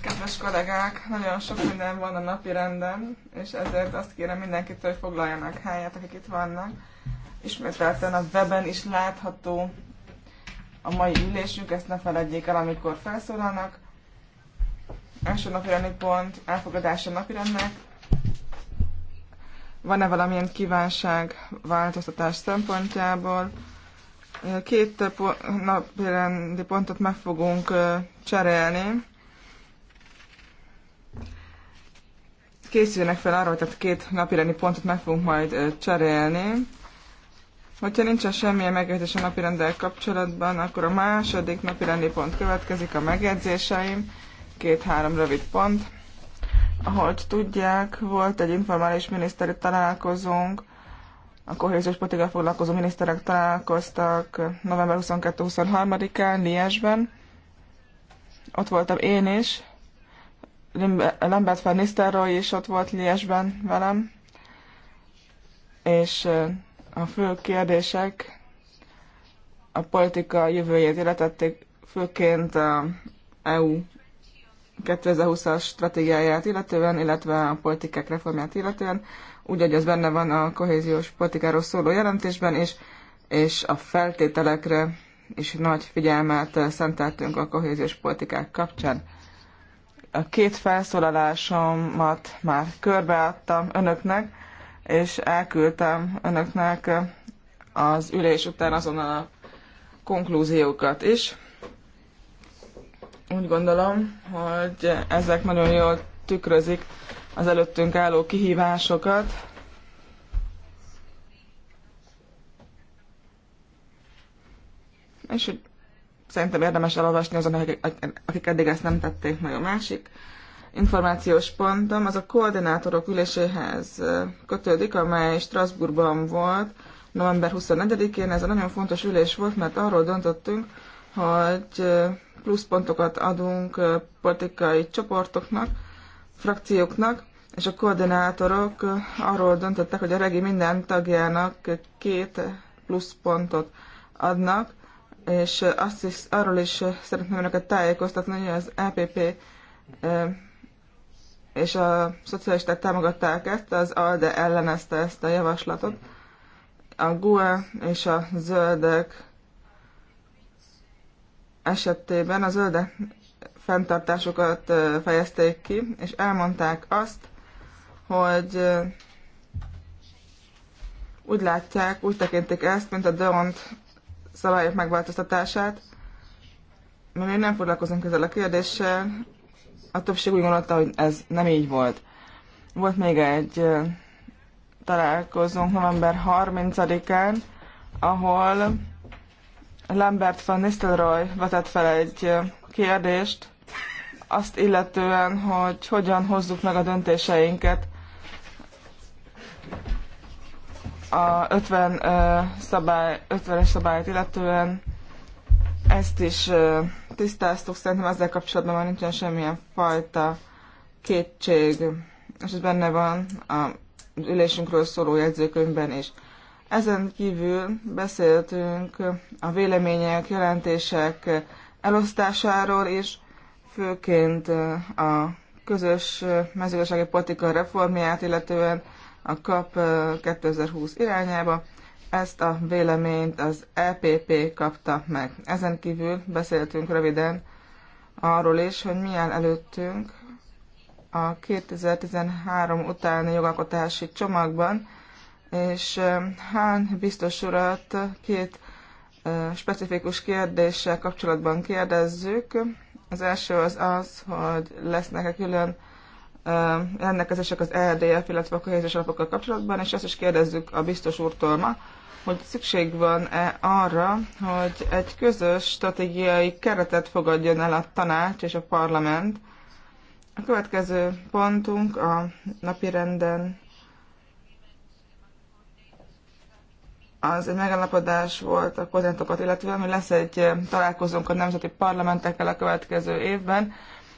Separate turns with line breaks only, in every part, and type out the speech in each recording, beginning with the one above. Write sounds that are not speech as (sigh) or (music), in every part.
Kedves kollégák, nagyon sok minden van a napi renden, és ezért azt kérem mindenkitől, hogy foglaljanak helyet, akik itt vannak. Ismételten a weben is látható a mai ülésünk, ezt ne feledjék el, amikor felszólalnak. Első napirendi pont, elfogadása napirendnek. Van-e valamilyen kívánság változtatás szempontjából? Két napirendi pontot meg fogunk cserélni. Készüljenek fel arra, hogy tehát két napirendi pontot meg fogunk majd cserélni. Hogyha nincsen semmilyen megjegyzés a napirendel kapcsolatban, akkor a második napirendi pont következik, a megjegyzéseim, két-három rövid pont. Ahogy tudják, volt egy informális miniszteri találkozónk a kohéziós politika foglalkozó miniszterek találkoztak november 22-23-án Liesben. Ott voltam én is, Lambert van Nistelrooy is ott volt Liesben velem, és a fő kérdések a politika jövőjét illetették, főként a EU 2020-as stratégiáját illetően, illetve a politikák reformját illetően, úgy, hogy az benne van a kohéziós politikáról szóló jelentésben, és, és a feltételekre is nagy figyelmet szenteltünk a kohéziós politikák kapcsán. A két felszólalásomat már körbeadtam önöknek, és elküldtem önöknek az ülés után azonnal a konklúziókat is. Úgy gondolom, hogy ezek nagyon jól tükrözik az előttünk álló kihívásokat. És hogy szerintem érdemes elolvasni azon, akik eddig ezt nem tették meg a másik információs pontom, az a koordinátorok üléséhez kötődik, amely Strasbourgban volt november 24-én. Ez a nagyon fontos ülés volt, mert arról döntöttünk, hogy pluszpontokat adunk politikai csoportoknak, frakcióknak, és a koordinátorok arról döntöttek, hogy a regi minden tagjának két plusz pontot adnak, és azt is, arról is szeretném önöket tájékoztatni, hogy az EPP és a szocialisták támogatták ezt, az ALDE ellenezte ezt a javaslatot. A GUE és a zöldek esetében a zöldek fenntartásokat fejezték ki, és elmondták azt, hogy úgy látják, úgy tekintik ezt, mint a Deont szabályok megváltoztatását. Mi még nem foglalkozunk ezzel a kérdéssel. A többség úgy gondolta, hogy ez nem így volt. Volt még egy találkozunk november 30-án, ahol Lambert van Nistelrooy vetett fel egy kérdést, azt illetően, hogy hogyan hozzuk meg a döntéseinket a 50 szabály, 50-es szabályt illetően ezt is tisztáztuk, szerintem ezzel kapcsolatban már nincsen semmilyen fajta kétség, és ez benne van a ülésünkről szóló jegyzőkönyvben is. Ezen kívül beszéltünk a vélemények, jelentések elosztásáról is, főként a közös mezőgazdasági politika reformját, illetően a KAP 2020 irányába. Ezt a véleményt az EPP kapta meg. Ezen kívül beszéltünk röviden arról is, hogy mi áll előttünk a 2013 utáni jogalkotási csomagban, és hány biztos urat két specifikus kérdéssel kapcsolatban kérdezzük. Az első az az, hogy lesznek-e külön rendelkezések az EDF, illetve a kohéziós alapokkal kapcsolatban, és azt is kérdezzük a biztos úrtól ma, hogy szükség van-e arra, hogy egy közös stratégiai keretet fogadjon el a tanács és a parlament. A következő pontunk a napirenden az egy megállapodás volt a kozentokat, illetően, mi lesz egy találkozónk a nemzeti parlamentekkel a következő évben,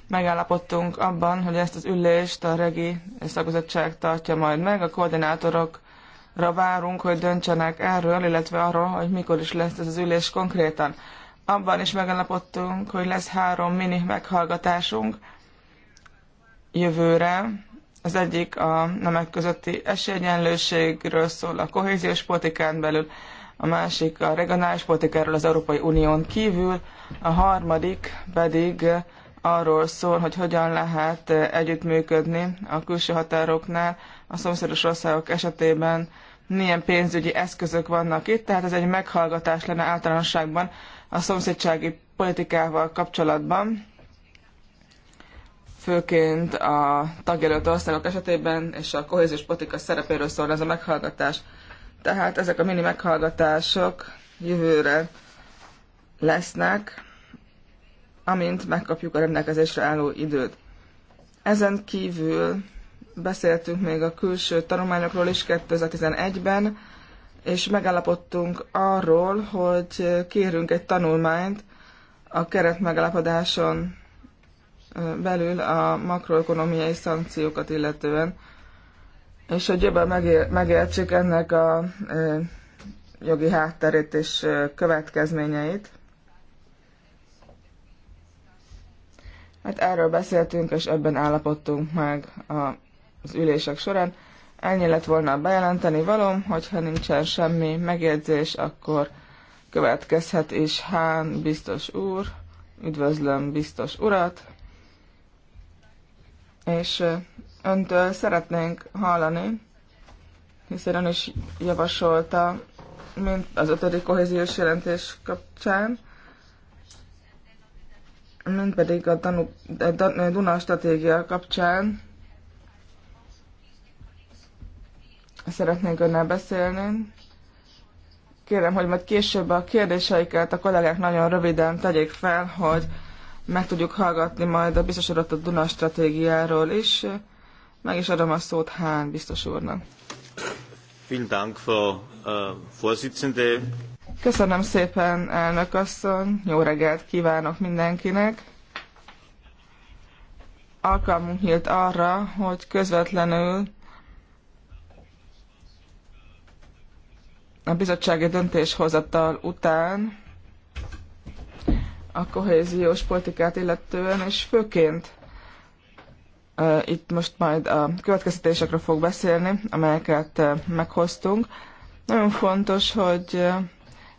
megállapodtunk abban, hogy ezt az ülést a regi szakbizottság tartja majd meg. A koordinátorokra várunk, hogy döntsenek erről, illetve arról, hogy mikor is lesz ez az ülés konkrétan. Abban is megállapodtunk, hogy lesz három mini meghallgatásunk jövőre. Az egyik a nemek közötti esélyegyenlőségről szól a kohéziós politikán belül, a másik a regionális politikáról az Európai Unión kívül, a harmadik pedig arról szól, hogy hogyan lehet eh, együttműködni a külső határoknál, a szomszédos országok esetében milyen pénzügyi eszközök vannak itt, tehát ez egy meghallgatás lenne általánosságban a szomszédsági politikával kapcsolatban, főként a tagjelölt országok esetében és a kohéziós politika szerepéről szól ez a meghallgatás. Tehát ezek a mini meghallgatások jövőre lesznek amint megkapjuk a rendelkezésre álló időt. Ezen kívül beszéltünk még a külső tanulmányokról is 2011-ben, és megállapodtunk arról, hogy kérünk egy tanulmányt a keret megállapodáson belül a makroekonomiai szankciókat illetően, és hogy jobban megértsük ennek a jogi hátterét és következményeit. Hát erről beszéltünk, és ebben állapodtunk meg az ülések során. Ennyi lett volna bejelenteni valom, hogyha nincsen semmi megjegyzés, akkor következhet is Hán biztos úr, üdvözlöm biztos urat, és öntől szeretnénk hallani, hiszen ön is javasolta, mint az ötödik kohéziós jelentés kapcsán, mint pedig a, Danu, a Duna stratégia kapcsán szeretnénk önnel beszélni. Kérem, hogy majd később a kérdéseiket a kollégák nagyon röviden tegyék fel, hogy meg tudjuk hallgatni majd a biztos a Duna stratégiáról is. Meg is adom a szót Hán biztos úrnak.
Vielen Dank, Frau äh, Vorsitzende.
Köszönöm szépen, elnök asszony, jó reggelt kívánok mindenkinek. Alkalmunk nyílt arra, hogy közvetlenül a bizottsági döntéshozatal után a kohéziós politikát illetően, és főként uh, itt most majd a következtetésekről fog beszélni, amelyeket uh, meghoztunk. Nagyon fontos, hogy uh,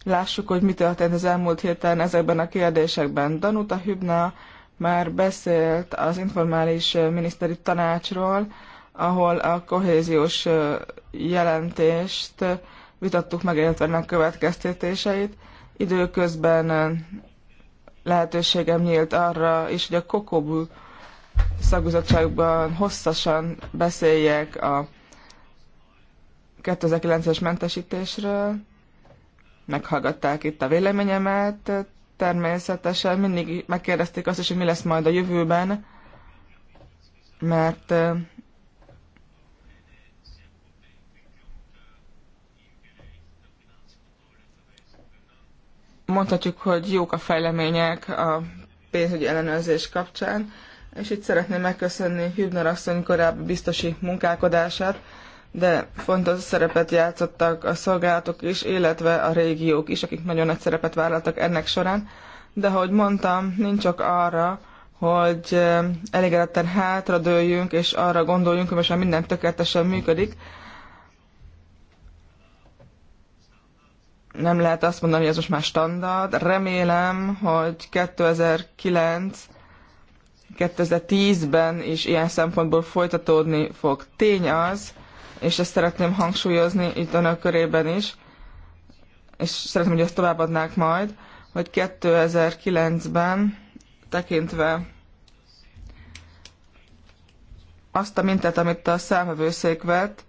Lássuk, hogy mi történt az elmúlt héten ezekben a kérdésekben. Danuta Hübna már beszélt az informális miniszteri tanácsról, ahol a kohéziós jelentést vitattuk meg, illetve ennek következtetéseit. Időközben lehetőségem nyílt arra is, hogy a Kokobu szakbizottságban hosszasan beszéljek a 2009-es mentesítésről, meghallgatták itt a véleményemet, természetesen mindig megkérdezték azt is, hogy mi lesz majd a jövőben, mert mondhatjuk, hogy jók a fejlemények a pénzügyi ellenőrzés kapcsán, és itt szeretném megköszönni Hübner asszony korábbi biztosi munkálkodását, de fontos szerepet játszottak a szolgálatok is, illetve a régiók is, akik nagyon nagy szerepet vállaltak ennek során. De ahogy mondtam, nincs csak arra, hogy elégedetten hátradőljünk, és arra gondoljunk, hogy most már minden tökéletesen működik. Nem lehet azt mondani, hogy ez most már standard. Remélem, hogy 2009 2010-ben is ilyen szempontból folytatódni fog. Tény az, és ezt szeretném hangsúlyozni itt önök körében is, és szeretném, hogy ezt továbbadnák majd, hogy 2009-ben tekintve azt a mintát, amit a számövőszék vett,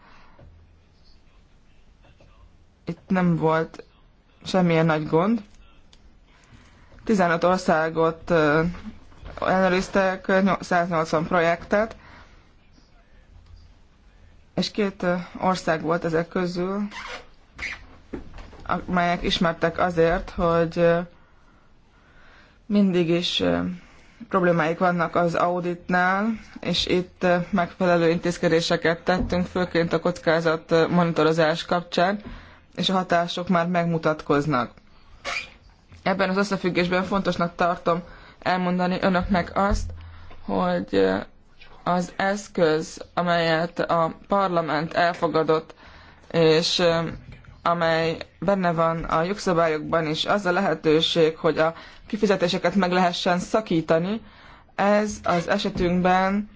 itt nem volt semmilyen nagy gond. 15 országot ellenőriztek, 180 projektet, és két ország volt ezek közül, amelyek ismertek azért, hogy mindig is problémáik vannak az auditnál, és itt megfelelő intézkedéseket tettünk, főként a kockázat monitorozás kapcsán, és a hatások már megmutatkoznak. Ebben az összefüggésben fontosnak tartom elmondani önöknek azt, hogy az eszköz, amelyet a parlament elfogadott, és amely benne van a jogszabályokban is, az a lehetőség, hogy a kifizetéseket meg lehessen szakítani, ez az esetünkben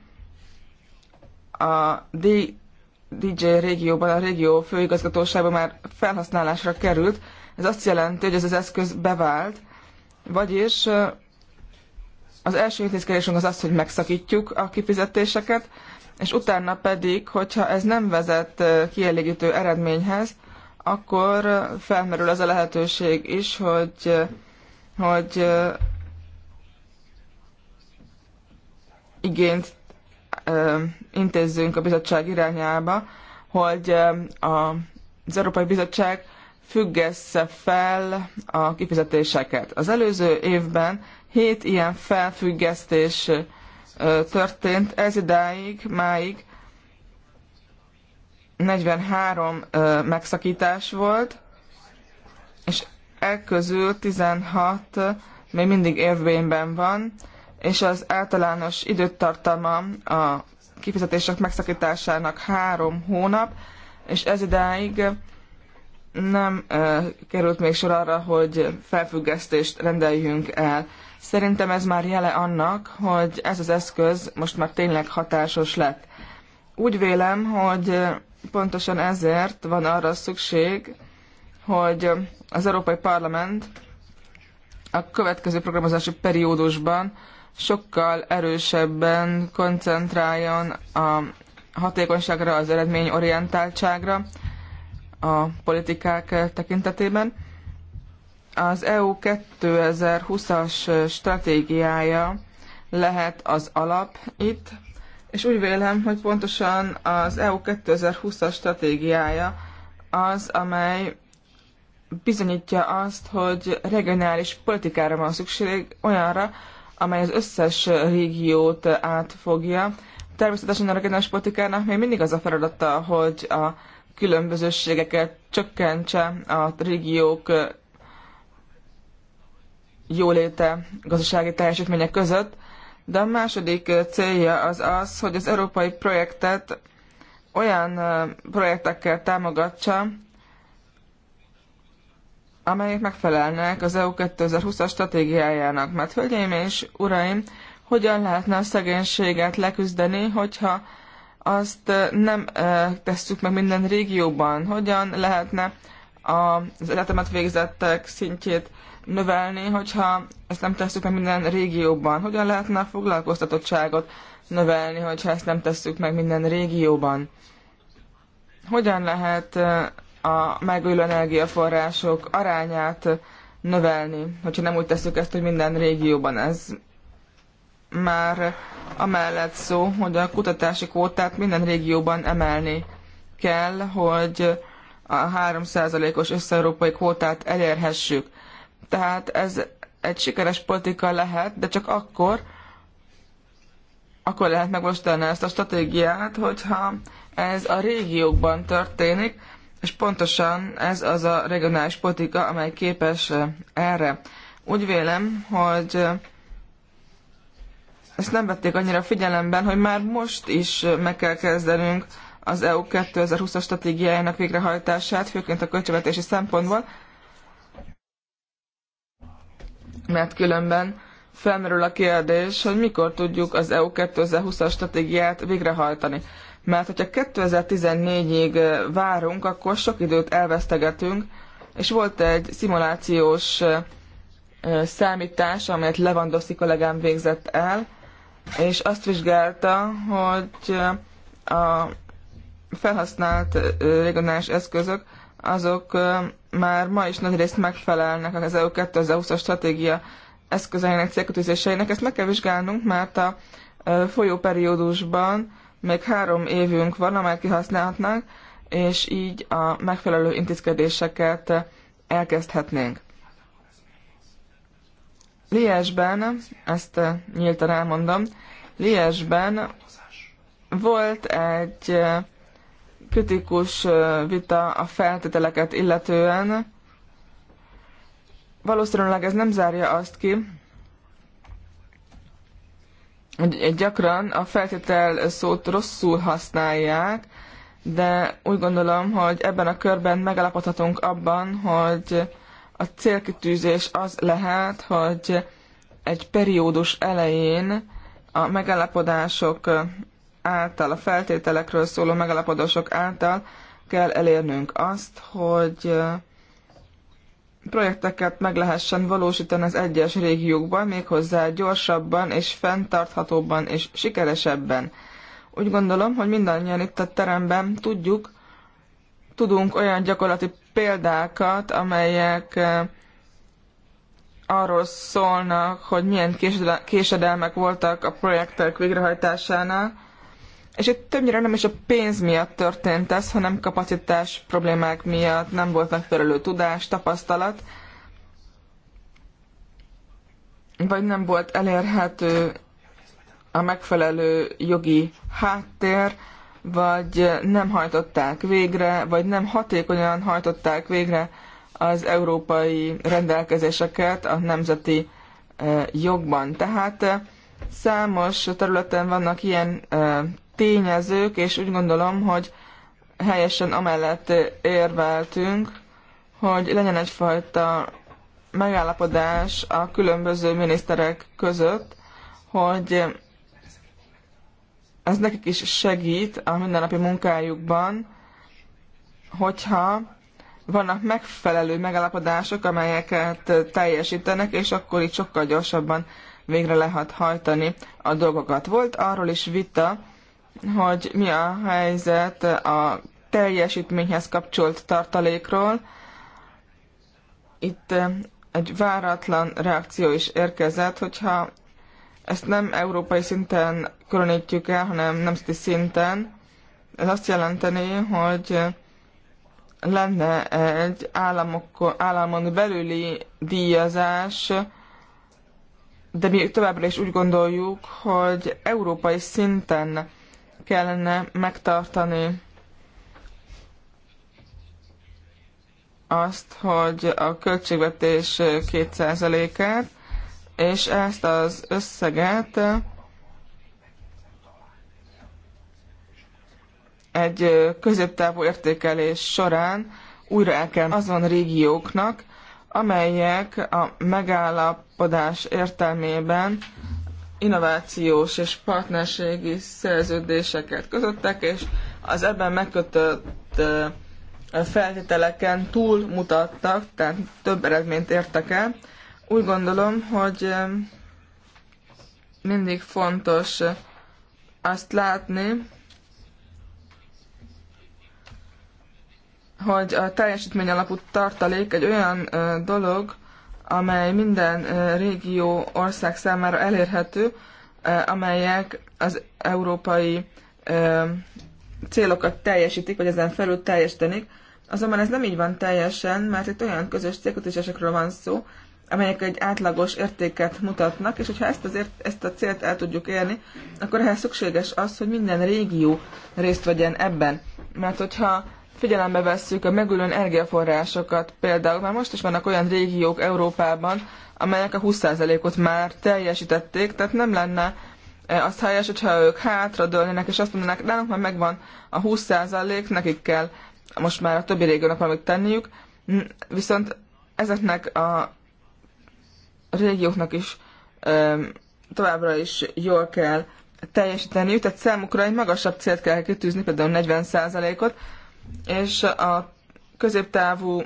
a DJ régióban, a régió főigazgatóságban már felhasználásra került. Ez azt jelenti, hogy ez az eszköz bevált, vagyis az első intézkedésünk az az, hogy megszakítjuk a kifizetéseket, és utána pedig, hogyha ez nem vezet kielégítő eredményhez, akkor felmerül az a lehetőség is, hogy, hogy igényt intézzünk a bizottság irányába, hogy az Európai Bizottság függesse fel a kifizetéseket. Az előző évben Hét ilyen felfüggesztés történt, ez idáig, máig 43 megszakítás volt, és elközül 16 még mindig érvényben van, és az általános időtartama a kifizetések megszakításának három hónap, és ez idáig nem került még sor arra, hogy felfüggesztést rendeljünk el. Szerintem ez már jele annak, hogy ez az eszköz most már tényleg hatásos lett. Úgy vélem, hogy pontosan ezért van arra szükség, hogy az Európai Parlament a következő programozási periódusban sokkal erősebben koncentráljon a hatékonyságra, az eredményorientáltságra a politikák tekintetében. Az EU 2020-as stratégiája lehet az alap itt, és úgy vélem, hogy pontosan az EU 2020-as stratégiája az, amely bizonyítja azt, hogy regionális politikára van szükség olyanra, amely az összes régiót átfogja. Természetesen a regionális politikának még mindig az a feladata, hogy a különbözőségeket csökkentse a régiók jóléte gazdasági teljesítmények között, de a második célja az az, hogy az európai projektet olyan projektekkel támogatsa, amelyek megfelelnek az EU 2020-as stratégiájának. Mert hölgyeim és uraim, hogyan lehetne a szegénységet leküzdeni, hogyha azt nem tesszük meg minden régióban? Hogyan lehetne az egyetemet végzettek szintjét növelni, hogyha ezt nem tesszük meg minden régióban? Hogyan lehetne a foglalkoztatottságot növelni, hogyha ezt nem tesszük meg minden régióban? Hogyan lehet eh, a megújuló energiaforrások arányát növelni, hogyha nem úgy tesszük ezt, hogy minden régióban ez már amellett szó, hogy a kutatási kvótát minden régióban emelni kell, hogy a 3%-os összeurópai kvótát elérhessük. Tehát ez egy sikeres politika lehet, de csak akkor, akkor lehet megvalósítani ezt a stratégiát, hogyha ez a régiókban történik, és pontosan ez az a regionális politika, amely képes erre. Úgy vélem, hogy ezt nem vették annyira figyelemben, hogy már most is meg kell kezdenünk az EU 2020-as stratégiájának végrehajtását, főként a költségvetési szempontból, mert különben felmerül a kérdés, hogy mikor tudjuk az EU 2020-as stratégiát végrehajtani. Mert hogyha 2014-ig várunk, akkor sok időt elvesztegetünk, és volt egy szimulációs számítás, amelyet Lewandowski kollégám végzett el, és azt vizsgálta, hogy a felhasznált regionális eszközök azok már ma is nagy részt megfelelnek az EU 2020-as stratégia eszközeinek, célkötőzéseinek. Ezt meg kell vizsgálnunk, mert a folyóperiódusban még három évünk van, amelyet kihasználhatnánk, és így a megfelelő intézkedéseket elkezdhetnénk. Liesben, ezt nyíltan elmondom, Liesben volt egy kritikus vita a feltételeket illetően. Valószínűleg ez nem zárja azt ki, hogy gyakran a feltétel szót rosszul használják, de úgy gondolom, hogy ebben a körben megalapodhatunk abban, hogy a célkitűzés az lehet, hogy egy periódus elején a megállapodások által, a feltételekről szóló megalapodások által kell elérnünk azt, hogy projekteket meg lehessen valósítani az egyes régiókban, méghozzá gyorsabban és fenntarthatóbban és sikeresebben. Úgy gondolom, hogy mindannyian itt a teremben tudjuk, tudunk olyan gyakorlati példákat, amelyek arról szólnak, hogy milyen késedelmek voltak a projektek végrehajtásánál, és itt többnyire nem is a pénz miatt történt ez, hanem kapacitás problémák miatt, nem volt megfelelő tudás, tapasztalat, vagy nem volt elérhető a megfelelő jogi háttér, vagy nem hajtották végre, vagy nem hatékonyan hajtották végre az európai rendelkezéseket a nemzeti eh, jogban. Tehát eh, számos területen vannak ilyen eh, tényezők, és úgy gondolom, hogy helyesen amellett érveltünk, hogy legyen egyfajta megállapodás a különböző miniszterek között, hogy ez nekik is segít a mindennapi munkájukban, hogyha vannak megfelelő megállapodások, amelyeket teljesítenek, és akkor itt sokkal gyorsabban végre lehet hajtani a dolgokat. Volt arról is vita, hogy mi a helyzet a teljesítményhez kapcsolt tartalékról. Itt eh, egy váratlan reakció is érkezett, hogyha ezt nem európai szinten különítjük el, hanem nemzeti szinten, ez azt jelenteni, hogy lenne egy államok, államon belüli díjazás, de mi továbbra is úgy gondoljuk, hogy európai szinten kellene megtartani azt, hogy a költségvetés 2%-át, és ezt az összeget egy középtávú értékelés során újra el kell azon régióknak, amelyek a megállapodás értelmében innovációs és partnerségi szerződéseket kötöttek, és az ebben megkötött feltételeken túl mutattak, tehát több eredményt értek el. Úgy gondolom, hogy mindig fontos azt látni, hogy a teljesítmény alapú tartalék egy olyan dolog, amely minden régió ország számára elérhető, amelyek az európai célokat teljesítik, vagy ezen felül teljesítenik. Azonban ez nem így van teljesen, mert itt olyan közös célkötésekről van szó, amelyek egy átlagos értéket mutatnak, és hogyha ezt, az ért, ezt a célt el tudjuk érni, akkor ehhez szükséges az, hogy minden régió részt vegyen ebben. Mert hogyha figyelembe vesszük a megülő energiaforrásokat. Például már most is vannak olyan régiók Európában, amelyek a 20%-ot már teljesítették, tehát nem lenne eh, az helyes, hogyha ők hátradőlnének, és azt mondanák, nálunk már megvan a 20%, nekik kell most már a többi régiónak valamit tenniük, viszont ezeknek a régióknak is továbbra is jól kell teljesíteniük, tehát számukra egy magasabb célt kell kitűzni, például 40%-ot, és a középtávú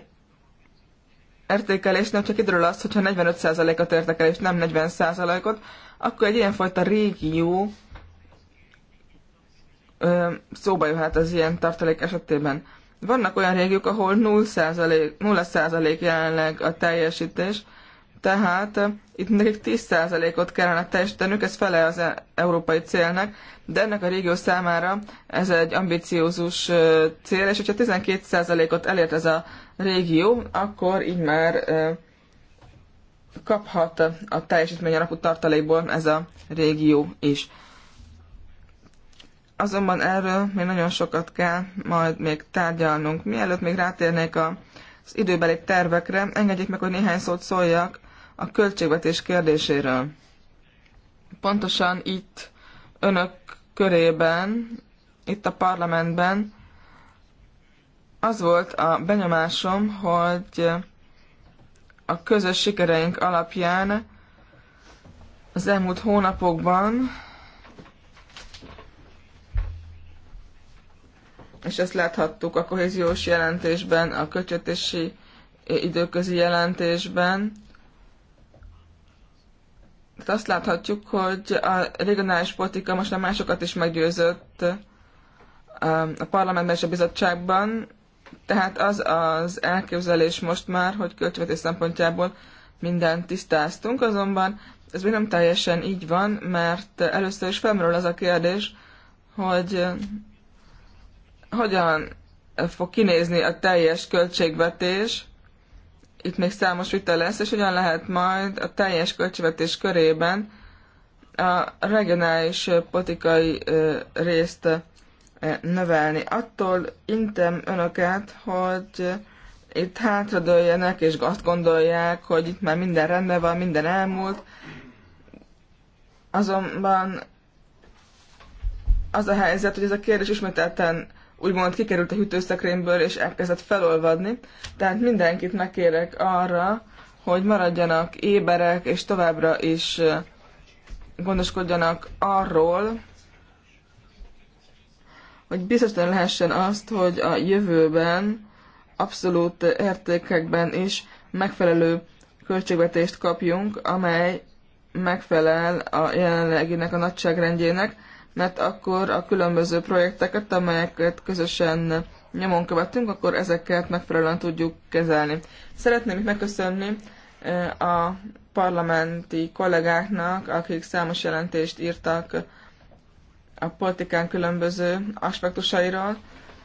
értékelésnél csak időről az, hogyha 45%-ot értek el, és nem 40%-ot, akkor egy ilyenfajta régió ö, szóba jöhet az ilyen tartalék esetében. Vannak olyan régiók, ahol 0%, 0 jelenleg a teljesítés, tehát eh, itt nekik 10%-ot kellene teljesítenünk, ez fele az e- európai célnak, de ennek a régió számára ez egy ambiciózus eh, cél, és hogyha 12%-ot elért ez a régió, akkor így már eh, kaphat a teljesítmény alapú tartalékból ez a régió is. Azonban erről még nagyon sokat kell majd még tárgyalnunk. Mielőtt még rátérnék a az időbeli tervekre. Engedjék meg, hogy néhány szót szóljak a költségvetés kérdéséről. Pontosan itt önök körében, itt a parlamentben az volt a benyomásom, hogy a közös sikereink alapján az elmúlt hónapokban, és ezt láthattuk a kohéziós jelentésben, a kötjötési időközi jelentésben, tehát azt láthatjuk, hogy a regionális politika most már másokat is meggyőzött um, a parlamentben és a bizottságban, tehát az az elképzelés most már, hogy költségvetés szempontjából mindent tisztáztunk, azonban ez még nem teljesen így van, mert először is felmerül az a kérdés, hogy hogyan fog kinézni a teljes költségvetés, itt még számos vita lesz, és hogyan lehet majd a teljes költségvetés körében a regionális politikai részt növelni. Attól intem önöket, hogy itt hátradőljenek, és azt gondolják, hogy itt már minden rendben van, minden elmúlt. Azonban az a helyzet, hogy ez a kérdés ismételten úgymond kikerült a hűtőszekrényből, és elkezdett felolvadni. Tehát mindenkit megkérek arra, hogy maradjanak éberek, és továbbra is gondoskodjanak arról, hogy biztosan lehessen azt, hogy a jövőben abszolút értékekben is megfelelő költségvetést kapjunk, amely megfelel a jelenleginek a nagyságrendjének, mert akkor a különböző projekteket, amelyeket közösen nyomon követünk, akkor ezeket megfelelően tudjuk kezelni. Szeretném megköszönni e, a parlamenti kollégáknak, akik számos jelentést írtak a politikán különböző aspektusairól,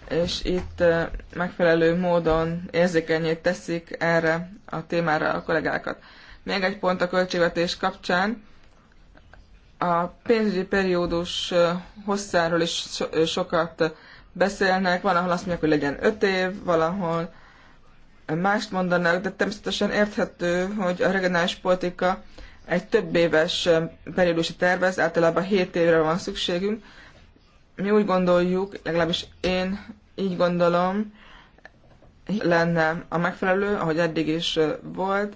és itt e, megfelelő módon érzékenyét teszik erre a témára a kollégákat. Még egy pont a költségvetés kapcsán. A pénzügyi periódus hosszáról is so- sokat beszélnek, van ahol azt mondják, hogy legyen öt év, valahol mást mondanak, de természetesen érthető, hogy a regionális politika egy több éves periódusi tervez, általában 7 évre van szükségünk. Mi úgy gondoljuk, legalábbis én így gondolom, lenne a megfelelő, ahogy eddig is volt,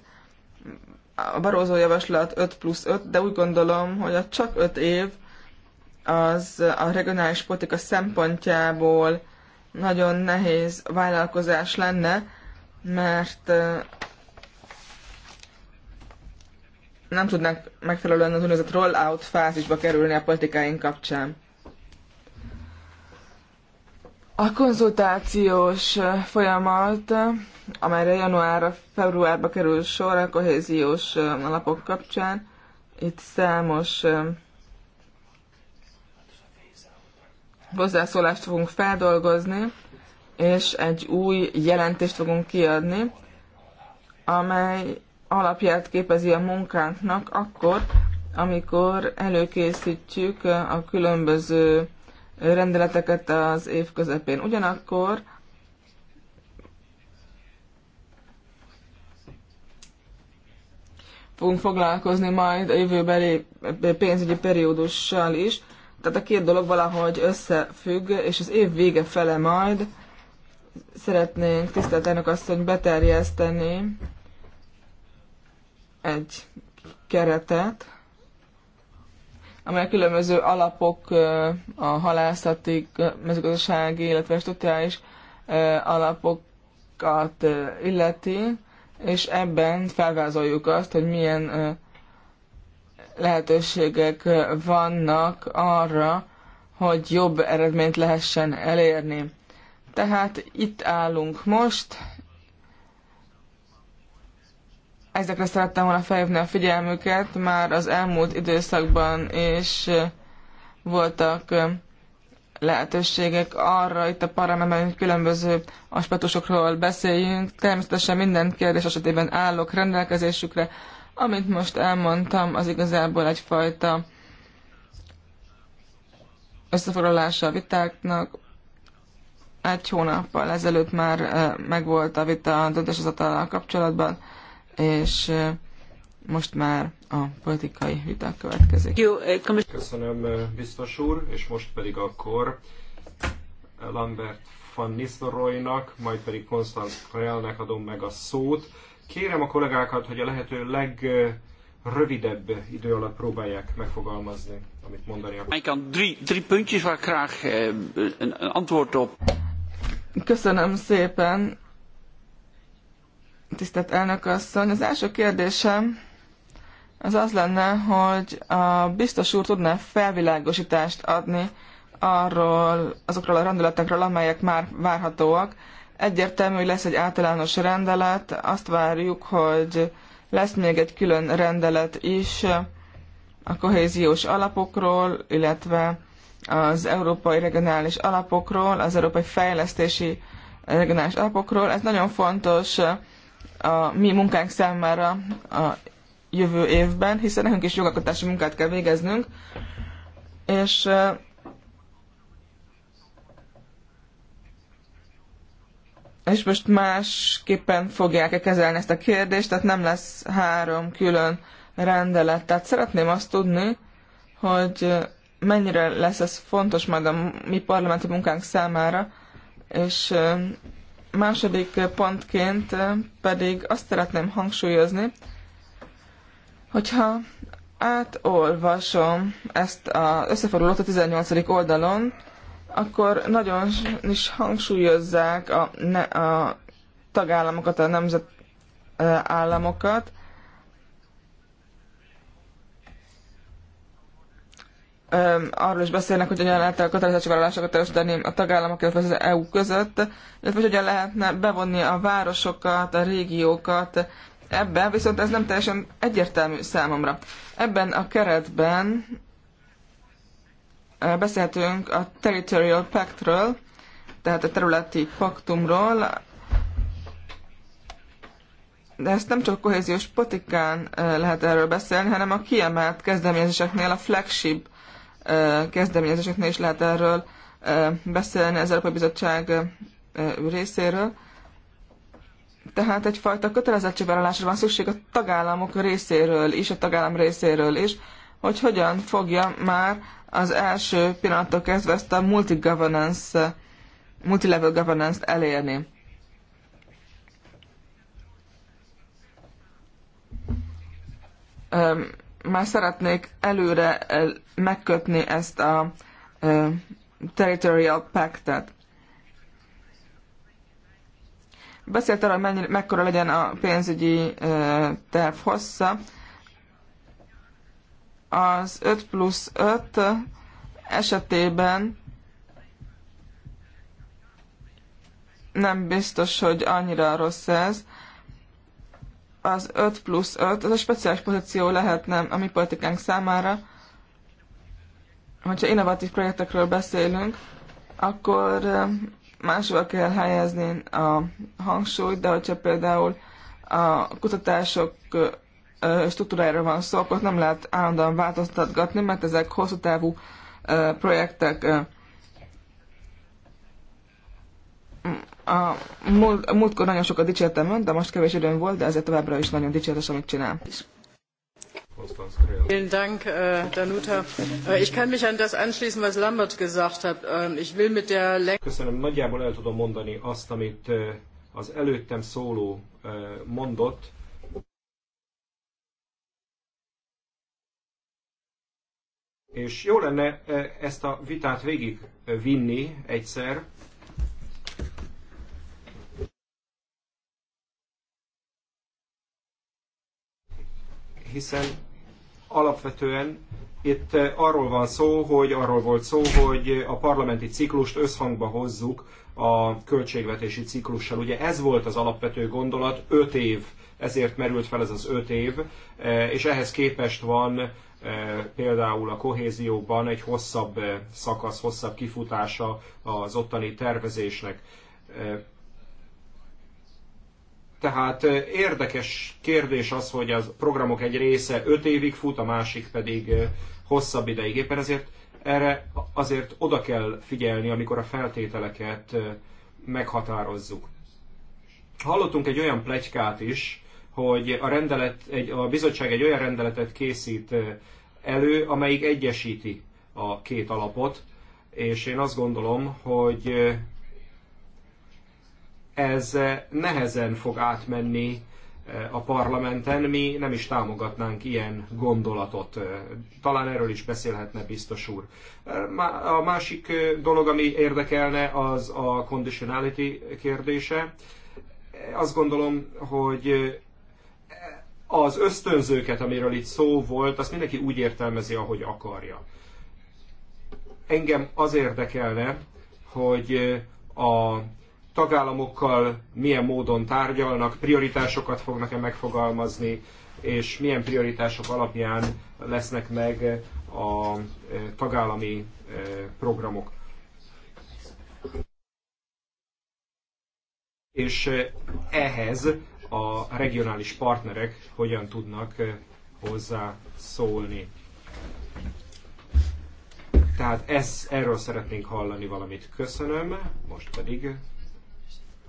a Barózó javaslat 5 plusz 5, de úgy gondolom, hogy a csak 5 év az a regionális politika szempontjából nagyon nehéz vállalkozás lenne, mert nem tudnánk megfelelően az úgynevezett roll-out fázisba kerülni a politikáink kapcsán. A konzultációs folyamat, amelyre januárra, februárba kerül sor a kohéziós alapok kapcsán, itt számos hozzászólást fogunk feldolgozni, és egy új jelentést fogunk kiadni, amely alapját képezi a munkánknak akkor, amikor előkészítjük a különböző rendeleteket az év közepén. Ugyanakkor fogunk foglalkozni majd a jövőbeli pénzügyi periódussal is, tehát a két dolog valahogy összefügg, és az év vége fele majd szeretnénk tisztelt elnök asszony beterjeszteni egy keretet, amely a különböző alapok, a halászati, mezőgazdasági, illetve struktúrális alapokat illeti, és ebben felvázoljuk azt, hogy milyen lehetőségek vannak arra, hogy jobb eredményt lehessen elérni. Tehát itt állunk most, Ezekre szerettem volna felhívni a figyelmüket, már az elmúlt időszakban is voltak lehetőségek arra itt a parlamentben, hogy különböző aspektusokról beszéljünk. Természetesen minden kérdés esetében állok rendelkezésükre. Amit most elmondtam, az igazából egyfajta összefoglalása a vitáknak. Egy hónappal ezelőtt már megvolt a vita a döntéshozatallal kapcsolatban és most már a politikai viták következik.
Köszönöm, biztos úr, és most pedig akkor Lambert van Nisztorojnak, majd pedig Konstanz Krellnek adom meg a szót. Kérem a kollégákat, hogy a lehető legrövidebb idő alatt próbálják
megfogalmazni, amit
mondani
akarok. Ik aan drie, drie puntjes waar ik graag eh, een, antwoord op.
Köszönöm szépen tisztelt elnök asszony. Az első kérdésem az az lenne, hogy a biztos úr tudná felvilágosítást adni arról, azokról a rendeletekről, amelyek már várhatóak. Egyértelmű, hogy lesz egy általános rendelet, azt várjuk, hogy lesz még egy külön rendelet is a kohéziós alapokról, illetve az európai regionális alapokról, az európai fejlesztési regionális alapokról. Ez nagyon fontos a mi munkánk számára a jövő évben, hiszen nekünk is jogalkotási munkát kell végeznünk, és és most másképpen fogják-e kezelni ezt a kérdést, tehát nem lesz három külön rendelet. Tehát szeretném azt tudni, hogy mennyire lesz ez fontos majd a mi parlamenti munkánk számára, és Második pontként pedig azt szeretném hangsúlyozni, hogyha átolvasom ezt az összefordulót a 18. oldalon, akkor nagyon is hangsúlyozzák a, ne, a tagállamokat, a nemzetállamokat, eh, arról is beszélnek, hogy hogyan lehet a vállalásokat erősíteni a tagállamok, illetve az EU között, illetve hogy hogyan lehetne bevonni a városokat, a régiókat ebbe, viszont ez nem teljesen egyértelmű számomra. Ebben a keretben beszélhetünk a Territorial Pactről, tehát a területi paktumról, de ezt nem csak a kohéziós potikán lehet erről beszélni, hanem a kiemelt kezdeményezéseknél, a flagship kezdeményezéseknél is lehet erről beszélni az Európai Bizottság részéről. Tehát egyfajta kötelezettségvállalásra van szükség a tagállamok részéről is, a tagállam részéről is, hogy hogyan fogja már az első pillanattól kezdve ezt a multi-governance, multi-level governance-t elérni. Um, már szeretnék előre eh, megkötni ezt a eh, Territorial Pact-et. Beszélt arra, hogy mekkora legyen a pénzügyi eh, terv hossza. Az 5 plusz 5 esetében nem biztos, hogy annyira rossz ez az 5 plusz 5, az a speciális pozíció lehetne a mi politikánk számára. Hogyha innovatív projektekről beszélünk, akkor máshova kell helyezni a hangsúlyt, de hogyha például a kutatások struktúrájáról van szó, akkor nem lehet állandóan változtatgatni, mert ezek hosszú távú projektek a múlt, múltkor nagyon sokat dicsértem önt, de most kevés időm volt, de ezért továbbra is nagyon dicsértes, amit csinál. Vielen Dank, äh, Danuta. Äh, ich kann mich an das anschließen, was Lambert gesagt hat. Ähm, ich will mit der Länge... Köszönöm,
nagyjából el tudom mondani azt, amit äh, az előttem szóló mondott. És jó lenne ezt a vitát vinni egyszer, hiszen alapvetően itt eh, arról van szó, hogy arról volt szó, hogy a parlamenti ciklust összhangba hozzuk a költségvetési ciklussal. Ugye ez volt az alapvető gondolat, Öt év, ezért merült fel ez az öt év, eh, és ehhez képest van eh, például a kohézióban egy hosszabb szakasz, hosszabb kifutása az ottani tervezésnek. Tehát érdekes kérdés az, hogy a programok egy része 5 évig fut, a másik pedig hosszabb ideig. Éppen ezért erre azért oda kell figyelni, amikor a feltételeket meghatározzuk. Hallottunk egy olyan plegykát is, hogy a, rendelet, egy, a bizottság egy olyan rendeletet készít elő, amelyik egyesíti a két alapot, és én azt gondolom, hogy ez eh, nehezen fog átmenni eh, a parlamenten, mi nem is támogatnánk ilyen gondolatot. Eh, talán erről is beszélhetne biztos úr. A másik dolog, ami érdekelne, az a conditionality kérdése. Azt gondolom, hogy az ösztönzőket, amiről itt szó volt, azt mindenki úgy értelmezi, ahogy akarja. Engem az érdekelne, hogy a tagállamokkal milyen módon tárgyalnak, prioritásokat fognak-e megfogalmazni, és milyen prioritások alapján lesznek meg a e, tagállami e, programok. És e, ehhez a regionális partnerek hogyan tudnak hozzá szólni. Tehát ez, erről szeretnénk hallani valamit. Köszönöm, most pedig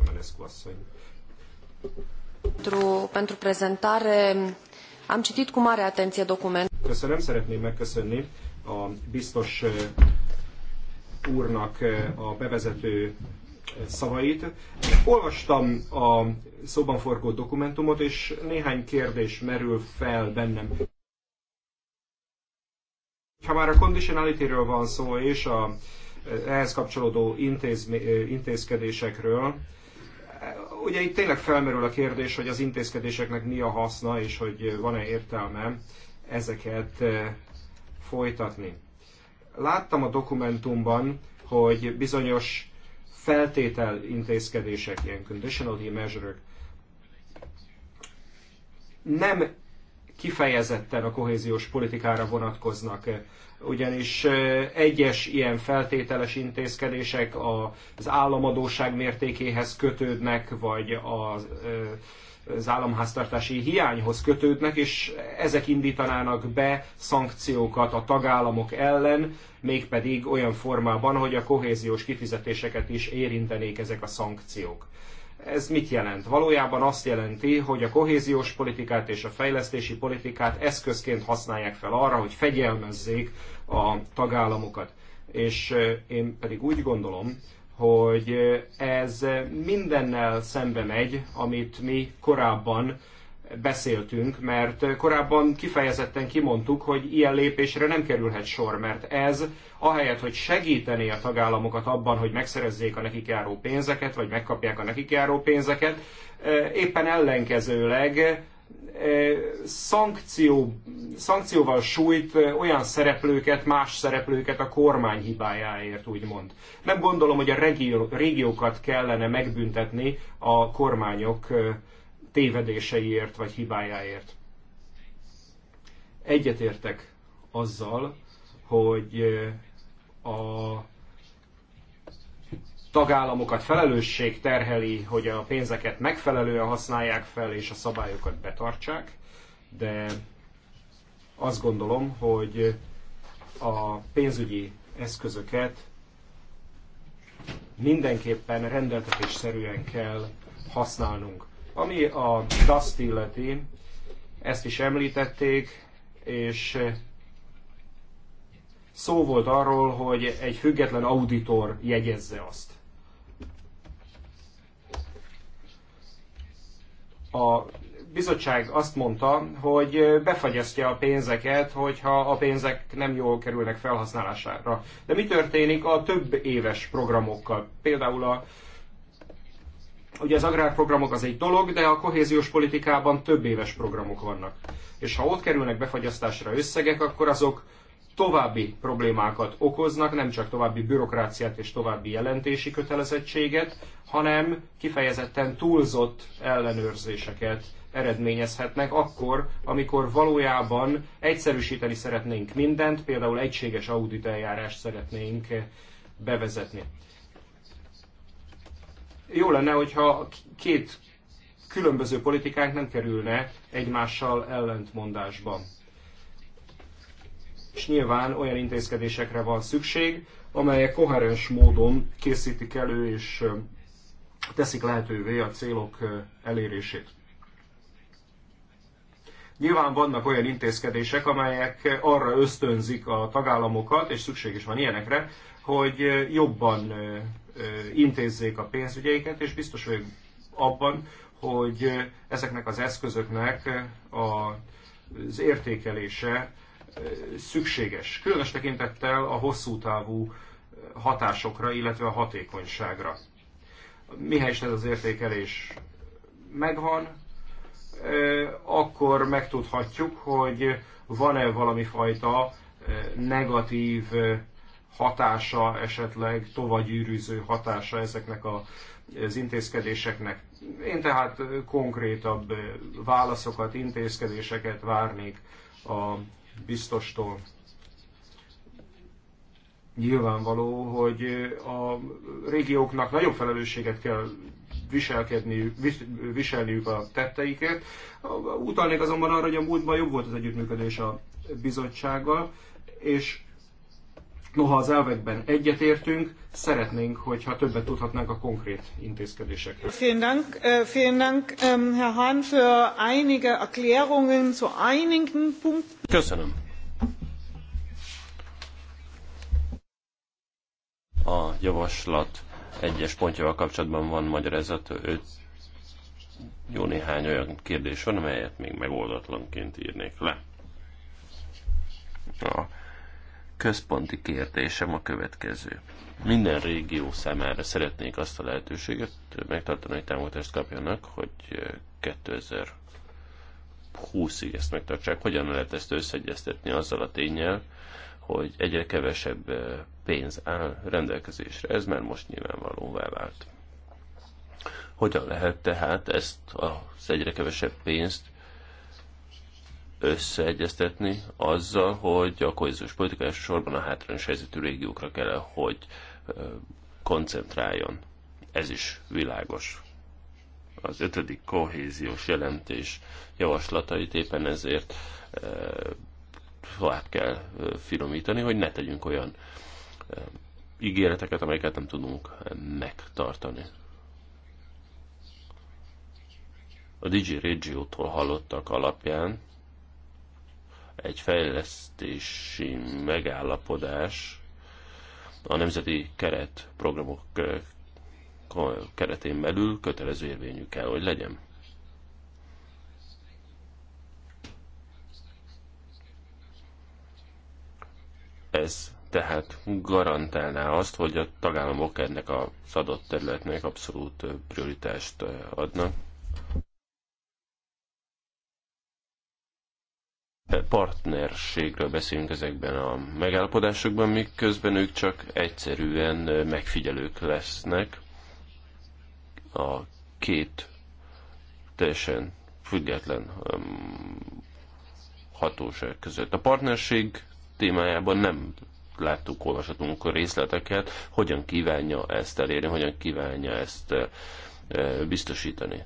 Antonescu asszony.
Pentru, pentru prezentare am citit cu mare atenție documentul.
Köszönöm, szeretném megköszönni a biztos eh, úrnak eh, a bevezető eh, szavait. Olvastam a szóban forgó dokumentumot, és néhány kérdés merül fel bennem. Ha már a conditionality van szó, és a ehhez kapcsolódó intézkedésekről, ugye itt tényleg felmerül a kérdés, hogy az intézkedéseknek mi a haszna, és hogy van-e értelme ezeket eh, folytatni. Láttam a dokumentumban, hogy bizonyos feltétel intézkedések, ilyen conditional measure nem kifejezetten a kohéziós politikára vonatkoznak. Eh, ugyanis egyes ilyen feltételes intézkedések az államadóság mértékéhez kötődnek, vagy az, az államháztartási hiányhoz kötődnek, és ezek indítanának be szankciókat a tagállamok ellen, mégpedig olyan formában, hogy a kohéziós kifizetéseket is érintenék ezek a szankciók. Ez mit jelent? Valójában azt jelenti, hogy a kohéziós politikát és a fejlesztési politikát eszközként használják fel arra, hogy fegyelmezzék a tagállamokat. És én pedig úgy gondolom, hogy ez mindennel szembe megy, amit mi korábban beszéltünk, mert korábban kifejezetten kimondtuk, hogy ilyen lépésre nem kerülhet sor, mert ez ahelyett, hogy segítené a tagállamokat abban, hogy megszerezzék a nekik járó pénzeket, vagy megkapják a nekik járó pénzeket, e, éppen ellenkezőleg e, szankció, szankcióval sújt e, olyan szereplőket, más szereplőket a kormány hibájáért, úgymond. Nem gondolom, hogy a régiókat kellene megbüntetni a kormányok tévedéseiért vagy hibájáért. Egyetértek azzal, hogy eh, a tagállamokat felelősség terheli, hogy a pénzeket megfelelően használják fel és a szabályokat betartsák, de azt gondolom, hogy a pénzügyi eszközöket mindenképpen rendeltetésszerűen kell használnunk. Ami a DAS-t illeti, ezt is említették, és eh, szó volt arról, hogy egy független auditor jegyezze azt. A bizottság azt mondta, hogy eh, befagyasztja a pénzeket, hogyha a pénzek nem jól kerülnek felhasználására. De mi történik a több éves programokkal? Például a Ugye az agrárprogramok az egy dolog, de a kohéziós politikában több éves programok vannak. És ha ott kerülnek befagyasztásra összegek, akkor azok további problémákat okoznak, nem csak további bürokráciát és további jelentési kötelezettséget, hanem kifejezetten túlzott ellenőrzéseket eredményezhetnek akkor, amikor valójában egyszerűsíteni szeretnénk mindent, például egységes audit eljárást szeretnénk bevezetni. Jó lenne, hogyha két különböző politikánk nem kerülne egymással ellentmondásba. És nyilván olyan intézkedésekre van szükség, amelyek koherens módon készítik elő és teszik lehetővé a célok elérését. Nyilván vannak olyan intézkedések, amelyek arra ösztönzik a tagállamokat, és szükség is van ilyenekre, hogy jobban intézzék a pénzügyeiket, és biztos vagyok abban, hogy ezeknek az eszközöknek az értékelése szükséges, különös tekintettel a hosszú távú hatásokra, illetve a hatékonyságra. Mihely is ez az értékelés megvan, akkor megtudhatjuk, hogy van-e valami fajta negatív hatása, esetleg tovagyűrűző hatása ezeknek a, az intézkedéseknek. Én tehát konkrétabb válaszokat, intézkedéseket várnék a biztostól. Nyilvánvaló, hogy a régióknak nagyobb felelősséget kell viselkedniük, viselniük a tetteiket. Utalnék azonban arra, hogy a múltban jobb volt az együttműködés a bizottsággal, és Noha az elvekben egyetértünk, szeretnénk, hogyha többet tudhatnánk a konkrét intézkedésekről.
Vielen Dank, äh, vielen Dank, ähm, Herr Hahn, für einige Erklärungen zu einigen Punkten.
Köszönöm.
A javaslat egyes pontjával kapcsolatban van magyarázat, öt jó néhány olyan kérdés van, amelyet még megoldatlanként írnék le. A központi kérdésem a következő. Minden régió számára szeretnék azt a lehetőséget megtartani, hogy támogatást kapjanak, hogy 2020-ig ezt megtartsák. Hogyan lehet ezt összeegyeztetni azzal a tényel, hogy egyre kevesebb pénz áll rendelkezésre. Ez már most nyilvánvalóvá vált. Hogyan lehet tehát ezt az egyre kevesebb pénzt összeegyeztetni azzal, hogy a kohéziós politika elsősorban a hátrányos helyzetű régiókra kell, hogy koncentráljon. Ez is világos. Az ötödik kohéziós jelentés javaslatait éppen ezért tovább kell finomítani, hogy ne tegyünk olyan ígéreteket, amelyeket nem tudunk megtartani. A Digi regio hallottak alapján egy fejlesztési megállapodás a nemzeti keret programok keretén belül kötelező érvényű kell, hogy legyen. Ez tehát garantálná azt, hogy a tagállamok ennek az adott területnek abszolút prioritást adnak. partnerségről beszélünk ezekben a megállapodásokban, miközben ők csak egyszerűen megfigyelők lesznek a két teljesen független hatóság között. A partnerség témájában nem láttuk, olvashatunk a részleteket, hogyan kívánja ezt elérni, hogyan kívánja ezt biztosítani.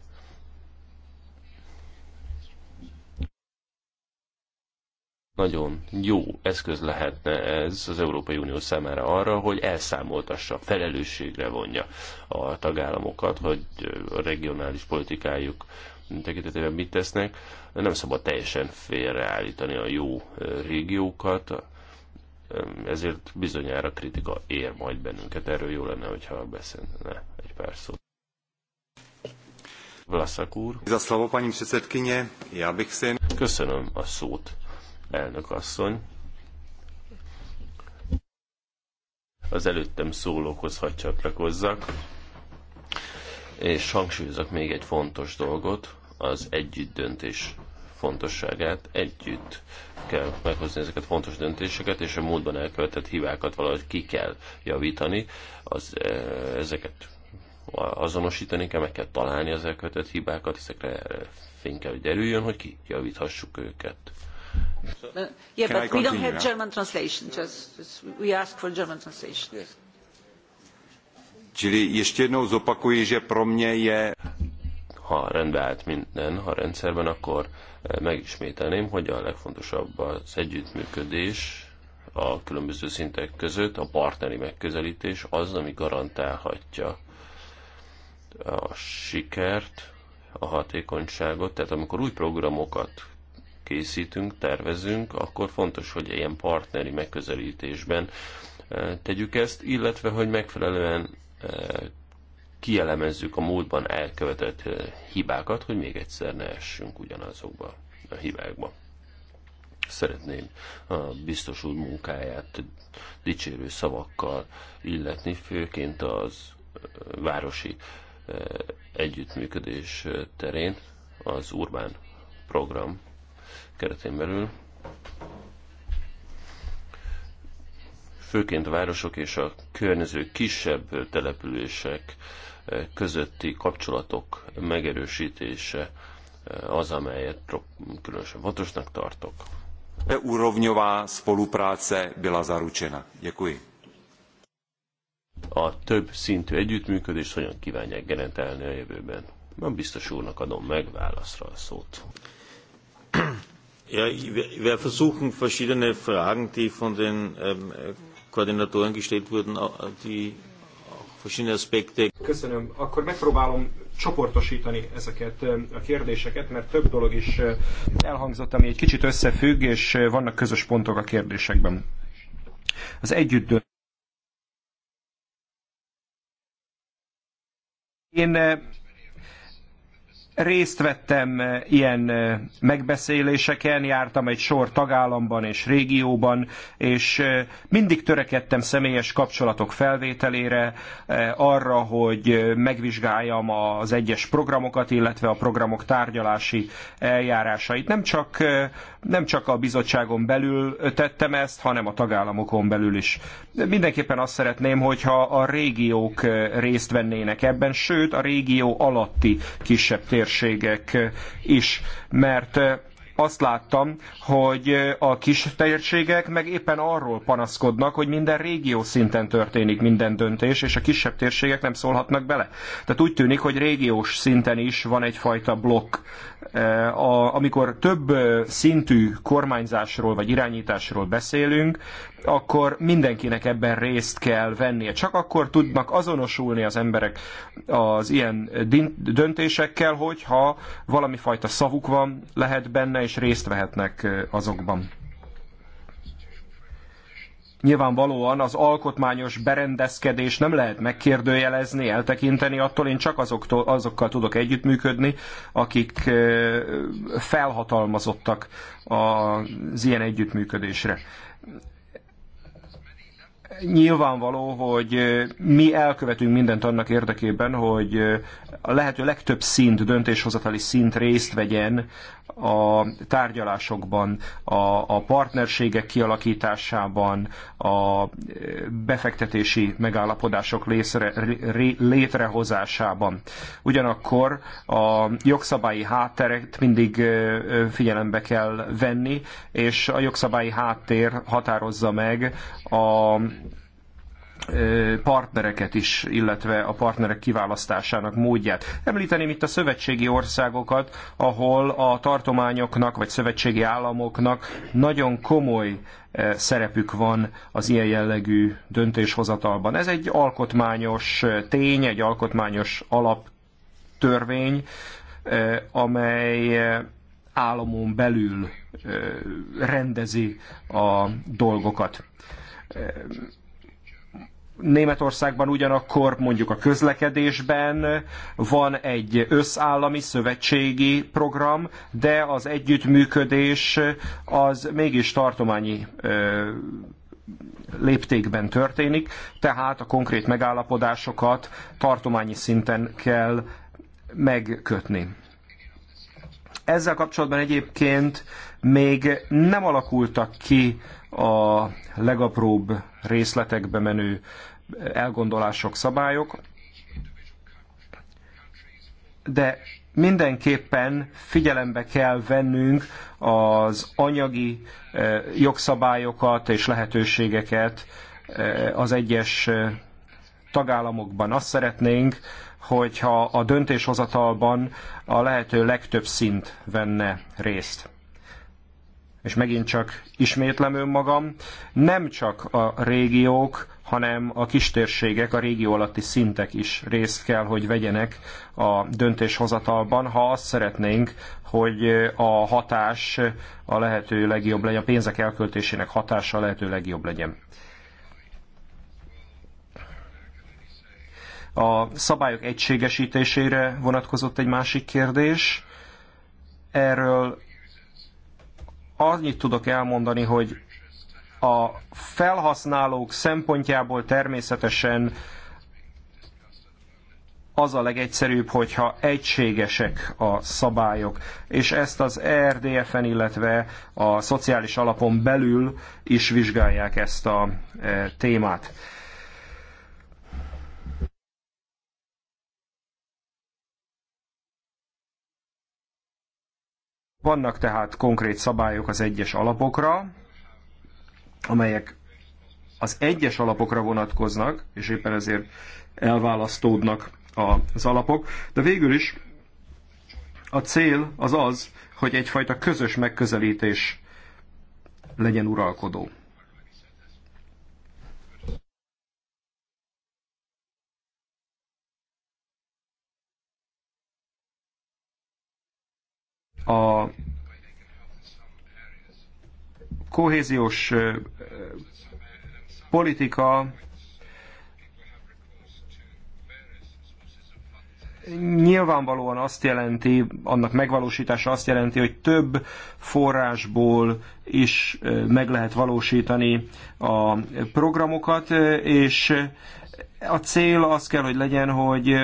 nagyon jó eszköz lehetne ez az Európai Unió számára arra, hogy elszámoltassa, felelősségre vonja a tagállamokat, hogy a regionális politikájuk tekintetében mit tesznek. Nem szabad teljesen félreállítani a jó régiókat, ezért bizonyára kritika ér majd bennünket. Erről jó lenne, hogyha beszélne egy pár szót. Vlaszak úr. Köszönöm a szót elnök asszony. Az előttem szólókhoz hadd csatlakozzak, és hangsúlyozok még egy fontos dolgot, az együtt döntés fontosságát. Együtt kell meghozni ezeket a fontos döntéseket, és a módban elkövetett hibákat valahogy ki kell javítani. Az, e, ezeket azonosítani kell, meg kell találni az elkövetett hibákat, ezekre fény kell, hogy derüljön, hogy
ki javíthassuk őket. Yeah, Can but we don't have
German translation.
Just, just we ask for German translation. Yes. Čili ještě jednou
zopakuji, že pro mě je... Ha rendbeállt minden ha rendszerben, akkor eh, megismételném, hogy a legfontosabb az együttműködés a különböző szintek között, a partneri megközelítés az, ami garantálhatja a sikert, a hatékonyságot, tehát amikor új programokat készítünk, tervezünk, akkor fontos, hogy ilyen partneri megközelítésben e, tegyük ezt, illetve hogy megfelelően e, kielemezzük a múltban elkövetett e, hibákat, hogy még egyszer ne essünk ugyanazokba a hibákba. Szeretném a biztos úr munkáját dicsérő szavakkal illetni, főként az városi együttműködés terén, az Urbán program keretén belül, főként a városok és a környező kisebb települések eh, közötti kapcsolatok megerősítése eh, az, amelyet különösen fontosnak tartok.
E Úrovnyová spolupráce byla zaručena. Děkuji. A több szintű együttműködést hogyan
kívánják garantálni a jövőben? Nem biztos úrnak adom meg válaszra a szót.
(clears throat) Ja, ich werde versuchen, verschiedene Fragen, die von den ähm, Koordinatoren gestellt wurden, äh, die auch verschiedene Aspekte.
Köszönöm. Akkor megpróbálom csoportosítani ezeket a kérdéseket, mert több dolog is elhangzott, ami egy kicsit összefügg, és vannak közös pontok a kérdésekben. Az együtt dönt. Én Részt vettem eh, ilyen eh, megbeszéléseken, jártam egy sor tagállamban és régióban, és eh, mindig törekedtem személyes kapcsolatok felvételére, arra, hogy megvizsgáljam az egyes programokat, illetve a programok tárgyalási eljárásait. Nem csak nem csak a bizottságon belül tettem ezt, hanem a tagállamokon belül is. mindenképpen azt szeretném, hogyha a régiók részt vennének ebben, sőt a régió alatti kisebb térségek is, mert eh, azt láttam, hogy eh, a kis térségek meg éppen arról panaszkodnak, hogy minden régió szinten történik minden döntés, és a kisebb térségek nem szólhatnak bele. Tehát úgy tűnik, hogy régiós szinten is van egyfajta blokk Eh, a, amikor több eh, szintű kormányzásról vagy irányításról beszélünk, akkor mindenkinek ebben részt kell vennie. Csak akkor tudnak azonosulni az emberek az ilyen döntésekkel, hogyha valami fajta szavuk van, lehet benne, és részt vehetnek eh, azokban. Nyilvánvalóan az alkotmányos berendezkedés nem lehet megkérdőjelezni, eltekinteni, attól én csak azoktól, azokkal tudok együttműködni, akik felhatalmazottak az ilyen együttműködésre nyilvánvaló, hogy mi elkövetünk mindent annak érdekében, hogy a lehető legtöbb szint, döntéshozatali szint részt vegyen a tárgyalásokban, a, a partnerségek kialakításában, a e, befektetési megállapodások létre, létrehozásában. Ugyanakkor a jogszabályi hátteret mindig e, e, figyelembe kell venni, és a jogszabályi háttér határozza meg a partnereket is, illetve a partnerek kiválasztásának módját. Említeném itt a szövetségi országokat, ahol a tartományoknak vagy szövetségi államoknak nagyon komoly szerepük van az ilyen jellegű döntéshozatalban. Ez egy alkotmányos tény, egy alkotmányos alaptörvény, amely államon belül rendezi a dolgokat Németországban ugyanakkor mondjuk a közlekedésben van egy összállami szövetségi program, de az együttműködés az mégis tartományi léptékben történik, tehát a konkrét megállapodásokat tartományi szinten kell megkötni. Ezzel kapcsolatban egyébként még nem alakultak ki a legapróbb részletekbe menő elgondolások, szabályok, de mindenképpen figyelembe kell vennünk az anyagi eh, jogszabályokat és lehetőségeket eh, az egyes eh, tagállamokban. Azt szeretnénk, hogyha a döntéshozatalban a lehető legtöbb szint venne részt és megint csak ismétlem önmagam, nem csak a régiók, hanem a kistérségek, a régió alatti szintek is részt kell, hogy vegyenek a döntéshozatalban, ha azt szeretnénk, hogy a hatás a lehető legjobb legyen, a pénzek elköltésének hatása a lehető legjobb legyen. A szabályok egységesítésére vonatkozott egy másik kérdés. Erről annyit tudok elmondani, hogy a felhasználók szempontjából természetesen az a legegyszerűbb, hogyha egységesek a szabályok, és ezt az ERDF-en, illetve a szociális alapon belül is vizsgálják ezt a e, témát. Vannak tehát konkrét szabályok az egyes alapokra, amelyek az egyes alapokra vonatkoznak, és éppen ezért elválasztódnak az alapok, de végül is a cél az az, hogy egyfajta közös megközelítés legyen uralkodó. A kohéziós politika nyilvánvalóan azt jelenti, annak megvalósítása azt jelenti, hogy több forrásból is meg lehet valósítani a programokat, és a cél az kell, hogy legyen, hogy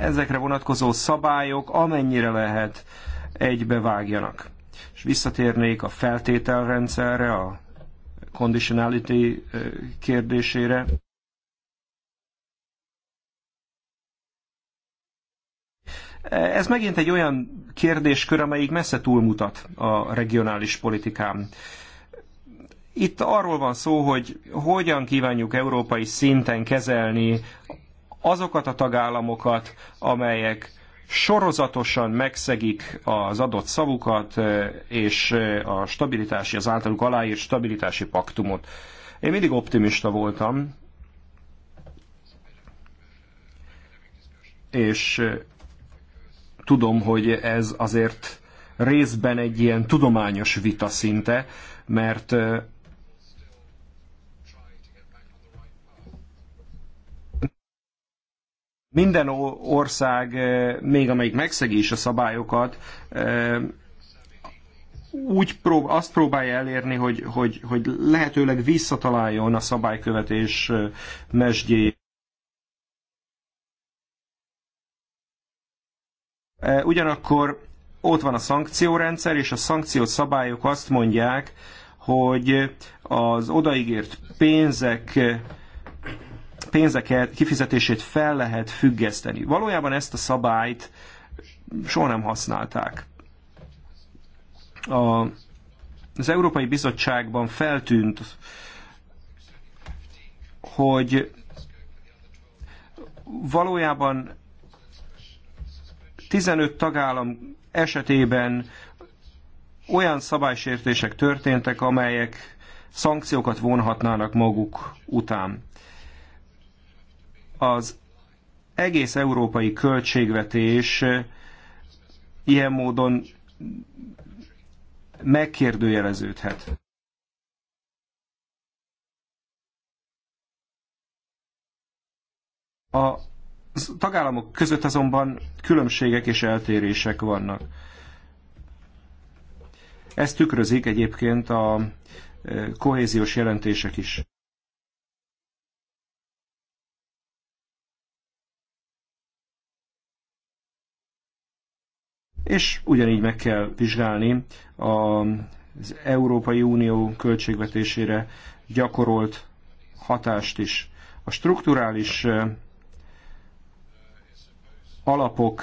ezekre vonatkozó szabályok amennyire lehet egybevágjanak. És visszatérnék a feltételrendszerre, a conditionality kérdésére. Ez megint egy olyan kérdéskör, amelyik messze túlmutat a regionális politikán. Itt arról van szó, hogy hogyan kívánjuk európai szinten kezelni azokat a tagállamokat, amelyek sorozatosan megszegik az adott szavukat és a stabilitási, az általuk aláírt stabilitási paktumot. Én mindig optimista voltam, és tudom, hogy ez azért részben egy ilyen tudományos vita szinte, mert minden ország, eh, még amelyik megszegi is a szabályokat, eh, úgy prób azt próbálja elérni, hogy, hogy, hogy lehetőleg visszataláljon a szabálykövetés eh, mesdjé. Ugyanakkor ott van a szankciórendszer, és a szankció szabályok azt mondják, hogy az odaígért pénzek pénzek kifizetését fel lehet függeszteni. Valójában ezt a szabályt soha nem használták. A, az Európai Bizottságban feltűnt, hogy valójában 15 tagállam esetében olyan szabálysértések történtek, amelyek szankciókat vonhatnának maguk után az egész európai költségvetés eh, ilyen módon megkérdőjeleződhet. A tagállamok között azonban különbségek és eltérések vannak. Ez tükrözik egyébként a eh, kohéziós jelentések is. és ugyanígy meg kell vizsgálni az Európai Unió költségvetésére gyakorolt hatást is. A strukturális alapok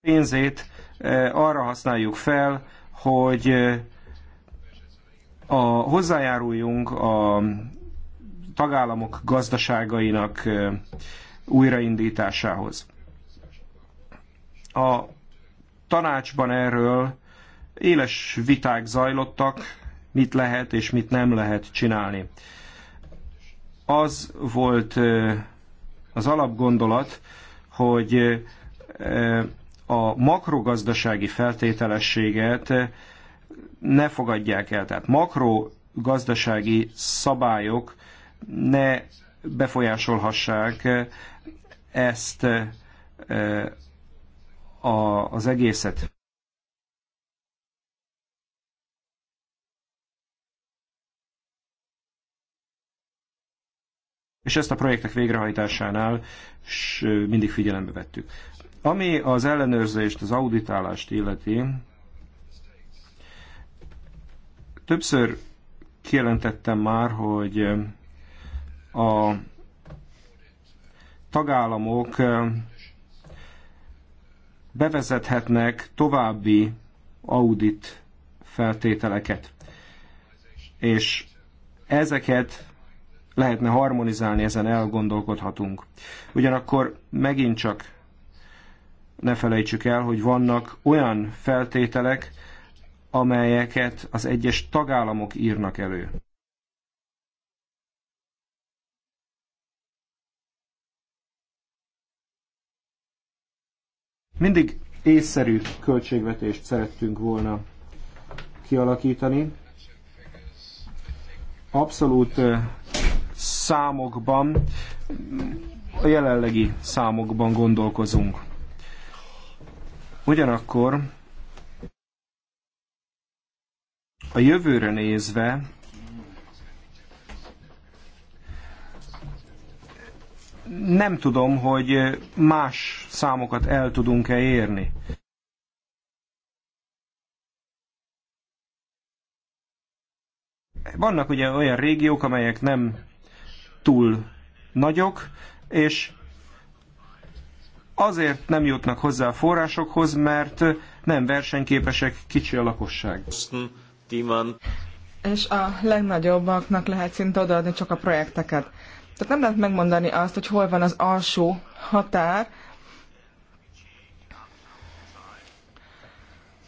pénzét arra használjuk fel, hogy a, hozzájáruljunk a tagállamok gazdaságainak újraindításához. A tanácsban erről éles viták zajlottak, mit lehet és mit nem lehet csinálni. Az volt az alapgondolat, hogy a makrogazdasági feltételességet ne fogadják el. Tehát makrogazdasági szabályok ne befolyásolhassák ezt e, az egészet. És ezt a projektek végrehajtásánál mindig figyelembe vettük. Ami az ellenőrzést, az auditálást illeti, többször kijelentettem már, hogy a tagállamok eh, bevezethetnek további audit feltételeket, és ezeket lehetne harmonizálni, ezen elgondolkodhatunk. Ugyanakkor megint csak ne felejtsük el, hogy vannak olyan feltételek, amelyeket az egyes tagállamok írnak elő. Mindig észszerű költségvetést szerettünk volna kialakítani. Abszolút eh, számokban, a jelenlegi számokban gondolkozunk. Ugyanakkor a jövőre nézve nem tudom, hogy más számokat el tudunk-e érni. Vannak ugye olyan régiók, amelyek nem túl nagyok, és azért nem jutnak hozzá a forrásokhoz, mert nem versenyképesek, kicsi a lakosság.
És a legnagyobbaknak lehet szinte odaadni csak a projekteket. Tehát nem lehet megmondani azt, hogy hol van az alsó határ,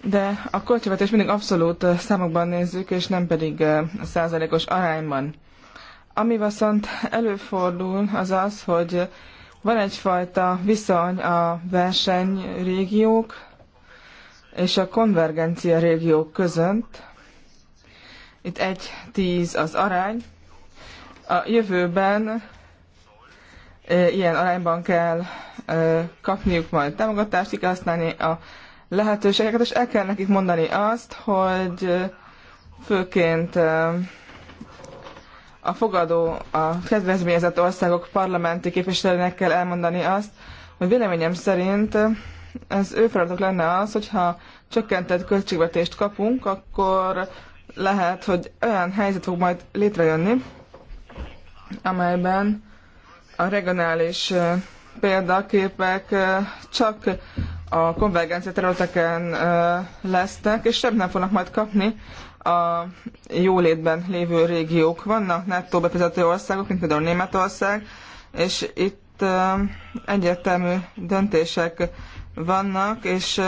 de a költségvetés mindig abszolút számokban nézzük, és nem pedig százalékos arányban. Ami viszont előfordul, az az, hogy van egyfajta viszony a versenyrégiók és a konvergencia régiók között. Itt egy tíz az arány, a jövőben ilyen arányban kell kapniuk majd támogatást, ki kell használni a lehetőségeket, és el kell nekik mondani azt, hogy főként a fogadó, a kedvezményezett országok parlamenti képviselőnek kell elmondani azt, hogy véleményem szerint ez ő feladatok lenne az, hogyha csökkentett költségvetést kapunk, akkor lehet, hogy olyan helyzet fog majd létrejönni, amelyben a regionális példaképek csak a konvergencia területeken lesznek, és sem nem fognak majd kapni a jólétben lévő régiók. Vannak nettó befizető országok, mint például Németország, és itt egyértelmű döntések vannak, és,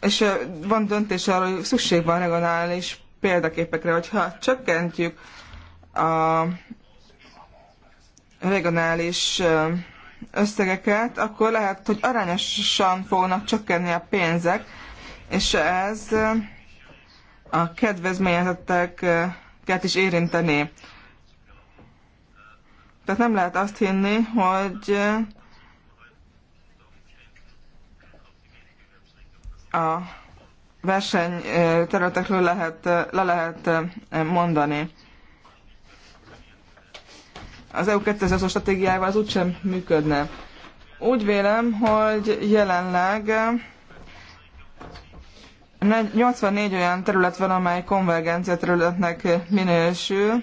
és van döntés arra, hogy szükség van regionális példaképekre, hogyha csökkentjük a regionális összegeket, akkor lehet, hogy arányosan fognak csökkenni a pénzek, és ez a kedvezményezetteket is érinteni. Tehát nem lehet azt hinni, hogy a versenyterületekről lehet, le lehet mondani az EU 2020 stratégiával az úgysem működne. Úgy vélem, hogy jelenleg 84 olyan terület van, amely konvergencia területnek minősül,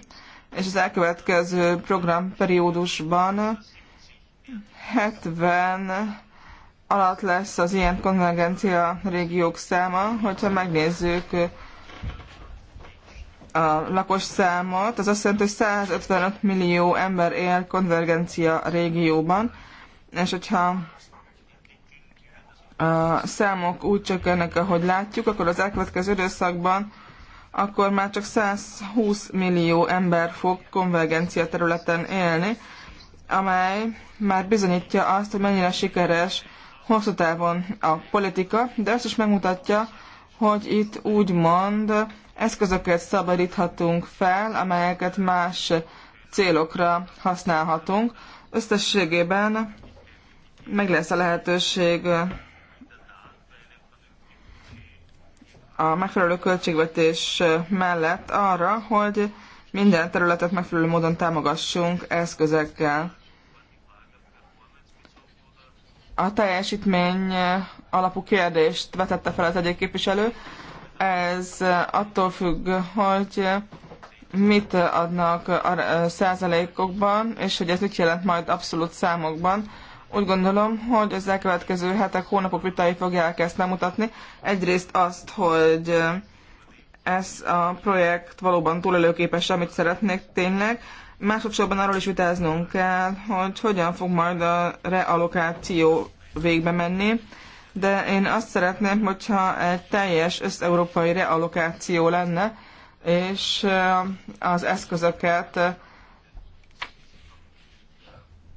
és az elkövetkező programperiódusban 70 alatt lesz az ilyen konvergencia régiók száma, hogyha megnézzük a lakosszámot, az azt jelenti, hogy 155 millió ember él konvergencia régióban, és hogyha a számok úgy csökkennek, ahogy látjuk, akkor az elkövetkező időszakban akkor már csak 120 millió ember fog konvergencia területen élni, amely már bizonyítja azt, hogy mennyire sikeres hosszú távon a politika, de azt is megmutatja, hogy itt úgymond eszközöket szabadíthatunk fel, amelyeket más célokra használhatunk. Összességében meg lesz a lehetőség a megfelelő költségvetés mellett arra, hogy minden területet megfelelő módon támogassunk eszközekkel. A teljesítmény alapú kérdést vetette fel az egyik képviselő ez attól függ, hogy mit adnak a százalékokban, és hogy ez mit jelent majd abszolút számokban. Úgy gondolom, hogy az elkövetkező hetek, hónapok vitai fogják ezt bemutatni. Egyrészt azt, hogy ez a projekt valóban túlélőképes, amit szeretnék tényleg. Másodszorban arról is vitáznunk kell, hogy hogyan fog majd a realokáció végbe menni de én azt szeretném, hogyha egy teljes összeurópai realokáció lenne, és eh, az eszközöket eh,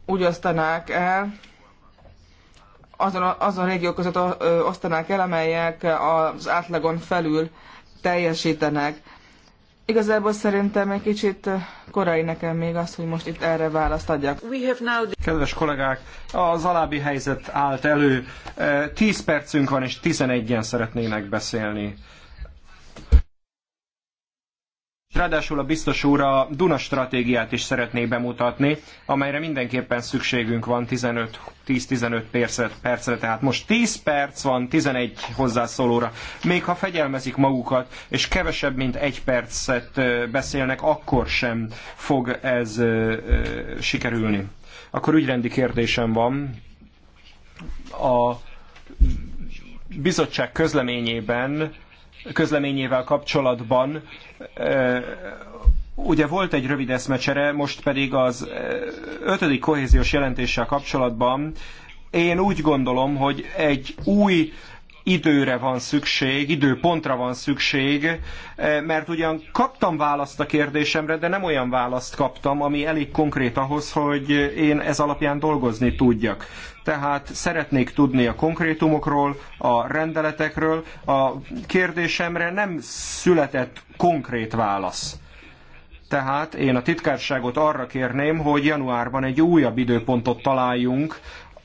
úgy osztanák el, azon, azon régiók között eh, osztanák el, amelyek az átlagon felül teljesítenek. Igazából szerintem egy kicsit eh, korai nekem még az, hogy most itt erre választ adjak.
Kedves kollégák, az alábbi helyzet állt elő. 10 eh, percünk van, és 11-en szeretnének beszélni. Ráadásul a biztos úr a Duna stratégiát is szeretné bemutatni, amelyre mindenképpen szükségünk van 10-15 percet, percre, tehát most 10 perc van 11 hozzászólóra. Még ha fegyelmezik magukat, és kevesebb, mint egy percet beszélnek, akkor sem fog ez sikerülni. Akkor ügyrendi kérdésem van. A bizottság közleményében közleményével kapcsolatban ugye volt egy rövid eszmecsere, most pedig az ötödik kohéziós jelentéssel kapcsolatban én úgy gondolom, hogy egy új időre van szükség, időpontra van szükség, eh, mert ugyan kaptam választ a kérdésemre, de nem olyan választ kaptam, ami elég konkrét ahhoz, hogy én ez alapján dolgozni tudjak. Tehát szeretnék tudni a konkrétumokról, a rendeletekről. A kérdésemre nem született konkrét válasz. Tehát én a titkárságot arra kérném, hogy januárban egy újabb időpontot találjunk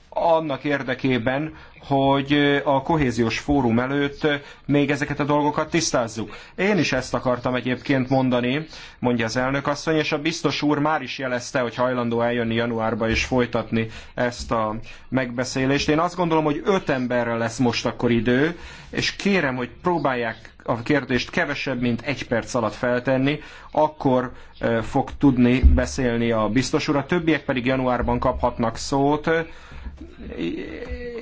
annak érdekében, hogy a kohéziós fórum előtt még ezeket a dolgokat tisztázzuk. Én is ezt akartam egyébként mondani, mondja az elnök asszony, és a biztos úr már is jelezte, hogy hajlandó eljönni januárba és folytatni ezt a megbeszélést. Én azt gondolom, hogy öt emberre lesz most akkor idő, és kérem, hogy próbálják a kérdést kevesebb, mint egy perc alatt feltenni, akkor fog tudni beszélni a biztos úr. A többiek pedig januárban kaphatnak szót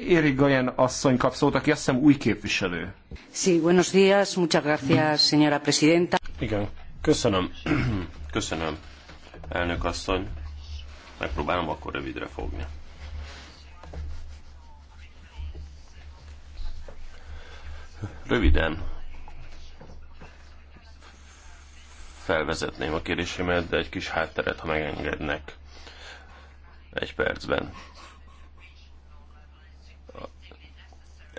Éri Gajen asszony kap szót, aki azt hiszem új képviselő.
Sí, buenos días, muchas gracias, señora presidenta. Igen,
köszönöm. (clears throat) köszönöm, elnök asszony. Megpróbálom akkor rövidre fogni. Röviden felvezetném a kérdésemet, de egy kis hátteret, ha megengednek egy percben.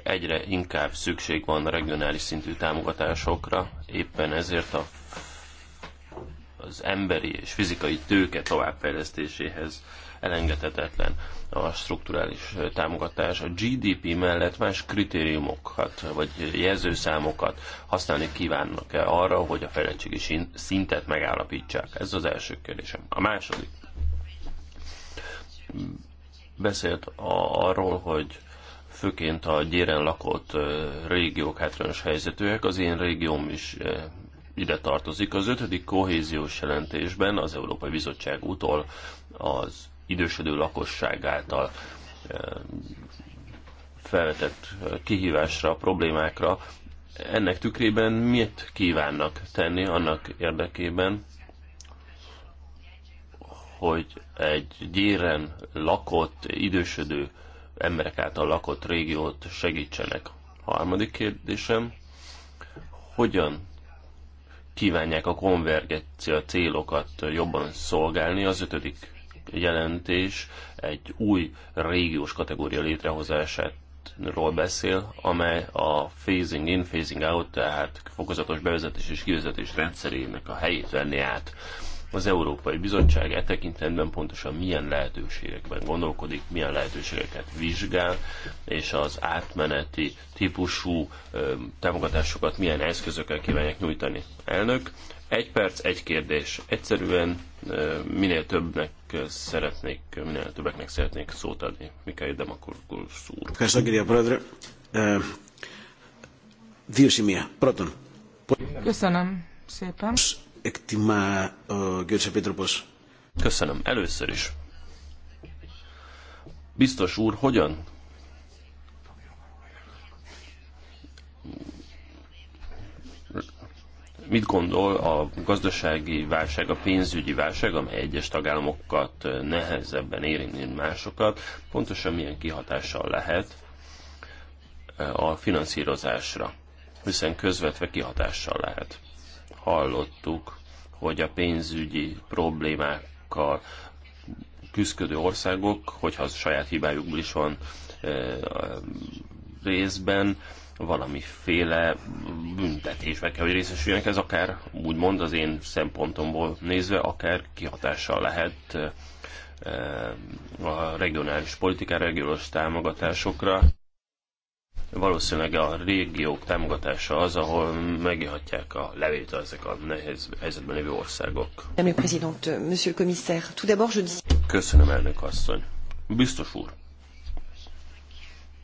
egyre inkább szükség van a regionális szintű támogatásokra, éppen ezért a, az emberi és fizikai tőke továbbfejlesztéséhez elengedhetetlen a strukturális támogatás. A GDP mellett más kritériumokat vagy jelzőszámokat használni kívánnak-e arra, hogy a fejlettségi szintet megállapítsák? Ez az első kérdésem. A második. Beszélt arról, hogy főként a gyéren lakott régiók hátrányos helyzetűek, az én régióm is ide tartozik. Az ötödik kohéziós jelentésben az Európai Bizottság útól az idősödő lakosság által felvetett kihívásra, problémákra. Ennek tükrében mit kívánnak tenni annak érdekében, hogy egy gyéren lakott, idősödő emberek által lakott régiót segítsenek. Harmadik kérdésem, hogyan kívánják a konvergencia célokat jobban szolgálni? Az ötödik jelentés egy új régiós kategória létrehozását ról beszél, amely a phasing in, phasing out, tehát fokozatos bevezetés és kivezetés rendszerének a helyét venni át az Európai Bizottság e tekintetben pontosan milyen lehetőségekben gondolkodik, milyen lehetőségeket vizsgál, és az átmeneti típusú ö, támogatásokat milyen eszközökkel kívánják nyújtani. Elnök, egy perc, egy kérdés. Egyszerűen ö, minél többnek szeretnék, minél többeknek szeretnék szót adni. Mikály Demakurkulsz úr.
Köszönöm szépen
εκτιμά ο κ. Επίτροπος. Köszönöm. Először is. Biztos úr, hogyan mit gondol a gazdasági válság, a pénzügyi válság, amely egyes tagállamokat nehezebben érint, mint másokat, pontosan milyen kihatással lehet a finanszírozásra, hiszen közvetve kihatással lehet hallottuk, hogy a pénzügyi problémákkal küzdködő országok, hogyha az saját hibájukból is van e, részben, valamiféle büntetésbe kell, hogy részesüljenek. Ez akár úgymond az én szempontomból nézve, akár kihatással lehet e, a regionális politikára, regionális támogatásokra valószínűleg a régiók támogatása az, ahol megihatják a levét ezek a nehéz helyzetben lévő országok. Köszönöm, elnök asszony. Biztos úr.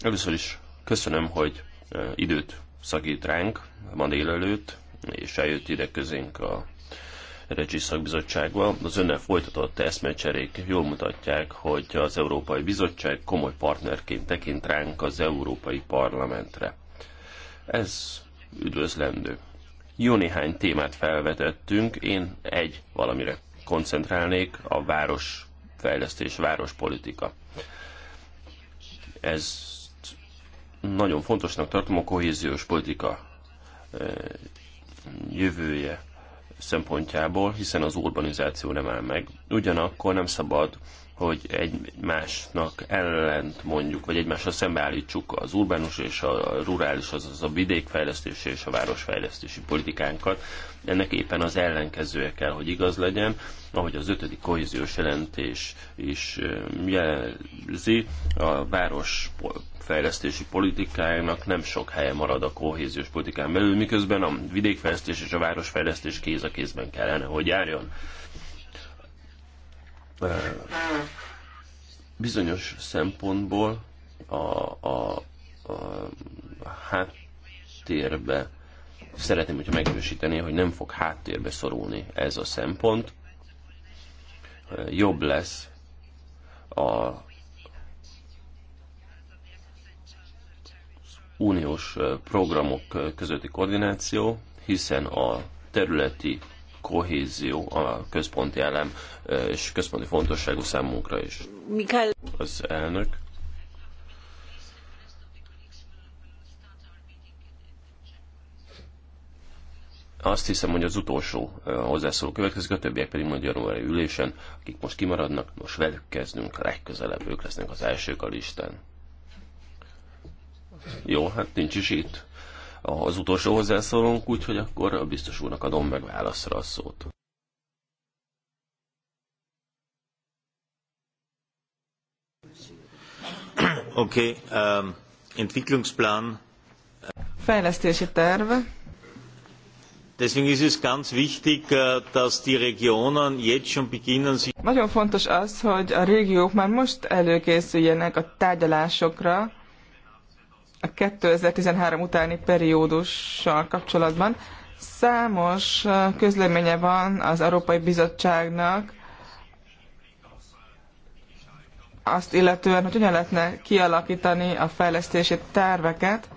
Először is köszönöm, hogy eh, időt szakít ránk ma délelőtt, és eljött ide közénk a Regi szakbizottsággal. Az önnel folytatott eszmecserék jól mutatják, hogy az Európai Bizottság komoly partnerként tekint ránk az Európai Parlamentre. Ez üdvözlendő. Jó néhány témát felvetettünk, én egy valamire koncentrálnék, a városfejlesztés, várospolitika. Ez nagyon fontosnak tartom a kohéziós politika eh, jövője szempontjából, hiszen az urbanizáció nem áll meg. Ugyanakkor nem szabad hogy egymásnak ellent mondjuk, vagy egymással szembeállítsuk az urbánus és a rurális, azaz a vidékfejlesztési és a városfejlesztési politikánkat. Ennek éppen az ellenkezője kell, hogy igaz legyen, ahogy az ötödik kohéziós jelentés is jelzi, a városfejlesztési politikának nem sok helye marad a kohéziós politikán belül, miközben a vidékfejlesztés és a városfejlesztés kéz a kézben kellene, hogy járjon bizonyos szempontból a, a, a háttérbe szeretném, hogyha megősíteni, hogy nem fog háttérbe szorulni ez a szempont. Jobb lesz a uniós programok közötti koordináció, hiszen a területi kohézió a központi elem és központi fontosságú számunkra is. Mikael. Az elnök. Azt hiszem, hogy az utolsó hozzászóló következik, a többiek pedig majd januári ülésen, akik most kimaradnak, most velük kezdünk, legközelebb ők lesznek az elsők a listán. Jó, hát nincs is itt az utolsó hozzászólónk, úgyhogy akkor a biztos úrnak adom meg
válaszra a szót. Oké, okay, um, Entwicklungsplan.
Fejlesztési terv.
Deswegen ist es ganz wichtig, äh, dass die Regionen jetzt schon beginnen, sich
Nagyon fontos az, hogy a régiók már most előkészüljenek a tárgyalásokra, a 2013 utáni periódussal kapcsolatban. Számos közleménye van az Európai Bizottságnak, azt illetően, hogy hogyan lehetne kialakítani a fejlesztési terveket.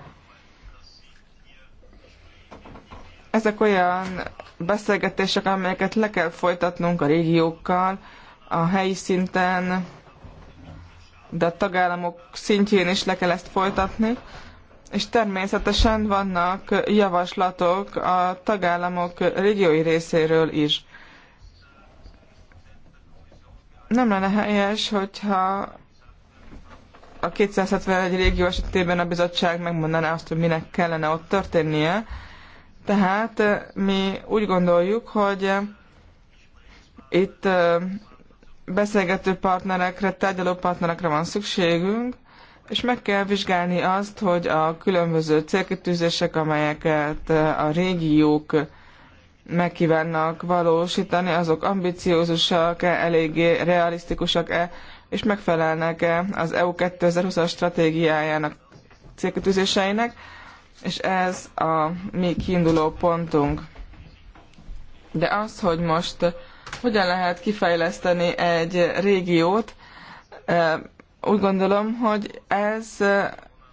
Ezek olyan beszélgetések, amelyeket le kell folytatnunk a régiókkal, a helyi szinten, de a tagállamok szintjén is le kell ezt folytatni. És természetesen vannak javaslatok a tagállamok régiói részéről is. Nem lenne helyes, hogyha a 271 régió esetében a bizottság megmondaná azt, hogy minek kellene ott történnie. Tehát eh, mi úgy gondoljuk, hogy eh, itt eh, beszélgető partnerekre, tárgyaló partnerekre van szükségünk, és meg kell vizsgálni azt, hogy a különböző célkitűzések, amelyeket a régiók megkívánnak valósítani, azok ambiciózusak-e, eléggé realisztikusak-e, és megfelelnek-e az EU 2020-as stratégiájának célkitűzéseinek, és ez a mi kiinduló pontunk. De az, hogy most hogyan lehet kifejleszteni egy régiót. Úgy gondolom, hogy ez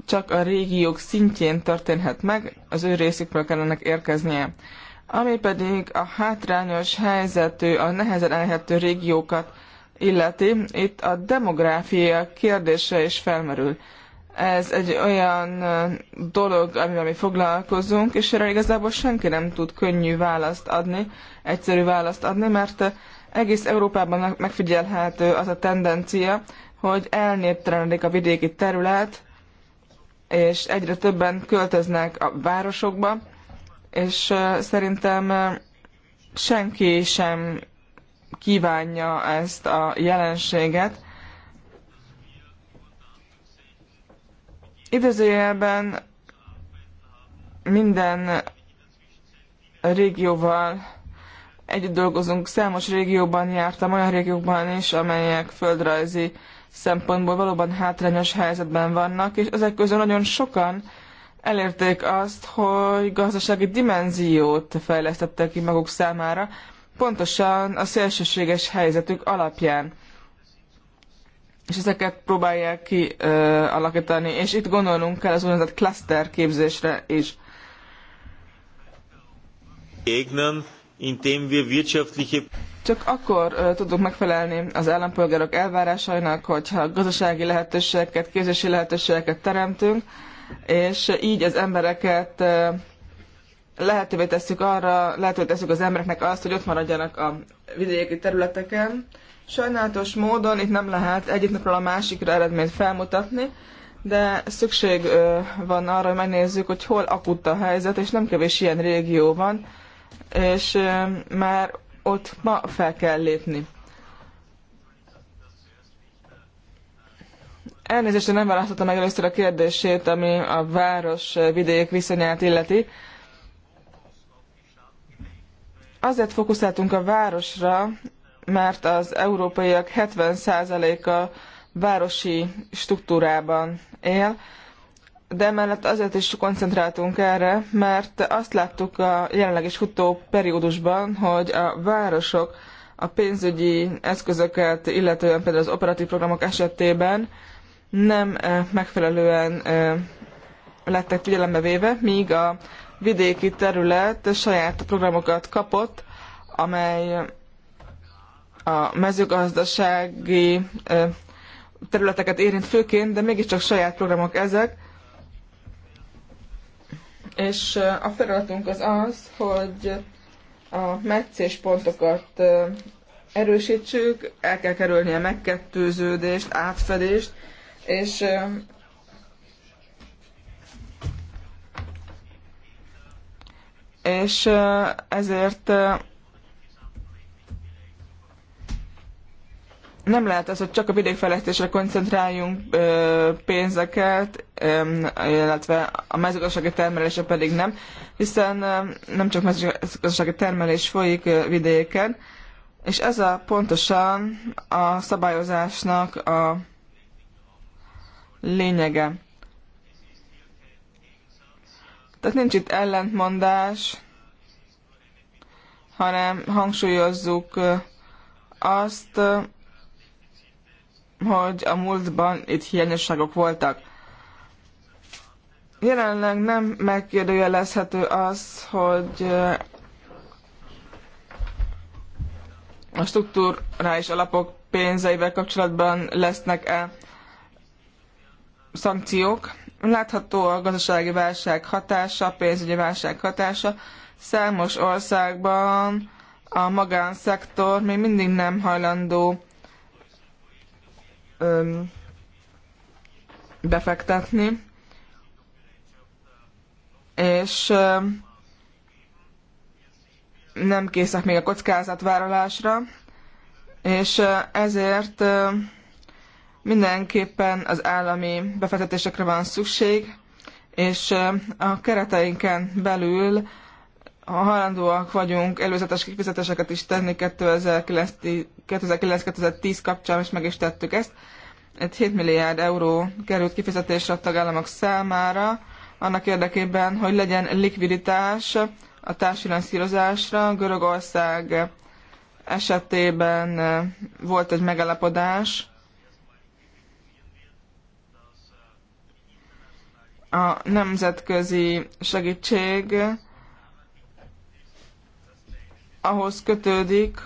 csak a régiók szintjén történhet meg, az ő részükről kellene érkeznie. Ami pedig a hátrányos helyzetű, a nehezen elérhető régiókat illeti, itt a demográfia kérdése is felmerül ez egy olyan dolog, amivel mi foglalkozunk, és erre igazából senki nem tud könnyű választ adni, egyszerű választ adni, mert egész Európában megfigyelhető az a tendencia, hogy elnéptelenedik a vidéki terület, és egyre többen költöznek a városokba, és szerintem senki sem kívánja ezt a jelenséget, idezőjelben minden régióval együtt dolgozunk. Számos régióban jártam, olyan régiókban is, amelyek földrajzi szempontból valóban hátrányos helyzetben vannak, és ezek közül nagyon sokan elérték azt, hogy gazdasági dimenziót fejlesztettek ki maguk számára, pontosan a szélsőséges helyzetük alapján és ezeket próbálják ki ö, alakítani, és itt gondolnunk kell az úgynevezett cluster képzésre is. csak akkor ö, tudunk megfelelni az állampolgárok elvárásainak, hogyha gazdasági lehetőségeket, képzési lehetőségeket teremtünk, és így az embereket ö, lehetővé tesszük arra, lehetővé tesszük az embereknek azt, hogy ott maradjanak a vidéki területeken, Sajnálatos módon itt nem lehet egyik napról a másikra eredményt felmutatni, de szükség van arra, hogy megnézzük, hogy hol akut a helyzet, és nem kevés ilyen régió van, és már ott ma fel kell lépni. Elnézést, hogy nem választottam meg először a kérdését, ami a város-vidék viszonyát illeti. Azért fókuszáltunk a városra, mert az európaiak 70%-a városi struktúrában él, de emellett azért is koncentráltunk erre, mert azt láttuk a jelenleg is futó periódusban, hogy a városok a pénzügyi eszközöket, illetően például az operatív programok esetében nem eh, megfelelően eh, lettek figyelembe véve, míg a vidéki terület saját programokat kapott, amely a mezőgazdasági területeket érint főként, de mégiscsak saját programok ezek. És a feladatunk az az, hogy a meccés pontokat erősítsük, el kell kerülni a megkettőződést, átfedést, és és ezért nem lehet az, hogy csak a vidékfejlesztésre koncentráljunk ö, pénzeket, ö, illetve a mezőgazdasági termelése pedig nem, hiszen ö, nem csak mezőgazdasági termelés folyik ö, vidéken, és ez a pontosan a szabályozásnak a lényege. Tehát nincs itt ellentmondás, hanem hangsúlyozzuk azt, hogy a múltban itt hiányosságok voltak. Jelenleg nem megkérdőjelezhető az, hogy eh, a struktúrális alapok pénzeivel kapcsolatban lesznek-e szankciók. Látható a gazdasági válság hatása, a pénzügyi válság hatása. Számos országban a magánszektor még mindig nem hajlandó befektetni, és nem készek még a kockázatvállalásra, és ezért mindenképpen az állami befektetésekre van szükség, és a kereteinken belül ha halandóak vagyunk előzetes kifizetéseket is tenni 2009-2010 kapcsán, és meg is tettük ezt. Egy 7 milliárd euró került kifizetésre a tagállamok számára, annak érdekében, hogy legyen likviditás a társfinanszírozásra. Görögország esetében volt egy megállapodás, a nemzetközi segítség ahhoz kötődik,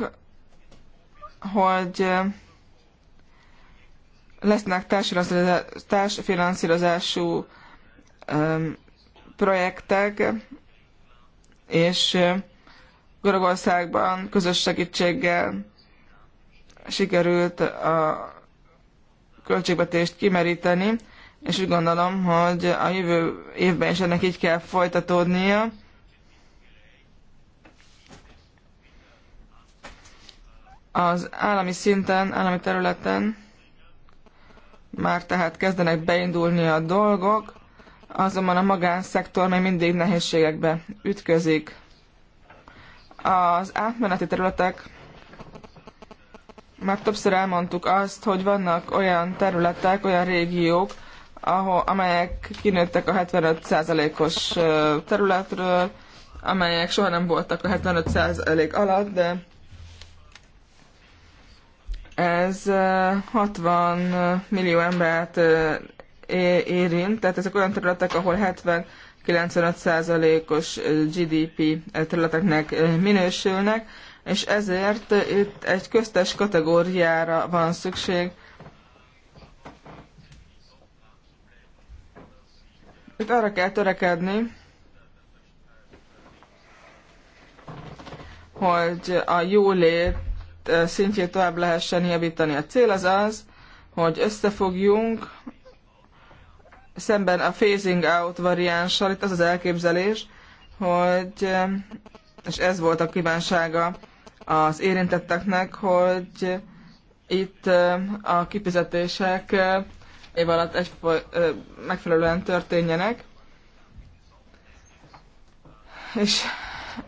hogy eh, lesznek társfinanszírozású projektek, és eh, Görögországban közös segítséggel sikerült a költségvetést kimeríteni, és úgy gondolom, hogy a jövő évben is ennek így kell folytatódnia. az állami szinten, állami területen már tehát kezdenek beindulni a dolgok, azonban a magánszektor még mindig nehézségekbe ütközik. Az átmeneti területek, már többször elmondtuk azt, hogy vannak olyan területek, olyan régiók, ahol, amelyek kinőttek a 75%-os területről, amelyek soha nem voltak a 75% alatt, de ez 60 millió embert érint, tehát ezek olyan területek, ahol 70-95%-os GDP területeknek minősülnek, és ezért itt egy köztes kategóriára van szükség. Itt arra kell törekedni, hogy a jólét szintjét tovább lehessen javítani. A cél az az, hogy összefogjunk szemben a phasing out variánssal, itt az az elképzelés, hogy, és ez volt a kívánsága az érintetteknek, hogy itt a kifizetések év alatt egy, megfelelően történjenek, és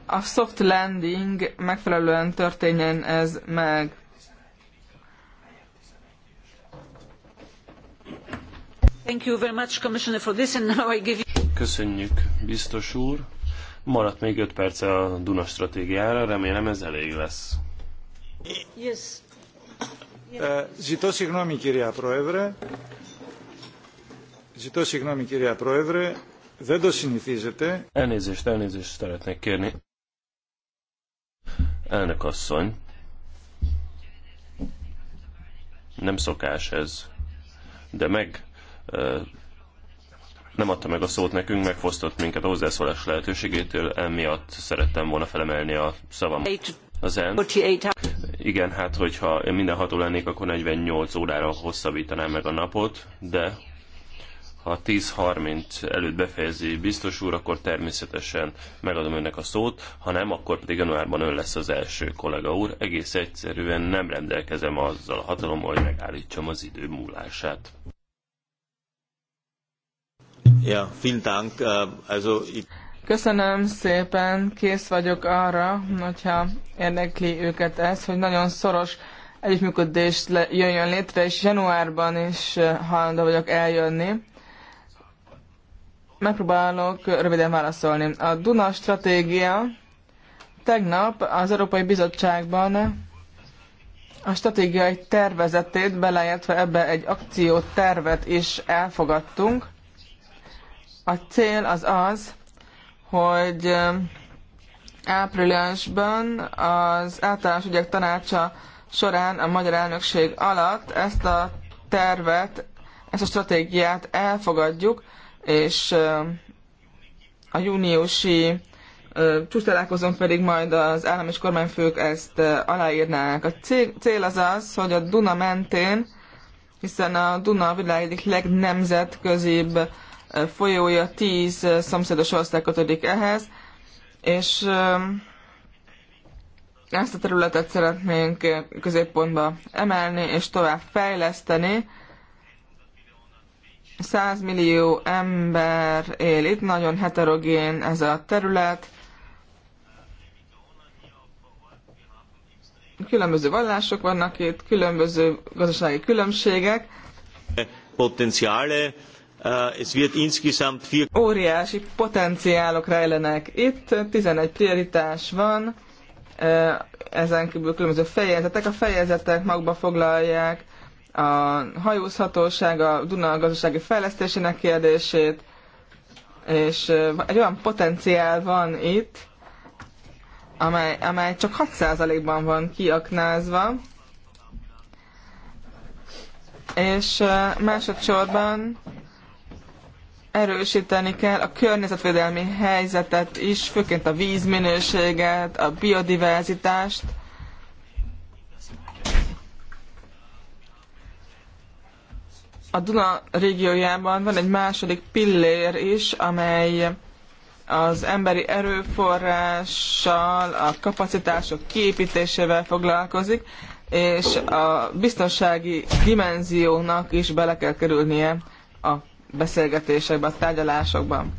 a soft landing megfelelően történjen ez meg. Thank you very much, Commissioner, for this, and now I give you...
Köszönjük, biztos úr. Maradt még 5 perce a Duna stratégiára, remélem
ez elég lesz. Yes. Ζητώ συγγνώμη κυρία Πρόεδρε.
Ζητώ συγγνώμη κυρία Πρόεδρε.
Elnézést, elnézést szeretnék kérni. Elnök asszony. Nem szokás ez. De meg nem adta meg a szót nekünk, megfosztott minket a hozzászólás lehetőségétől, emiatt szerettem volna felemelni a szavam. Az en. Igen, hát hogyha én minden ható lennék, akkor 48 órára hosszabbítanám meg a napot, de ha 10.30 előtt befejezi biztos úr, akkor természetesen megadom önnek a szót, ha nem, akkor pedig januárban ön lesz az első kollega úr. Egész egyszerűen nem rendelkezem azzal a hatalommal, hogy megállítsam az idő múlását. Ja, vielen Dank. Äh, also, ich...
Köszönöm szépen, kész vagyok arra, hogyha érdekli őket ez, hogy nagyon szoros együttműködés jöjjön létre, és januárban is hajlandó vagyok eljönni. Megpróbálok röviden válaszolni. A Duna stratégia tegnap az Európai Bizottságban a stratégiai tervezetét, beleértve ebbe egy akciótervet is elfogadtunk. A cél az az, hogy áprilisban az általános ügyek tanácsa során a magyar elnökség alatt ezt a tervet, ezt a stratégiát elfogadjuk, és a júniusi csúcstalálkozón pedig majd az állam és kormányfők ezt aláírnák. A cél az az, hogy a Duna mentén, hiszen a Duna a világ egyik legnemzetközibb folyója, tíz szomszédos ország kötődik ehhez, és ezt a területet szeretnénk középpontba emelni és tovább fejleszteni, 100 millió ember él itt, nagyon heterogén ez a terület. Különböző vallások vannak itt, különböző gazdasági különbségek.
Potenziále, äh, es wird insgesamt vier...
Óriási potenciálok rejlenek itt, 11 prioritás van, äh, ezen kívül különböző fejezetek. A fejezetek magba foglalják a hajózhatóság, a Duna gazdasági fejlesztésének kérdését, és egy olyan potenciál van itt, amely, amely csak 6%-ban van kiaknázva, és másodszorban erősíteni kell a környezetvédelmi helyzetet is, főként a vízminőséget, a biodiverzitást, a Duna régiójában van egy második pillér is, amely az emberi erőforrással, a kapacitások kiépítésével foglalkozik, és a biztonsági dimenziónak is bele kell kerülnie a beszélgetésekben, a tárgyalásokban.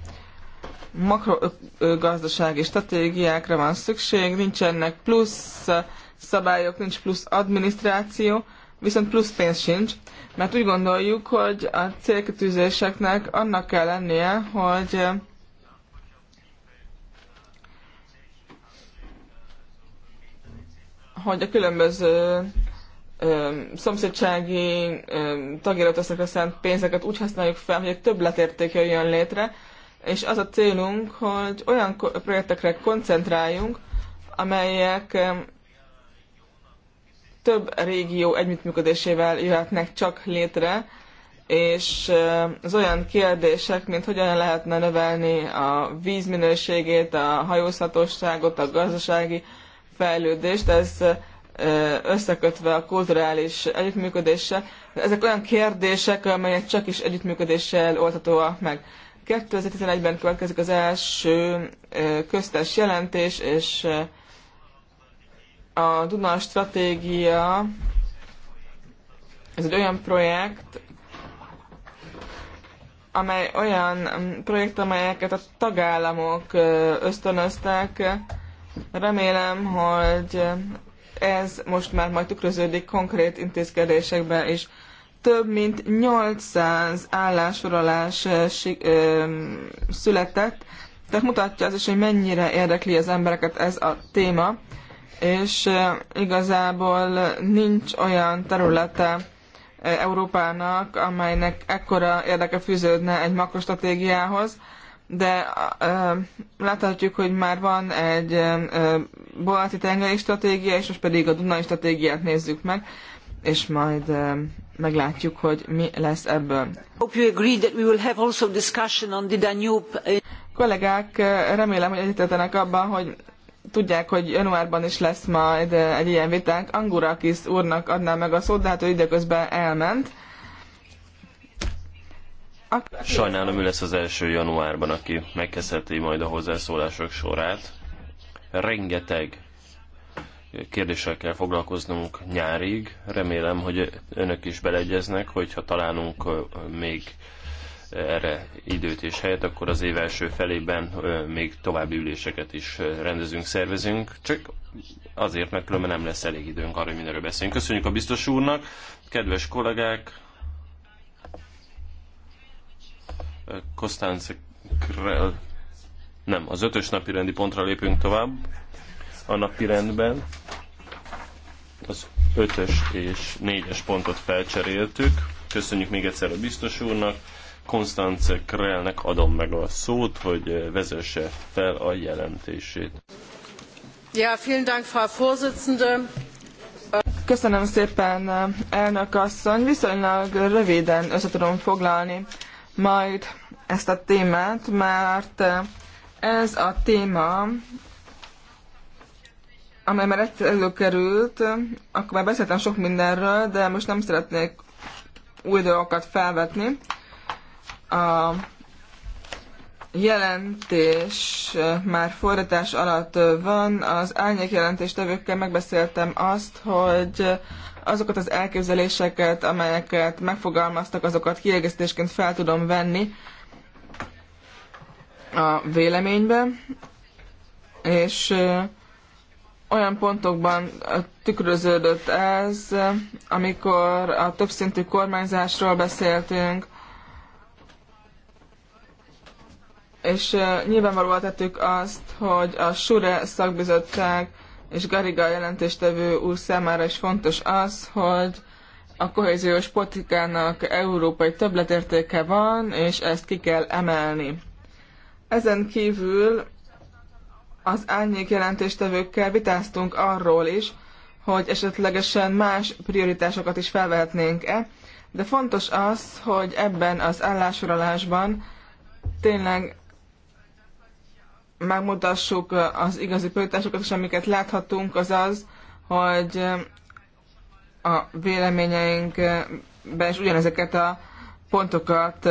Makrogazdasági stratégiákra van szükség, nincsenek plusz szabályok, nincs plusz adminisztráció, viszont plusz pénz sincs, mert úgy gondoljuk, hogy a célkitűzéseknek annak kell lennie, hogy hogy a különböző ö, szomszédsági tagiratokra szent pénzeket úgy használjuk fel, hogy egy többletérték jöjjön létre, és az a célunk, hogy olyan projektekre koncentráljunk, amelyek több régió együttműködésével jöhetnek csak létre, és eh, az olyan kérdések, mint hogyan lehetne növelni a vízminőségét, a hajózhatóságot, a gazdasági fejlődést, ez eh, összekötve a kulturális együttműködéssel. Ezek olyan kérdések, amelyek csak is együttműködéssel oldhatóak meg. 2011-ben következik az első eh, köztes jelentés, és a Duna Stratégia ez egy olyan projekt, amely olyan projekt, amelyeket a tagállamok ösztönöztek. Remélem, hogy ez most már majd tükröződik konkrét intézkedésekben is. Több mint 800 állásfoglalás született, tehát mutatja az is, hogy mennyire érdekli az embereket ez a téma és igazából nincs olyan területe Európának, amelynek ekkora érdeke fűződne egy makrostratégiához, de láthatjuk, hogy már van egy balti tengeri stratégia, és most pedig a Dunai stratégiát nézzük meg, és majd meglátjuk, hogy mi lesz ebből. Kollégák, remélem, hogy egyetetenek abban, hogy tudják, hogy januárban is lesz majd eh, egy ilyen vitánk. Angurakis úrnak adná meg a szót, de hát ő időközben elment.
Aki... Sajnálom,
ő lesz az első januárban, aki megkezdheti majd a hozzászólások sorát. Rengeteg kérdéssel kell foglalkoznunk nyárig. Remélem, hogy önök is beleegyeznek, hogyha találunk eh, még erre időt és helyet, akkor az év első felében még további üléseket is rendezünk, szervezünk, csak azért, mert különben nem lesz elég időnk arra, hogy mindenről beszéljünk. Köszönjük a biztos úrnak, kedves kollégák, Kostánc Krell, nem, az ötös napi rendi pontra lépünk tovább a napi rendben. Az ötös és négyes pontot felcseréltük. Köszönjük még egyszer a biztos úrnak. Konstanz Krellnek adom meg a szót, hogy eh, vezesse fel a jelentését.
Ja, vielen Dank, Frau Vorsitzende. Köszönöm szépen, eh, elnök asszony. Viszonylag röviden össze tudom foglalni majd ezt a témát, mert eh, ez a téma, amely már egyszer előkerült, akkor már beszéltem sok mindenről, de most nem szeretnék új dolgokat felvetni. A jelentés már fordítás alatt van. Az árnyék jelentéstevőkkel megbeszéltem azt, hogy azokat az elképzeléseket, amelyeket megfogalmaztak, azokat kiegészítésként fel tudom venni a véleménybe, és olyan pontokban tükröződött ez, amikor a többszintű kormányzásról beszéltünk, és nyilvánvalóan tettük azt, hogy a SURE szakbizottság és Gariga jelentéstevő úr számára is fontos az, hogy a kohéziós politikának európai többletértéke van, és ezt ki kell emelni. Ezen kívül az árnyék jelentéstevőkkel vitáztunk arról is, hogy esetlegesen más prioritásokat is felvehetnénk-e, de fontos az, hogy ebben az állásorolásban tényleg megmutassuk az igazi prioritásokat, és amiket láthatunk, az az, hogy a véleményeinkben is ugyanezeket a pontokat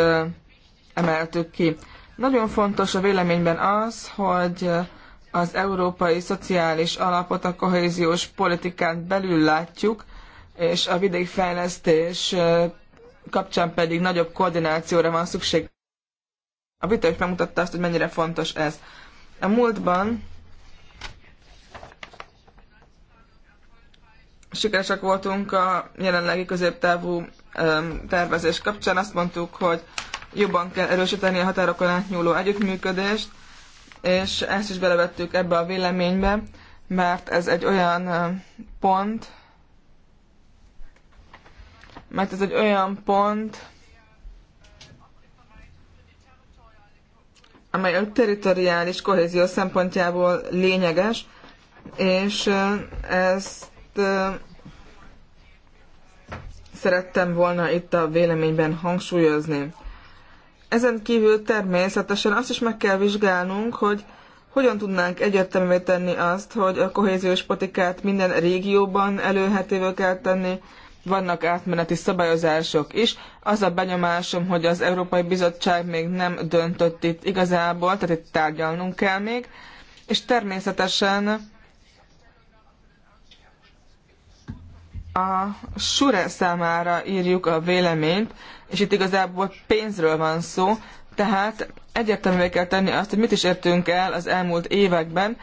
emeltük ki. Nagyon fontos a véleményben az, hogy az európai szociális alapot a kohéziós politikán belül látjuk, és a vidékfejlesztés kapcsán pedig nagyobb koordinációra van szükség. A vita is megmutatta azt, hogy mennyire fontos ez. A múltban sikeresek voltunk a jelenlegi középtávú tervezés kapcsán. Azt mondtuk, hogy jobban kell erősíteni a határokon átnyúló együttműködést, és ezt is belevettük ebbe a véleménybe, mert ez egy olyan pont, mert ez egy olyan pont, amely a teritoriális kohézió szempontjából lényeges, és ezt szerettem volna itt a véleményben hangsúlyozni. Ezen kívül természetesen azt is meg kell vizsgálnunk, hogy hogyan tudnánk egyértelművé tenni azt, hogy a kohéziós politikát minden régióban előhetővé kell tenni, vannak átmeneti szabályozások is. Az a benyomásom, hogy az Európai Bizottság még nem döntött itt igazából, tehát itt tárgyalnunk kell még, és természetesen a SURE számára írjuk a véleményt, és itt igazából pénzről van szó, tehát egyértelművé kell tenni azt, hogy mit is értünk el az elmúlt években,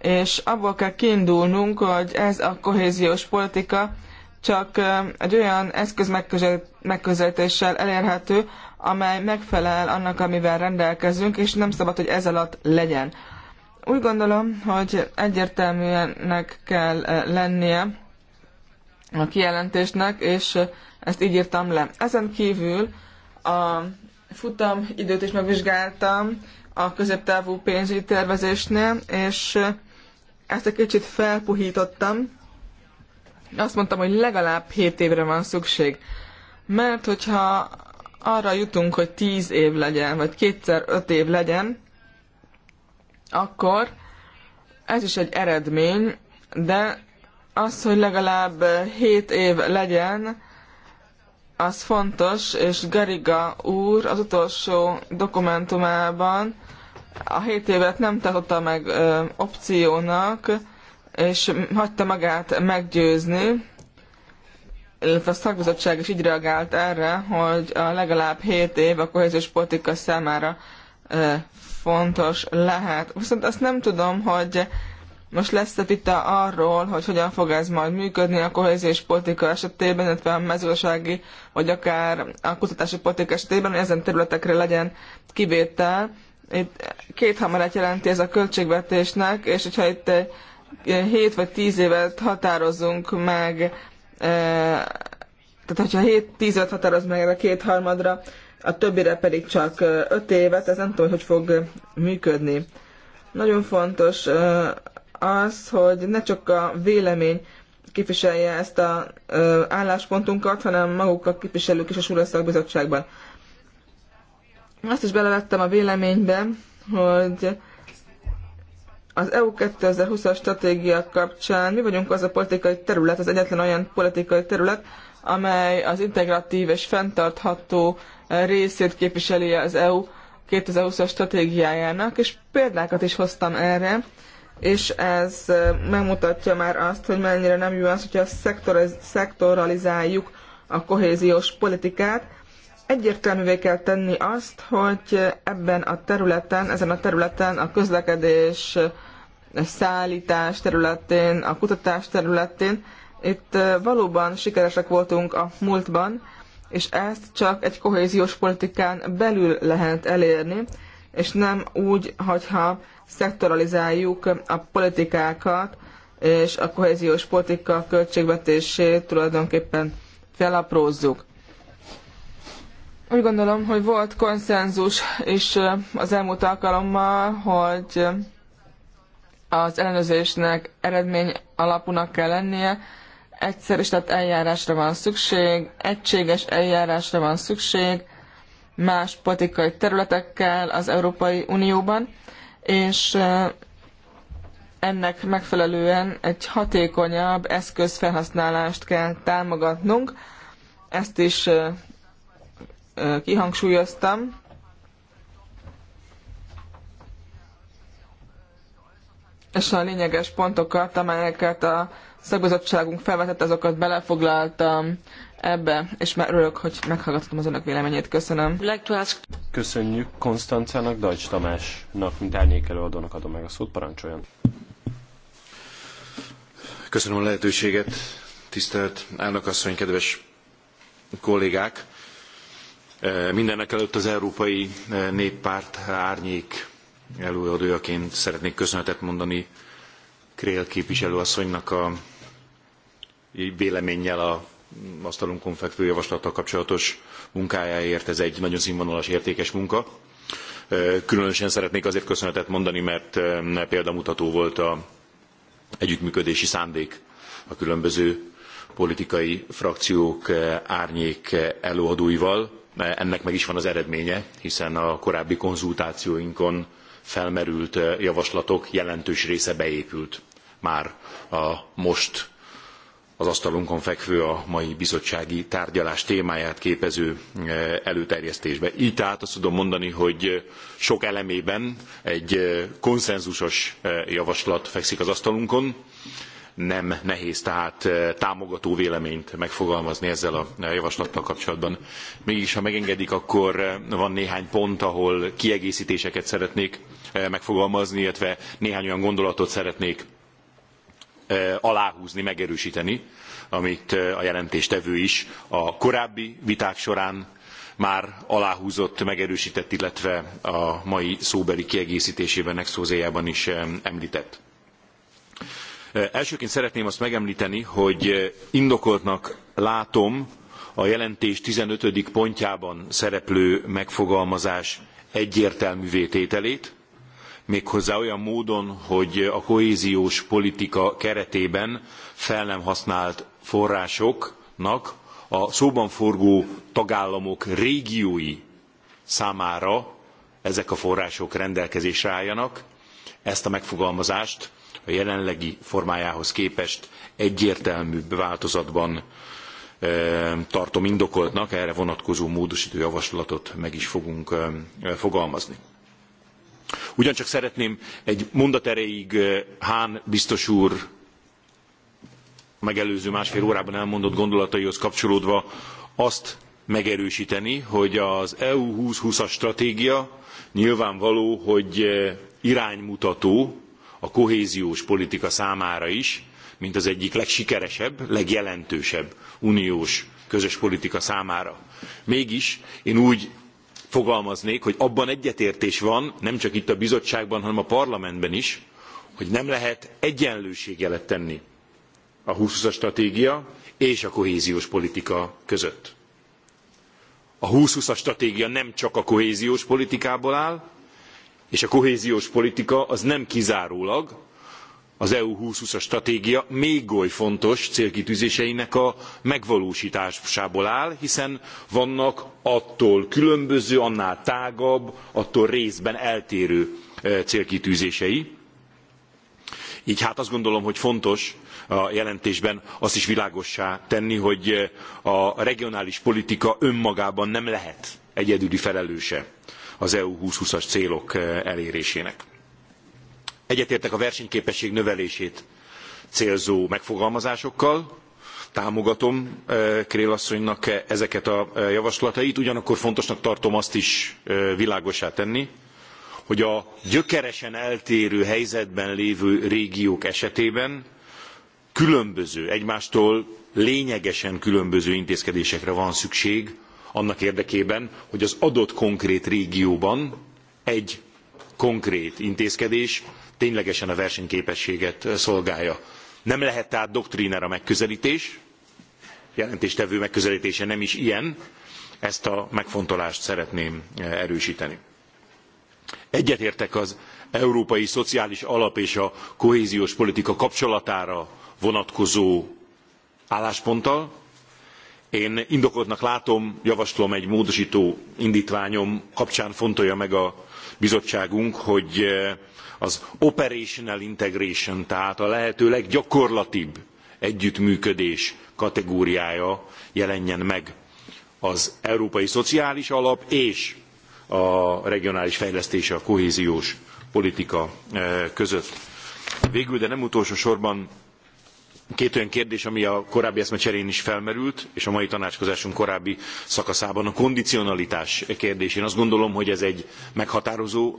és abból kell kiindulnunk, hogy ez a kohéziós politika csak egy olyan eszköz megközelítéssel elérhető, amely megfelel annak, amivel rendelkezünk, és nem szabad, hogy ez alatt legyen. Úgy gondolom, hogy egyértelműennek kell lennie a kijelentésnek, és ezt így írtam le. Ezen kívül a futam időt is megvizsgáltam a középtávú pénzügyi tervezésnél, és ezt egy kicsit felpuhítottam, azt mondtam, hogy legalább 7 évre van szükség. Mert hogyha arra jutunk, hogy 10 év legyen, vagy kétszer 5 év legyen, akkor ez is egy eredmény, de az, hogy legalább 7 év legyen, az fontos, és Gariga úr az utolsó dokumentumában a 7 évet nem tartotta meg ö, opciónak, és hagyta magát meggyőzni, illetve a szakbizottság is így reagált erre, hogy a legalább 7 év a kohéziós politika számára fontos lehet. Viszont azt nem tudom, hogy most lesz a vita arról, hogy hogyan fog ez majd működni a kohéziós politika esetében, illetve a mezőgazdasági, vagy akár a kutatási politika esetében, hogy ezen területekre legyen kivétel. Itt két hamarát jelenti ez a költségvetésnek, és hogyha itt 7 vagy 10 évet határozunk meg, eh, tehát hogyha 7-10 évet határoz meg a kétharmadra, a többire pedig csak 5 eh, évet, ez nem tudom, hogy fog működni. Nagyon fontos eh, az, hogy ne csak a vélemény képviselje ezt a álláspontunkat, hanem maguk a képviselők is a Súra Szakbizottságban. Azt is belevettem a véleménybe, hogy az EU 2020-as stratégia kapcsán mi vagyunk az a politikai terület, az egyetlen olyan politikai terület, amely az integratív és fenntartható eh, részét képviseli az EU 2020-as stratégiájának, és példákat is hoztam erre, és ez eh, megmutatja már azt, hogy mennyire nem jó az, hogyha szektoralizáljuk a kohéziós politikát, egyértelművé kell tenni azt, hogy ebben a területen, ezen a területen a közlekedés, szállítás területén, a kutatás területén, itt valóban sikeresek voltunk a múltban, és ezt csak egy kohéziós politikán belül lehet elérni, és nem úgy, hogyha szektoralizáljuk a politikákat, és a kohéziós politika költségvetését tulajdonképpen felaprózzuk. Úgy gondolom, hogy volt konszenzus is az elmúlt alkalommal, hogy az ellenőrzésnek eredmény alapúnak kell lennie, egyszerűsített eljárásra van szükség, egységes eljárásra van szükség más politikai területekkel az Európai Unióban, és ennek megfelelően egy hatékonyabb eszközfelhasználást kell támogatnunk. Ezt is kihangsúlyoztam. És a lényeges pontokat, amelyeket a szakbizottságunk felvetett, azokat belefoglaltam ebbe, és már örülök, hogy meghallgattam az önök véleményét. Köszönöm.
Köszönjük Konstancának, Dajcs Tamásnak, mint árnyékelőadónak adom meg a szót, parancsoljon.
Köszönöm a lehetőséget, tisztelt elnökasszony, kedves kollégák! Mindenekelőtt az Európai Néppárt árnyék előadójaként szeretnék köszönetet mondani Krél képviselőasszonynak a véleménnyel a asztalunkon fekvő javaslattal kapcsolatos munkájáért. Ez egy nagyon színvonalas, értékes munka. Különösen szeretnék azért köszönetet mondani, mert példamutató volt a együttműködési szándék a különböző politikai frakciók árnyék előadóival ennek meg is van az eredménye, hiszen a korábbi konzultációinkon felmerült javaslatok jelentős része beépült már a most az asztalunkon fekvő a mai bizottsági tárgyalás témáját képező előterjesztésbe. Így tehát azt tudom mondani, hogy sok elemében egy konszenzusos javaslat fekszik az asztalunkon, nem nehéz tehát eh, támogató véleményt megfogalmazni ezzel a javaslattal kapcsolatban. Mégis, ha megengedik, akkor eh, van néhány pont, ahol kiegészítéseket szeretnék eh, megfogalmazni, illetve néhány olyan gondolatot szeretnék aláhúzni, megerősíteni, amit a jelentéstevő is a korábbi viták során már aláhúzott, megerősített, illetve a mai szóbeli kiegészítésében, exózéjában is említett Elsőként szeretném azt megemlíteni, hogy indokoltnak látom a jelentés 15. pontjában szereplő megfogalmazás egyértelművé tételét, méghozzá olyan módon, hogy a kohéziós politika keretében fel nem használt forrásoknak a szóban forgó tagállamok régiói számára ezek a források rendelkezésre álljanak. Ezt a megfogalmazást a jelenlegi formájához képest egyértelműbb változatban tartom indokoltnak, erre vonatkozó módosító javaslatot meg is fogunk fogalmazni. Ugyancsak szeretném egy mondat erejéig Hán biztos úr megelőző másfél órában elmondott gondolataihoz kapcsolódva azt megerősíteni, hogy az EU 2020-as stratégia nyilvánvaló, hogy iránymutató a kohéziós politika számára is, mint az egyik legsikeresebb, legjelentősebb uniós közös politika számára. Mégis én úgy fogalmaznék, hogy abban egyetértés van, nem csak itt a bizottságban, hanem a parlamentben is, hogy nem lehet egyenlőségjelet tenni a 2020-as stratégia és a kohéziós politika között. A 2020-as stratégia nem csak a kohéziós politikából áll, és a kohéziós politika az nem kizárólag az EU 2020-as stratégia még oly fontos célkitűzéseinek a megvalósításából áll, hiszen vannak attól különböző, annál tágabb, attól részben eltérő e, célkitűzései. Így hát azt gondolom, hogy fontos a jelentésben azt is világossá tenni, hogy e, a regionális politika önmagában nem lehet egyedüli felelőse az EU 2020-as célok eh, elérésének. Egyetértek a versenyképesség növelését célzó megfogalmazásokkal, támogatom eh, Krél asszonynak eh, ezeket a javaslatait, ugyanakkor fontosnak tartom azt is világosá tenni, hogy a gyökeresen eltérő helyzetben lévő régiók esetében különböző, egymástól lényegesen különböző intézkedésekre van szükség annak érdekében, hogy az adott konkrét régióban egy konkrét intézkedés ténylegesen a versenyképességet szolgálja. Nem lehet tehát doktrinára megközelítés, jelentéstevő megközelítése nem is ilyen, ezt a megfontolást szeretném erősíteni. Egyetértek az európai szociális alap és a kohéziós politika kapcsolatára vonatkozó állásponttal, én indokoltnak látom, javaslom egy módostó indítványom kapcsán fontolja meg a bizottságunk, hogy eh, az operational integration, tehát a lehető leggyakorlatibb együttműködés kategóriája jelenjen meg az Európai Szociális Alap és a regionális fejlesztés, a kohéziós politika eh, között. Végül, de nem utolsó sorban Két olyan kérdés, ami a korábbi eszmecserén is felmerült, és a mai tanácskozásunk korábbi szakaszában a kondicionalitás kérdés. Én azt gondolom, hogy ez egy meghatározó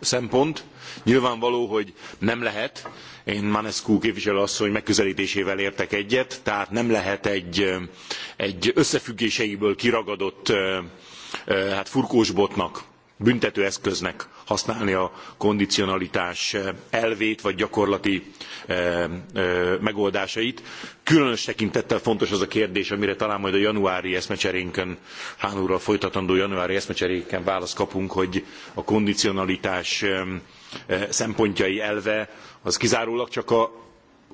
szempont. Nyilvánvaló, hogy nem lehet, én Manescu képviselő asszony megközelítésével értek egyet, tehát nem lehet egy, egy összefüggéseiből kiragadott hát furkósbotnak büntetőeszköznek használni a kondicionalitás eh, elvét vagy gyakorlati eh, eh, megoldásait. Különös tekintettel fontos az a kérdés, amire talán majd a januári eszmecserénkön, Hán úrral folytatandó januári eszmecseréken választ kapunk, hogy a kondicionalitás szempontjai elve az kizárólag csak a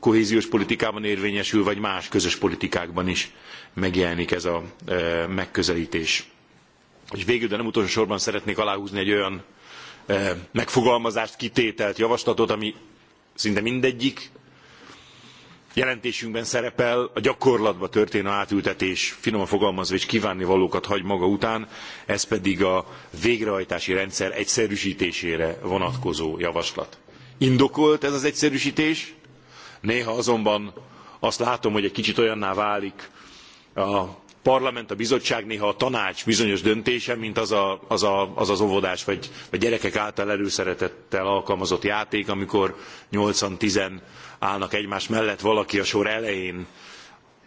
kohéziós politikában érvényesül, vagy más közös politikákban is megjelenik ez a megközelítés és végül, de nem utolsó sorban szeretnék aláhúzni egy olyan eh, megfogalmazást, kitételt javaslatot, ami szinte mindegyik jelentésünkben szerepel, a gyakorlatba történő átültetés finoman fogalmazva és kívánni valókat hagy maga után, ez pedig a végrehajtási rendszer egyszerűsítésére vonatkozó javaslat. Indokolt ez az egyszerűsítés, néha azonban azt látom, hogy egy kicsit olyanná válik a parlament, a bizottság, néha a tanács bizonyos döntése, mint az a, az, a, az, az óvodás, vagy a gyerekek által előszeretettel alkalmazott játék, amikor 80-10 állnak egymás mellett, valaki a sor elején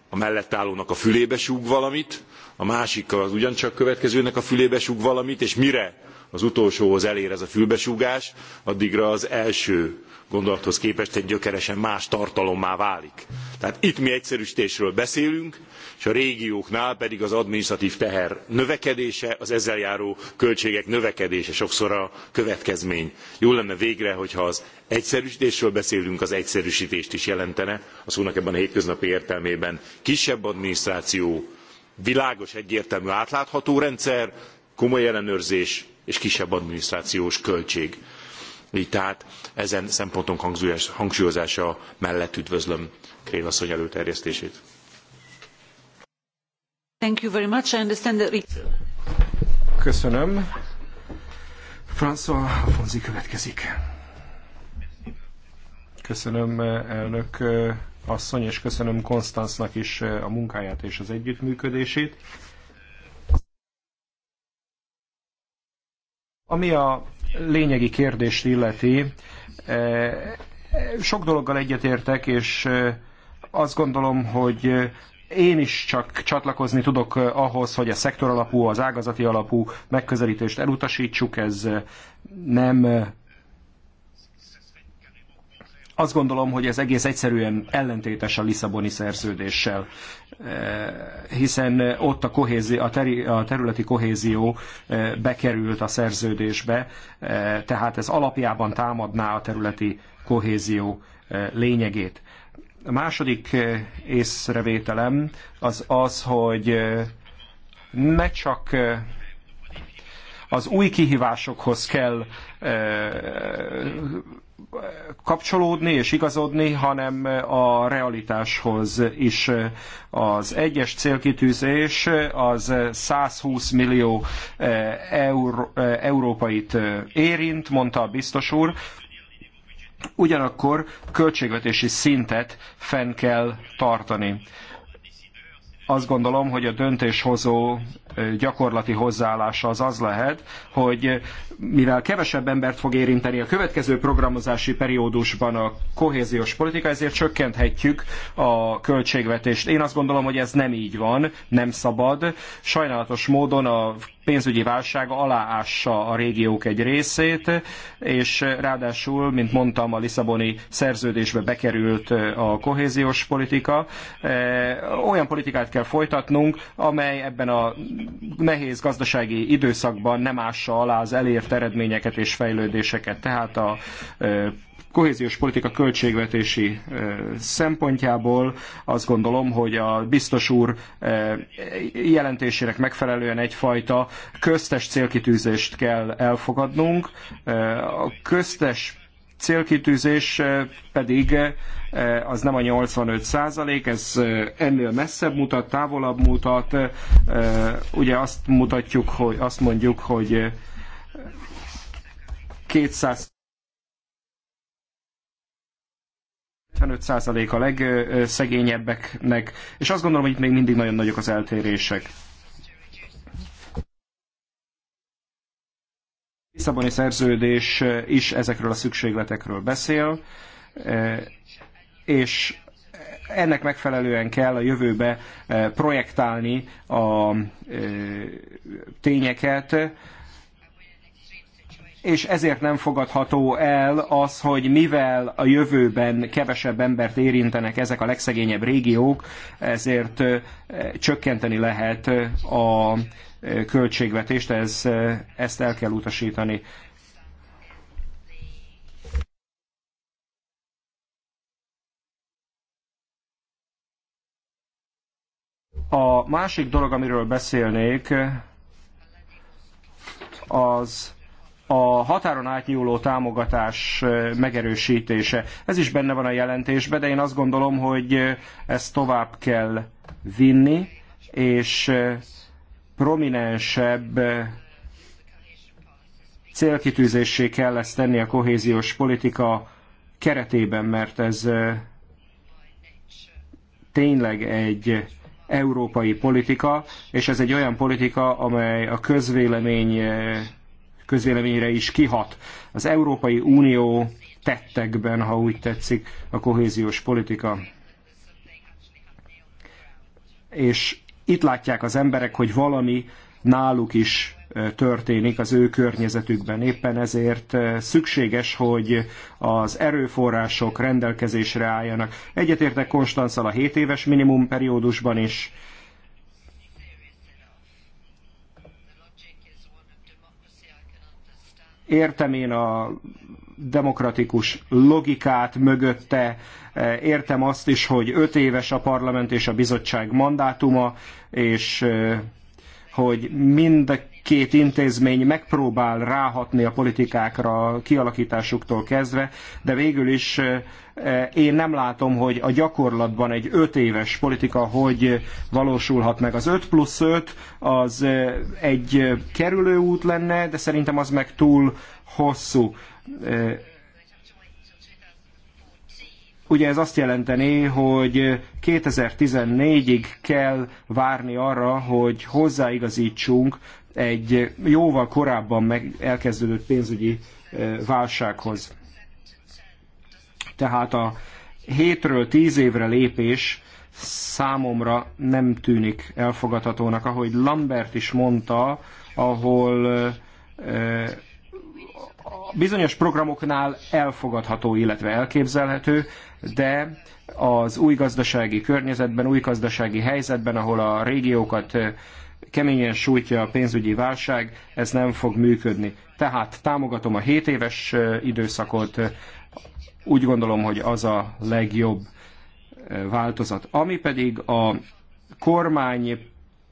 a állónak a fülébe súg valamit, a másik az ugyancsak következőnek a fülébe súg valamit, és mire az utolsóhoz elér ez a fülbesúgás, addigra az első gondolathoz képest egy gyökeresen más tartalommá válik. Tehát itt mi egyszerűsítésről beszélünk, és a régióknál pedig az administratív teher növekedése, az ezzel járó költségek növekedése sokszor a következmény. Jó lenne végre, hogyha az egyszerűsítésről beszélünk, az egyszerűsítést is jelentene, a szónak ebben a hétköznapi értelmében kisebb adminisztráció, világos, egyértelmű, átlátható rendszer, komoly ellenőrzés, és kisebb adminisztrációs költség. Így tehát ezen szemponton hangsúlyozása mellett üdvözlöm Krén asszony előterjesztését.
Thank you very much. I understand
that... Köszönöm. François Afonzi következik. Köszönöm elnök eh, asszony, és köszönöm Konstanznak is eh, a munkáját és az együttműködését. Ami a lényegi kérdést illeti, e, sok dologgal egyetértek, és e, azt gondolom, hogy én is csak csatlakozni tudok e, ahhoz, hogy a szektoralapú, az ágazati alapú megközelítést elutasítsuk, ez nem azt gondolom, hogy ez egész egyszerűen ellentétes a Lisszaboni szerződéssel, eh, hiszen ott a, kohézió, a, teri, a területi kohézió eh, bekerült a szerződésbe, eh, tehát ez alapjában támadná a területi kohézió lényegét. A második észrevételem az az, hogy ne csak az új kihívásokhoz kell kapcsolódni és igazodni, hanem a realitáshoz is. Az egyes célkitűzés az 120 millió eh, euró, eh, európait eh, érint, mondta a biztos úr, ugyanakkor költségvetési szintet fenn kell tartani. Azt gondolom, hogy a döntéshozó gyakorlati hozzáállása az az lehet, hogy mivel kevesebb embert fog érinteni a következő programozási periódusban a kohéziós politika, ezért csökkenthetjük a költségvetést. Én azt gondolom, hogy ez nem így van, nem szabad. Sajnálatos módon a pénzügyi válság aláássa a régiók egy részét, és ráadásul, mint mondtam, a Lisszaboni szerződésbe bekerült a kohéziós politika. Olyan politikát kell folytatnunk, amely ebben a nehéz gazdasági időszakban nem ássa alá az elért eredményeket és fejlődéseket. Tehát a kohéziós politika költségvetési eh, szempontjából azt gondolom, hogy a biztos úr eh, jelentésének megfelelően egyfajta köztes célkitűzést kell elfogadnunk. Eh, a köztes célkitűzés pedig az nem a 85 százalék, ez ennél messzebb mutat, távolabb mutat. Ugye azt mutatjuk, hogy azt mondjuk, hogy 200 75% a legszegényebbeknek, és azt gondolom, hogy itt még mindig nagyon nagyok az eltérések. Lisszaboni szerződés is ezekről a szükségletekről beszél, és ennek megfelelően kell a jövőbe projektálni a tényeket, és ezért nem fogadható el az, hogy mivel a jövőben kevesebb embert érintenek ezek a legszegényebb régiók, ezért csökkenteni lehet a költségvetést, ez, ezt el kell utasítani. A másik dolog, amiről beszélnék, az a határon átnyúló támogatás megerősítése. Ez is benne van a jelentésben, de én azt gondolom, hogy ezt tovább kell vinni, és prominensebb célkitűzéssé kell ezt tenni a kohéziós politika keretében, mert ez tényleg egy európai politika, és ez egy olyan politika, amely a közvélemény közvéleményre is kihat. Az Európai Unió tettekben, ha úgy tetszik, a kohéziós politika. És itt látják az emberek, hogy valami náluk is történik az ő környezetükben. Éppen ezért szükséges, hogy az erőforrások rendelkezésre álljanak. Egyetértek Konstanszal a 7 éves minimum periódusban is, értem én a demokratikus logikát mögötte, értem azt is, hogy öt éves a parlament és a bizottság mandátuma, és eh, hogy mind két intézmény megpróbál ráhatni a politikákra kialakításuktól kezdve, de végül is én nem látom, hogy a gyakorlatban egy öt éves politika hogy valósulhat meg. Az 5 plusz 5 az egy kerülőút lenne, de szerintem az meg túl hosszú. Ugye ez azt jelenteni, hogy 2014-ig kell várni arra, hogy hozzáigazítsunk egy jóval korábban meg elkezdődött pénzügyi válsághoz. Tehát a hétről tíz évre lépés számomra nem tűnik elfogadhatónak. Ahogy Lambert is mondta, ahol bizonyos programoknál elfogadható, illetve elképzelhető, de az új gazdasági környezetben, új gazdasági helyzetben, ahol a régiókat keményen sújtja a pénzügyi válság, ez nem fog működni. Tehát támogatom a 7 éves időszakot, úgy gondolom, hogy az a legjobb változat. Ami pedig a kormány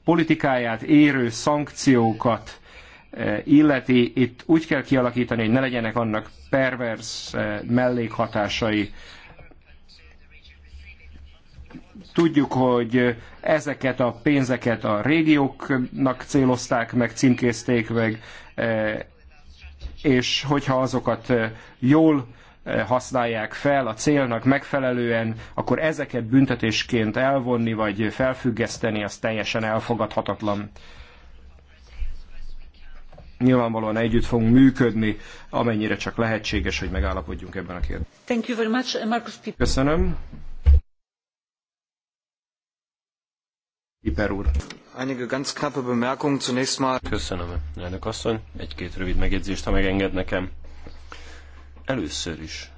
politikáját érő szankciókat illeti, itt úgy kell kialakítani, hogy ne legyenek annak perverz mellékhatásai, Tudjuk, hogy ezeket a pénzeket a régióknak célozták meg, címkézték meg, eh, és hogyha azokat eh, jól eh, használják fel a célnak megfelelően, akkor ezeket büntetésként elvonni vagy felfüggeszteni, az teljesen elfogadhatatlan. Nyilvánvalóan együtt fogunk működni, amennyire csak lehetséges, hogy megállapodjunk ebben a
kérdésben.
Köszönöm. Piper úr.
Köszönöm, elnök asszony. Egy-két rövid megjegyzést, ha megenged nekem. Először is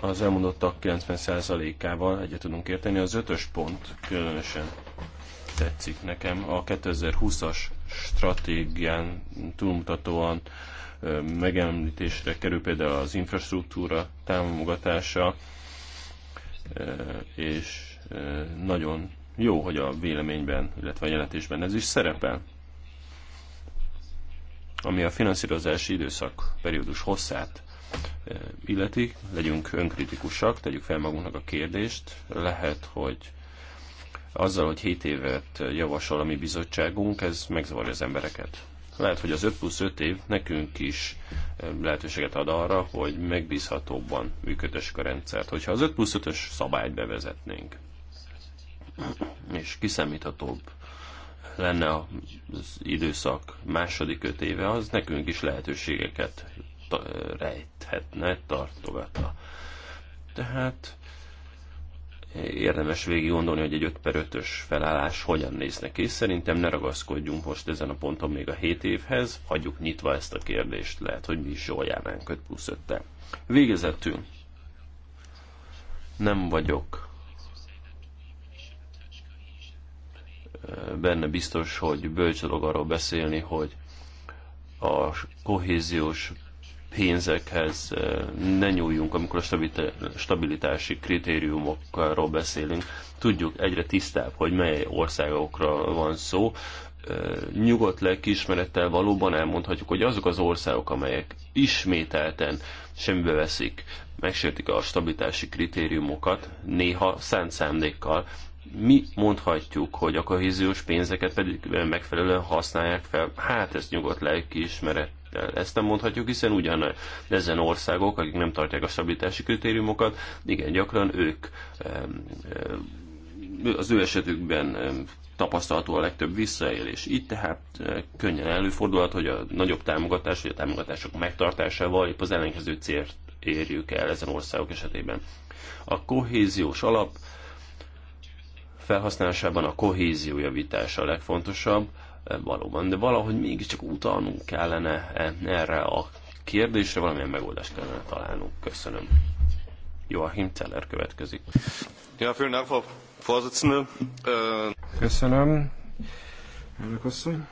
az elmondottak 90%-ával egyet tudunk érteni. Az ötös pont különösen tetszik nekem. A 2020-as stratégián túlmutatóan megemlítésre kerül például az infrastruktúra támogatása, és nagyon jó, hogy a véleményben, illetve a jelentésben ez is szerepel. Ami a finanszírozási időszak periódus hosszát illeti, legyünk önkritikusak, tegyük fel magunknak a kérdést. Lehet, hogy azzal, hogy 7 évet javasol a mi bizottságunk, ez megzavarja az embereket. Lehet, hogy az 5 plusz 5 év nekünk is lehetőséget ad arra, hogy megbízhatóbban működtessük a rendszert. Hogyha az 5 plusz 5-ös szabályt bevezetnénk, és kiszámíthatóbb lenne az időszak második öt éve, az nekünk is lehetőségeket rejthetne, tartogatna.
Tehát
érdemes végig gondolni, hogy egy 5 per 5-ös felállás hogyan nézne ki. Szerintem ne ragaszkodjunk most ezen a ponton még a 7 évhez, hagyjuk nyitva ezt a kérdést, lehet, hogy mi is jól járnánk 5 plusz 5 -tel. Végezetül nem vagyok benne biztos, hogy bölcs dolog arról beszélni, hogy a kohéziós pénzekhez eh, ne nyúljunk, amikor a stabilitási kritériumokról beszélünk. Tudjuk egyre tisztább, hogy mely országokra van szó. Eh, nyugodt lelkiismerettel valóban elmondhatjuk, hogy azok az országok, amelyek ismételten semmibe veszik, megsértik a stabilitási kritériumokat, néha szánt szándékkal, mi mondhatjuk, hogy a kohéziós pénzeket pedig megfelelően használják fel. Hát ezt nyugodt lelkiismerettel. Ezt nem mondhatjuk, hiszen ugyan ezen országok, akik nem tartják a stabilitási kritériumokat, igen, gyakran ők az ő esetükben tapasztalható a legtöbb visszaélés. Itt tehát e, könnyen előfordulhat, hogy a nagyobb támogatás vagy a támogatások megtartásával épp az ellenkező célt érjük el ezen országok esetében. A kohéziós alap felhasználásában a kohézió javítása a legfontosabb, eh, valóban, de valahogy mégiscsak utalnunk kellene eh, erre a kérdésre, valamilyen megoldást kellene találnunk. Köszönöm. Joachim Teller következik.
Ja, vielen Dank, Frau Vorsitzende. Äh, Köszönöm. Elnök asszony.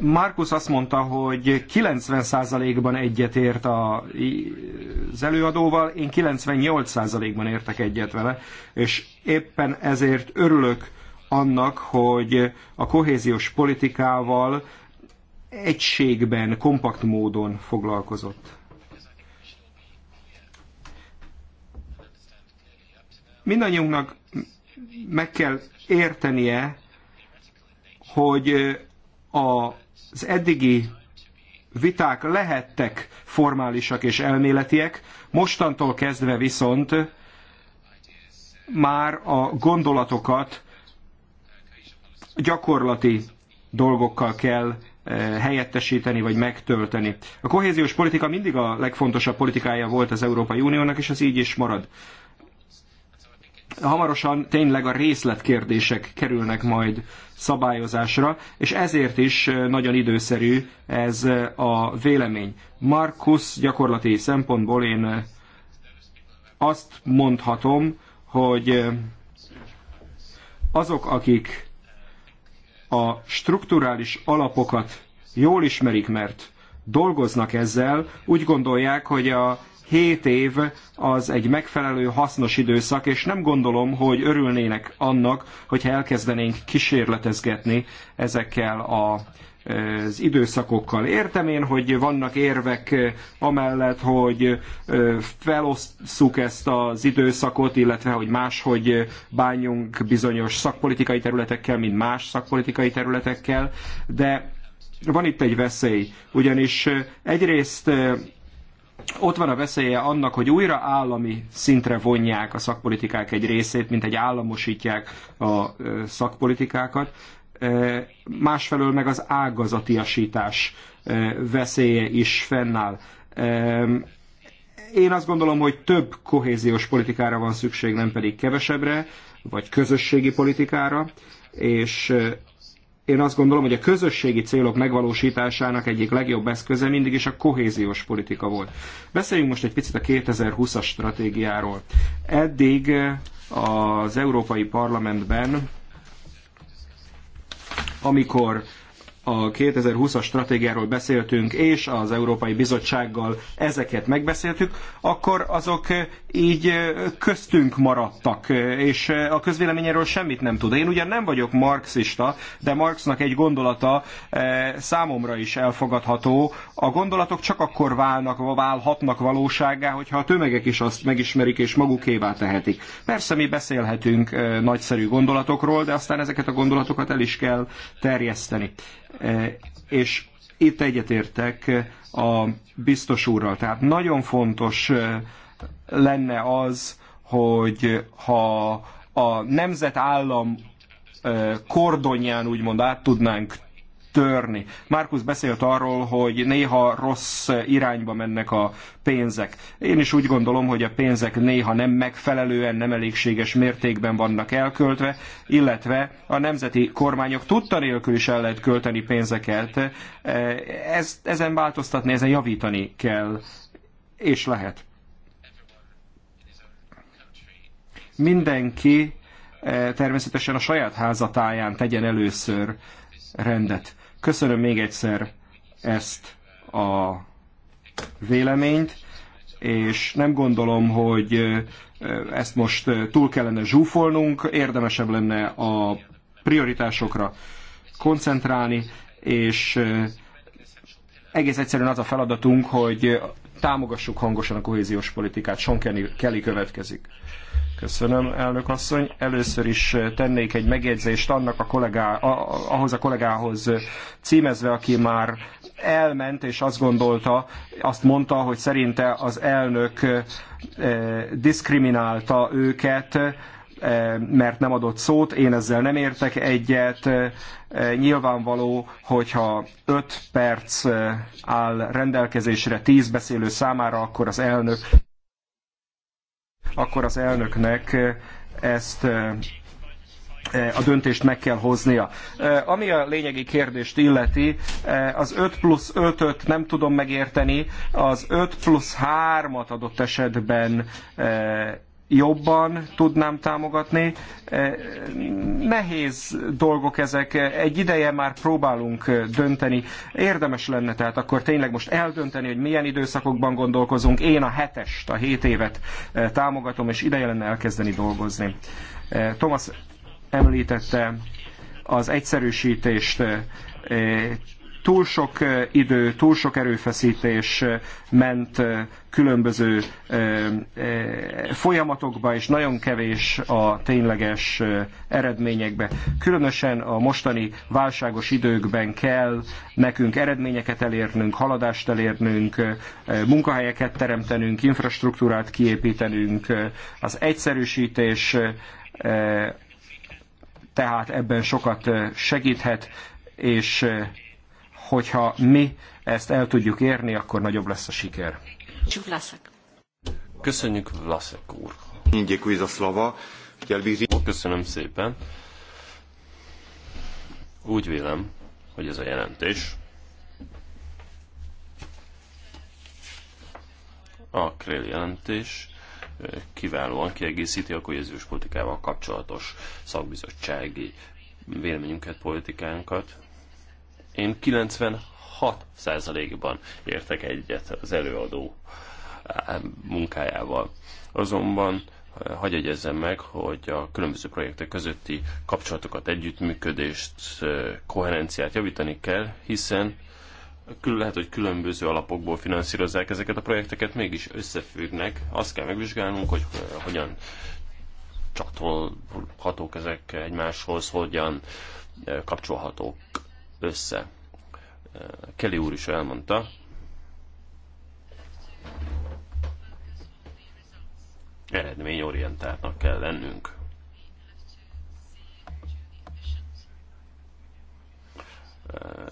Markus azt mondta, hogy 90%-ban egyetért a, az előadóval, én 98%-ban értek egyet vele, és éppen ezért örülök annak, hogy a kohéziós politikával egységben, kompakt módon foglalkozott. Mindannyiunknak meg kell értenie, hogy a az eddigi viták lehettek formálisak és elméletiek, mostantól kezdve viszont már a gondolatokat gyakorlati dolgokkal kell eh, helyettesíteni vagy megtölteni. A kohéziós politika mindig a legfontosabb politikája volt az Európai Uniónak, és az így is marad hamarosan tényleg a részletkérdések kerülnek majd szabályozásra, és ezért is nagyon időszerű ez a vélemény. Markus gyakorlati szempontból én azt mondhatom, hogy azok, akik a strukturális alapokat jól ismerik, mert dolgoznak ezzel, úgy gondolják, hogy a Hét év az egy megfelelő hasznos időszak, és nem gondolom, hogy örülnének annak, hogyha elkezdenénk kísérletezgetni ezekkel a az időszakokkal. Értem én, hogy vannak érvek eh, amellett, hogy eh, felosszuk ezt az időszakot, illetve hogy máshogy eh, bánjunk bizonyos szakpolitikai területekkel, mint más szakpolitikai területekkel, de van itt egy veszély, ugyanis egyrészt ott van a veszélye annak, hogy újra állami szintre vonják a szakpolitikák egy részét, mint egy államosítják a szakpolitikákat. Másfelől meg az ágazatiasítás veszélye is fennáll. Én azt gondolom, hogy több kohéziós politikára van szükség, nem pedig kevesebbre, vagy közösségi politikára, és én azt gondolom, hogy a közösségi célok megvalósításának egyik legjobb eszköze mindig is a kohéziós politika volt. Beszéljünk most egy picit a 2020-as stratégiáról. Eddig eh, az Európai Parlamentben, amikor a 2020-as stratégiáról beszéltünk, és az Európai Bizottsággal ezeket megbeszéltük, akkor azok így köztünk maradtak, és a közvéleményéről semmit nem tud. Én ugyan nem vagyok marxista, de Marxnak egy gondolata számomra is elfogadható. A gondolatok csak akkor válnak, válhatnak valósággá, hogyha a tömegek is azt megismerik és magukévá tehetik. Persze mi beszélhetünk nagyszerű gondolatokról, de aztán ezeket a gondolatokat el is kell terjeszteni. E, és itt egyetértek a biztos úrral. Tehát nagyon fontos e, lenne az, hogy ha a nemzetállam e, kordonyán úgymond át tudnánk törni. Márkus beszélt arról, hogy néha rossz irányba mennek a pénzek. Én is úgy gondolom, hogy a pénzek néha nem megfelelően, nem elégséges mértékben vannak elköltve, illetve a nemzeti kormányok tudta nélkül is el lehet költeni pénzeket. Ez, ezen változtatni, ezen javítani kell, és lehet. Mindenki eh, természetesen a saját házatáján tegyen először rendet. Köszönöm még egyszer ezt a véleményt, és nem gondolom, hogy ezt most túl kellene zsúfolnunk, érdemesebb lenne a prioritásokra koncentrálni, és egész egyszerűen az a feladatunk, hogy támogassuk hangosan a kohéziós politikát. Sean Kelly következik. Köszönöm, elnök asszony. Először is tennék egy megjegyzést annak a kollégá, ahhoz a kollégához címezve, aki már elment, és azt gondolta, azt mondta, hogy szerinte az elnök eh, diszkriminálta őket, eh, mert nem adott szót, én ezzel nem értek egyet. Eh, nyilvánvaló, hogyha 5 perc eh, áll rendelkezésre 10 beszélő számára, akkor az elnök akkor az elnöknek eh, ezt eh, eh, a döntést meg kell hoznia. Ami a lényegi kérdést illeti, az 5 plusz 5-öt nem tudom megérteni, az 5 plusz 3-at adott esetben jobban tudnám támogatni. E, nehéz dolgok ezek, egy ideje már próbálunk dönteni. Érdemes lenne tehát akkor tényleg most eldönteni, hogy milyen időszakokban gondolkozunk. Én a hetest, a hét évet e, támogatom, és ideje lenne elkezdeni dolgozni. E, Thomas említette az egyszerűsítést túl sok eh, idő, túl sok erőfeszítés eh, ment eh, különböző folyamatokba, és nagyon kevés a tényleges eredményekbe. Különösen a mostani válságos időkben kell nekünk eredményeket elérnünk, haladást elérnünk, munkahelyeket teremtenünk, infrastruktúrát kiépítenünk, az egyszerűsítés tehát ebben sokat segíthet, és hogyha mi ezt el tudjuk érni, akkor nagyobb lesz a siker. Köszönjük,
Vlaszek úr. Děkuji za slova. Köszönöm szépen. Úgy vélem, hogy ez a jelentés a Krél jelentés eh, kiválóan kiegészíti a kohéziós politikával kapcsolatos szakbizottsági véleményünket, politikánkat, én 96%-ban értek egyet az előadó eh, munkájával. Azonban eh, hagyj egyezzem meg, hogy a különböző projektek közötti kapcsolatokat, együttműködést, eh, koherenciát javítani kell, hiszen külön lehet, hogy különböző alapokból finanszírozzák ezeket a projekteket, mégis összefüggnek. Azt kell megvizsgálnunk, hogy hogyan csatolhatók ezek egymáshoz, hogyan kapcsolhatók össze. Kelly úr is elmondta. Eredményorientáltnak kell lennünk.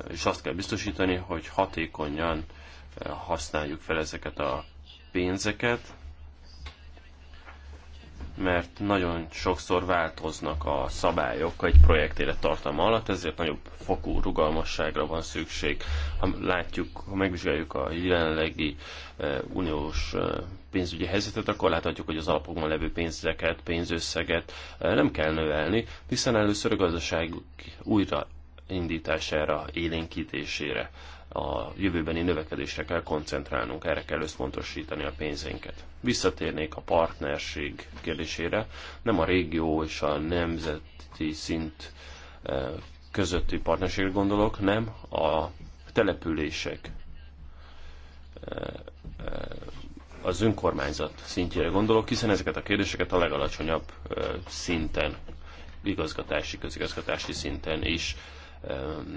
És azt kell biztosítani, hogy hatékonyan használjuk fel ezeket a pénzeket, mert nagyon sokszor változnak a szabályok egy projekt élettartama alatt, ezért nagyobb fokú rugalmasságra van szükség. Ha látjuk, ha megvizsgáljuk a jelenlegi e, uniós e, pénzügyi helyzetet, akkor láthatjuk, hogy az alapokban levő pénzeket, pénzösszeget e, nem kell növelni, hiszen először a gazdaság újraindítására, indítására, élénkítésére a jövőbeni növekedésre kell koncentrálnunk, erre kell összpontosítani a pénzénket. Visszatérnék a partnerség kérdésére, nem a régió és a nemzeti szint e, közötti partnerségre gondolok, nem a települések, e, e, az önkormányzat szintjére gondolok, hiszen ezeket a kérdéseket a legalacsonyabb szinten, igazgatási, közigazgatási szinten is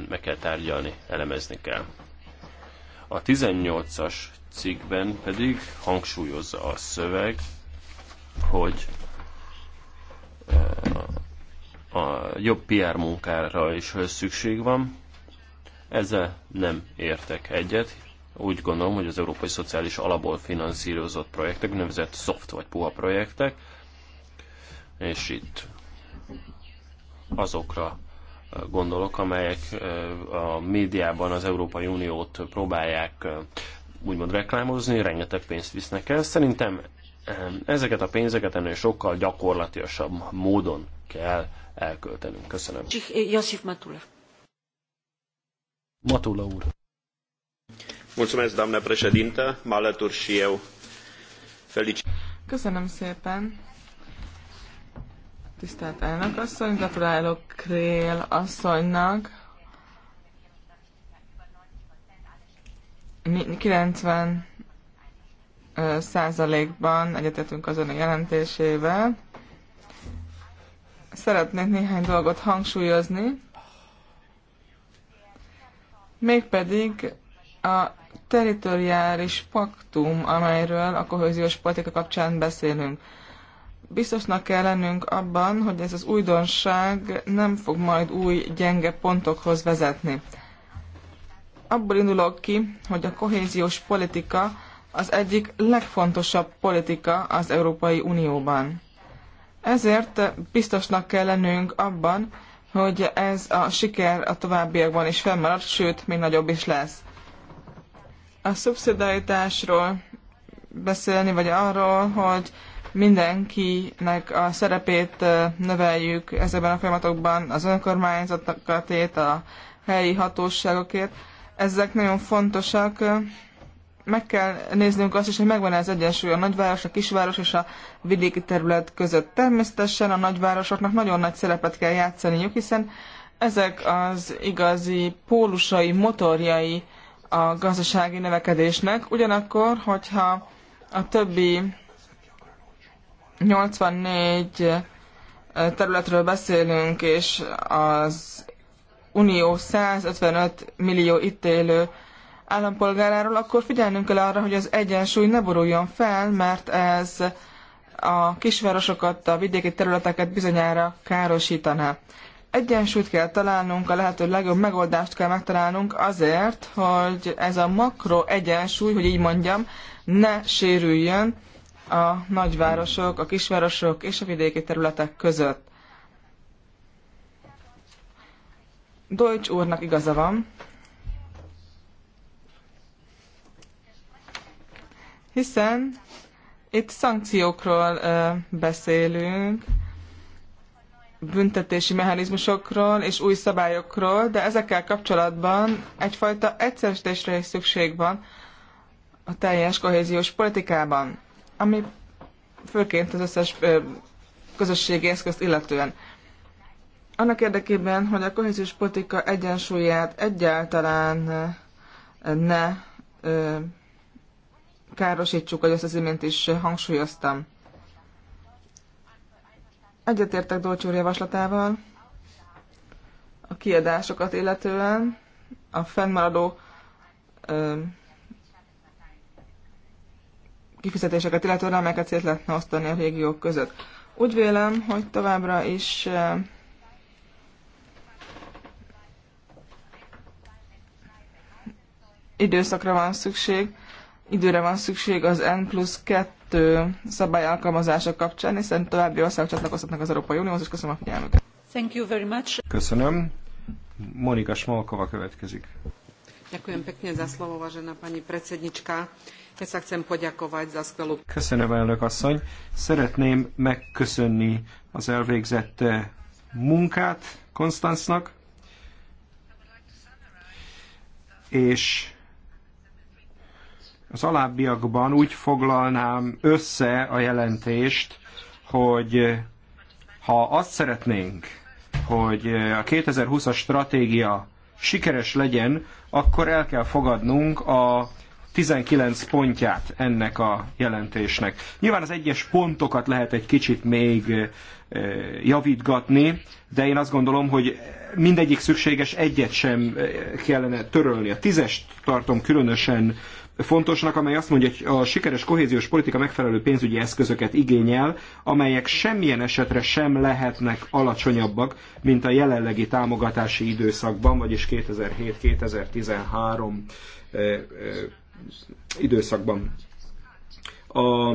meg kell tárgyalni, elemezni kell. A 18-as cikkben pedig hangsúlyozza a szöveg, hogy eh, a jobb PR munkára is szükség van. Ezzel nem értek egyet. Úgy gondolom, hogy az Európai Szociális Alapból finanszírozott projektek, nevezett soft vagy puha projektek, és itt azokra gondolok, amelyek a médiában az Európai Uniót próbálják úgymond reklámozni, rengeteg pénzt visznek el. Szerintem ezeket a pénzeket ennél sokkal gyakorlatilasabb módon kell elköltenünk. Köszönöm.
Josif Matula.
Matula úr. Mulțumesc, doamnă președintă, mă alătur și eu. Felicit.
Köszönöm szépen. Tisztelt elnök asszony, gratulálok Krél asszonynak. 90 százalékban egyetetünk az önök jelentésével. Szeretnék néhány dolgot hangsúlyozni, mégpedig a territoriális paktum, amelyről a kohéziós politika kapcsán beszélünk biztosnak kell lennünk abban, hogy ez az újdonság nem fog majd új gyenge pontokhoz vezetni. Abból indulok ki, hogy a kohéziós politika az egyik legfontosabb politika az Európai Unióban. Ezért biztosnak kell lennünk abban, hogy ez a siker a továbbiakban is fennmarad, sőt, még nagyobb is lesz. A szubszidaritásról beszélni, vagy arról, hogy mindenkinek a szerepét növeljük ezekben a folyamatokban, az önkormányzatokatét, a helyi hatóságokért. Ezek nagyon fontosak. Meg kell néznünk azt is, hogy megvan az egyensúly a nagyváros, a kisváros és a vidéki terület között. Természetesen a nagyvárosoknak nagyon nagy szerepet kell játszaniuk, hiszen ezek az igazi pólusai, motorjai a gazdasági növekedésnek. Ugyanakkor, hogyha a többi 84 területről beszélünk, és az Unió 155 millió itt élő állampolgáráról, akkor figyelnünk kell arra, hogy az egyensúly ne boruljon fel, mert ez a kisvárosokat, a vidéki területeket bizonyára károsítaná. Egyensúlyt kell találnunk, a lehető legjobb megoldást kell megtalálnunk azért, hogy ez a makro egyensúly, hogy így mondjam, ne sérüljön, a nagyvárosok, a kisvárosok és a vidéki területek között. Deutsch úrnak igaza van, hiszen itt szankciókról beszélünk, büntetési mechanizmusokról és új szabályokról, de ezekkel kapcsolatban egyfajta egyszerűsítésre is szükség van a teljes kohéziós politikában ami főként az összes közösségi eszközt illetően. Annak érdekében, hogy a kohéziós politika egyensúlyát egyáltalán ne károsítsuk, hogy ezt az imént is hangsúlyoztam. Egyetértek Dolcsúr javaslatával a kiadásokat illetően, a fennmaradó kifizetéseket, illetően amelyeket szét lehetne osztani a régiók között. Úgy vélem, hogy továbbra is eh, időszakra van szükség, időre van szükség az N plusz 2 szabály alkalmazása kapcsán, hiszen további országok csatlakozhatnak az Európai Unióhoz, és köszönöm a figyelmüket. Thank you very much. Köszönöm. Monika Smolkova következik. Ďakujem pekne za slovo, vážená pani predsednička.
Köszönöm, elnök asszony. Szeretném megköszönni az elvégzett eh, munkát Konstanznak, és az alábbiakban úgy foglalnám össze a jelentést, hogy eh, ha azt szeretnénk, hogy eh, a 2020-as stratégia sikeres legyen, akkor el kell fogadnunk a 19 pontját ennek a jelentésnek. Nyilván az egyes pontokat lehet egy kicsit még javítgatni, de én azt gondolom, hogy mindegyik szükséges, egyet sem kellene törölni. A tízest tartom különösen fontosnak, amely azt mondja, hogy a sikeres kohéziós politika megfelelő pénzügyi eszközöket igényel, amelyek semmilyen esetre sem lehetnek alacsonyabbak, mint a jelenlegi támogatási időszakban, vagyis 2007-2013 időszakban. A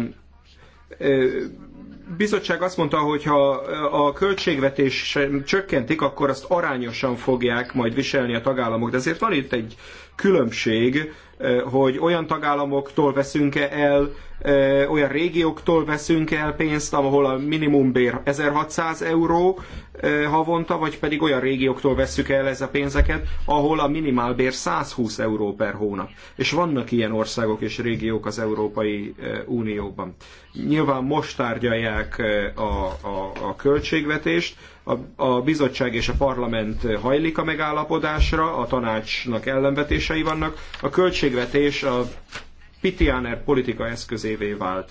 bizottság azt mondta, hogy ha a költségvetés csökkentik, akkor azt arányosan fogják majd viselni a tagállamok. De azért van itt egy különbség, hogy olyan tagállamoktól veszünk-e el olyan régióktól veszünk el pénzt, ahol a minimumbér 1600 euró havonta, vagy pedig olyan régióktól vesszük el ez a pénzeket, ahol a minimálbér 120 euró per hónap. És vannak ilyen országok és régiók az Európai Unióban. Nyilván most tárgyalják a, a, a költségvetést, a, a bizottság és a parlament hajlik a megállapodásra, a tanácsnak ellenvetései vannak. A költségvetés a Pitiáner politika eszközévé vált.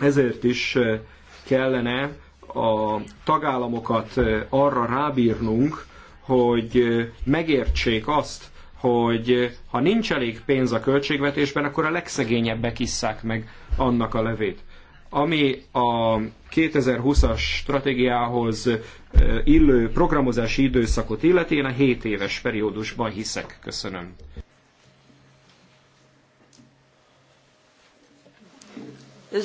Ezért is eh, kellene a tagállamokat eh, arra rábírnunk, hogy eh, megértsék azt, hogy ha nincs elég pénz a költségvetésben, akkor a legszegényebbek isszák meg annak a levét. Ami a 2020-as stratégiához illő programozási időszakot illeti, én a 7 éves periódusban hiszek. Köszönöm.
Uh,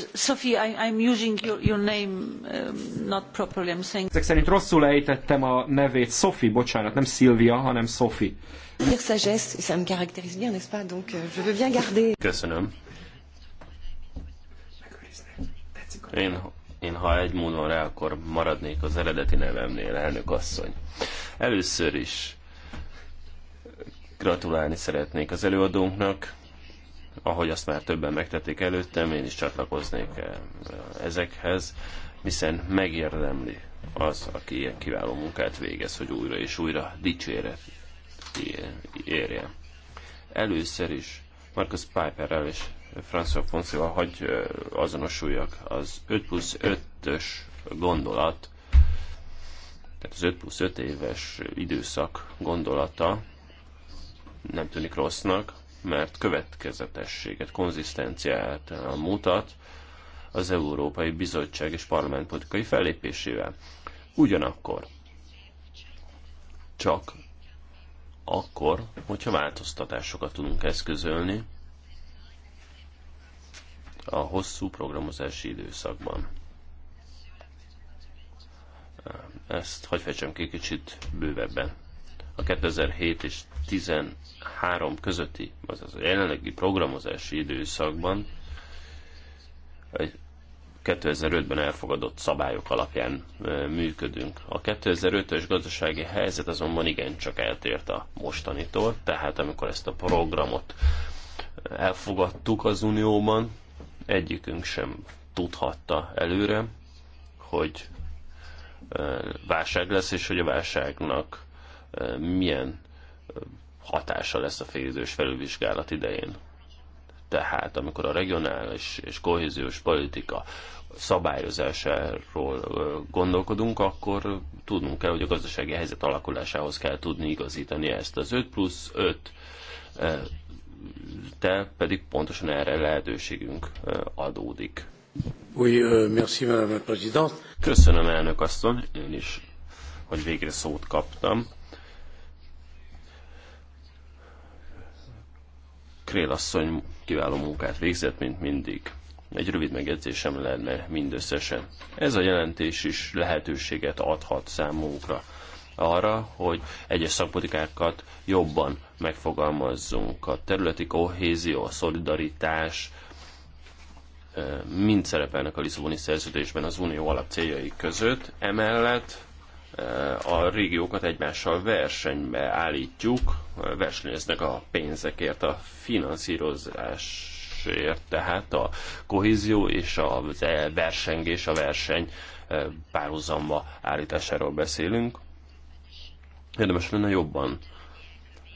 I'm using your, name um, not properly, I'm saying... Ezek
szerint rosszul ejtettem a nevét. Sophie, bocsánat, nem Szilvia, hanem Sophie. Euh, Köszönöm.
Én, én ha egy módon rá, akkor maradnék az eredeti nevemnél, elnök asszony. Először is gratulálni szeretnék az előadónknak ahogy azt már többen megtették előttem, én is csatlakoznék eh, ezekhez, hiszen megérdemli az, aki ilyen kiváló munkát végez, hogy újra és újra dicsére érje. Először is Marcus Piperrel és François Fonszéval hagy eh, azonosuljak. Az 5 plusz 5-ös gondolat, tehát az 5 plusz 5 éves időszak gondolata nem tűnik rossznak, mert következetességet, konzisztenciát mutat az Európai Bizottság és Parlament politikai fellépésével. Ugyanakkor csak akkor, hogyha változtatásokat tudunk eszközölni a hosszú programozási időszakban. Ezt hagyj fejtsem ki kicsit bővebben a 2007 és 13 közötti, azaz a jelenlegi programozási időszakban 2005-ben elfogadott szabályok alapján működünk. A 2005-ös gazdasági helyzet azonban igencsak eltért a mostanitól, tehát amikor ezt a programot elfogadtuk az Unióban, egyikünk sem tudhatta előre, hogy válság lesz, és hogy a válságnak milyen hatása lesz a félidős felülvizsgálat idején. Tehát amikor a regionális és kohéziós politika szabályozásáról gondolkodunk, akkor tudnunk kell, hogy a gazdasági helyzet alakulásához kell tudni igazítani ezt. Az 5 plusz 5 te pedig pontosan erre lehetőségünk adódik. Oui, euh, merci, madame la Köszönöm, elnök asszony, én is, hogy végre szót kaptam. asszony kiváló munkát végzett, mint mindig. Egy rövid megjegyzésem lenne mindösszesen. Ez a jelentés is lehetőséget adhat számunkra arra, hogy egyes szakpolitikákat jobban megfogalmazzunk. A területi kohézió, a szolidaritás mind szerepelnek a Lisszaboni szerződésben az unió alapcéljai között. Emellett a régiókat egymással versenybe állítjuk, versenyeznek a pénzekért, a finanszírozásért, tehát a kohézió és a e versengés, a verseny e, párhuzamba állításáról beszélünk. Érdemes lenne jobban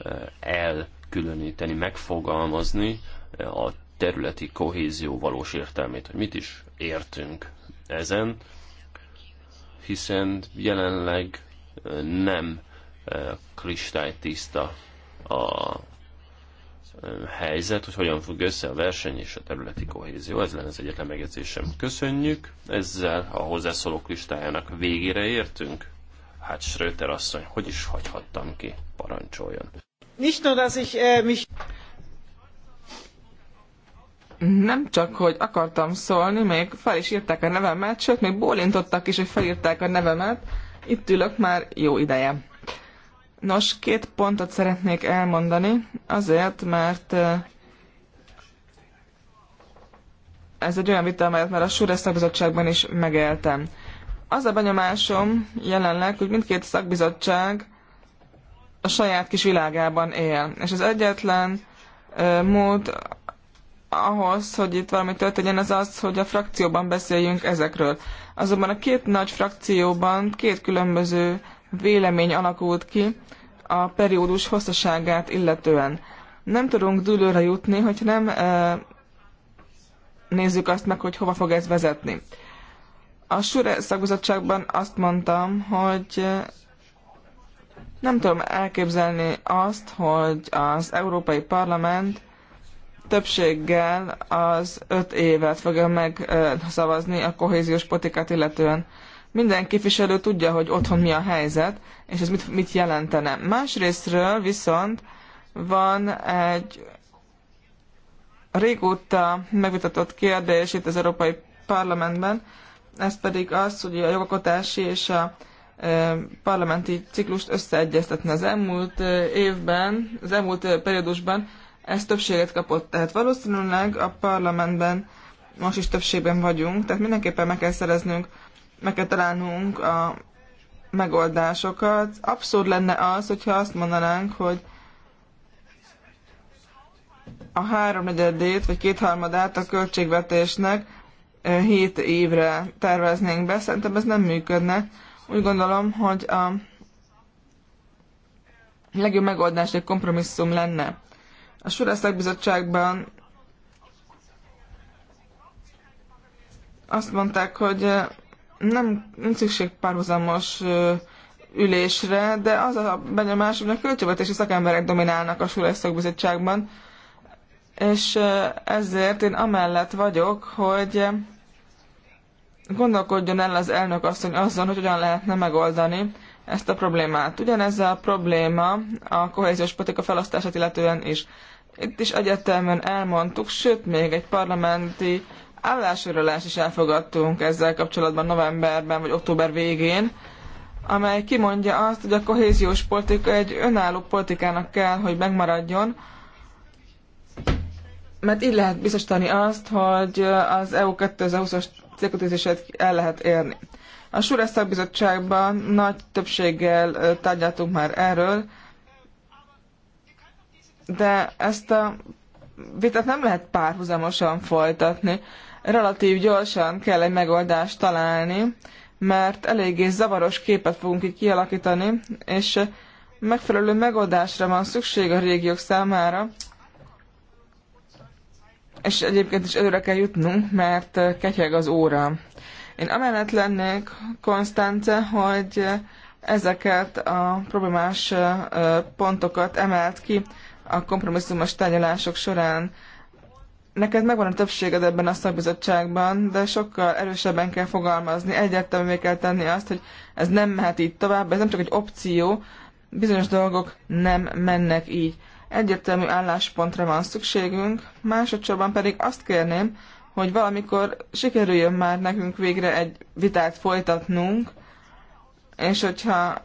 e, elkülöníteni, megfogalmazni a területi kohézió valós értelmét, hogy mit is értünk ezen, hiszen jelenleg nem kristálytiszta a helyzet, hogy hogyan függ össze a verseny és a területi kohézió. Ez lenne az egyetlen megjegyzésem. Köszönjük. Ezzel a hozzászólók listájának végére értünk. Hát Schröter asszony, hogy is hagyhattam
ki? Parancsoljon. Nicht nur, dass ich, äh, mich nem csak, hogy akartam szólni, még fel is írták a nevemet, sőt, még bólintottak is, hogy felírták a nevemet. Itt ülök már jó ideje. Nos, két pontot szeretnék elmondani, azért, mert ez egy olyan vita, amelyet már a súres szakbizottságban is megéltem. Az a benyomásom jelenleg, hogy mindkét szakbizottság a saját kis világában él, és az egyetlen mód ahhoz, hogy itt valami történjen, az az, hogy a frakcióban beszéljünk ezekről. Azonban a két nagy frakcióban két különböző vélemény alakult ki a periódus hosszaságát illetően. Nem tudunk dőlőre jutni, hogy nem e, nézzük azt meg, hogy hova fog ez vezetni. A SURE szakbizottságban azt mondtam, hogy e, nem tudom elképzelni azt, hogy az Európai Parlament többséggel az öt évet fogja megszavazni a kohéziós politikát illetően. Minden képviselő tudja, hogy otthon mi a helyzet, és ez mit, mit jelentene. Másrésztről viszont van egy régóta megvitatott kérdés itt az Európai Parlamentben, ez pedig az, hogy a jogalkotási és a parlamenti ciklust összeegyeztetni. Az elmúlt évben, az elmúlt periódusban ez többséget kapott. Tehát valószínűleg a parlamentben most is többségben vagyunk, tehát mindenképpen meg kell szereznünk, meg kell találnunk a megoldásokat. Abszurd lenne az, hogyha azt mondanánk, hogy a háromnegyedét vagy kétharmadát a költségvetésnek hét évre terveznénk be. Szerintem ez nem működne. Úgy gondolom, hogy a legjobb megoldás egy kompromisszum lenne. A Suresztek Bizottságban azt mondták, hogy nem, nincs szükség párhuzamos ülésre, de az a benyomás, hogy a költségvetési szakemberek dominálnak a Súlyos bizottságban, és ezért én amellett vagyok, hogy gondolkodjon el az elnök asszony azon, hogy hogyan lehetne megoldani ezt a problémát. Ugyanez a probléma a kohéziós politika felosztását illetően is itt is egyetemen elmondtuk, sőt még egy parlamenti állásörölást is elfogadtunk ezzel kapcsolatban novemberben vagy október végén, amely kimondja azt, hogy a kohéziós politika egy önálló politikának kell, hogy megmaradjon, mert így lehet biztosítani azt, hogy az EU 2020-as célkötőzését el lehet érni. A Sures szakbizottságban nagy többséggel tárgyaltunk már erről, de ezt a vitát nem lehet párhuzamosan folytatni. Relatív gyorsan kell egy megoldást találni, mert eléggé zavaros képet fogunk itt kialakítani, és megfelelő megoldásra van szükség a régiók számára, és egyébként is előre kell jutnunk, mert ketyeg az óra. Én amellett lennék, Konstance, hogy ezeket a problémás pontokat emelt ki a kompromisszumos tárgyalások során. Neked megvan a többséged ebben a szakbizottságban, de sokkal erősebben kell fogalmazni, egyértelművé kell tenni azt, hogy ez nem mehet így tovább, ez nem csak egy opció, bizonyos dolgok nem mennek így. Egyértelmű álláspontra van szükségünk, másodszorban pedig azt kérném, hogy valamikor sikerüljön már nekünk végre egy vitát folytatnunk, és hogyha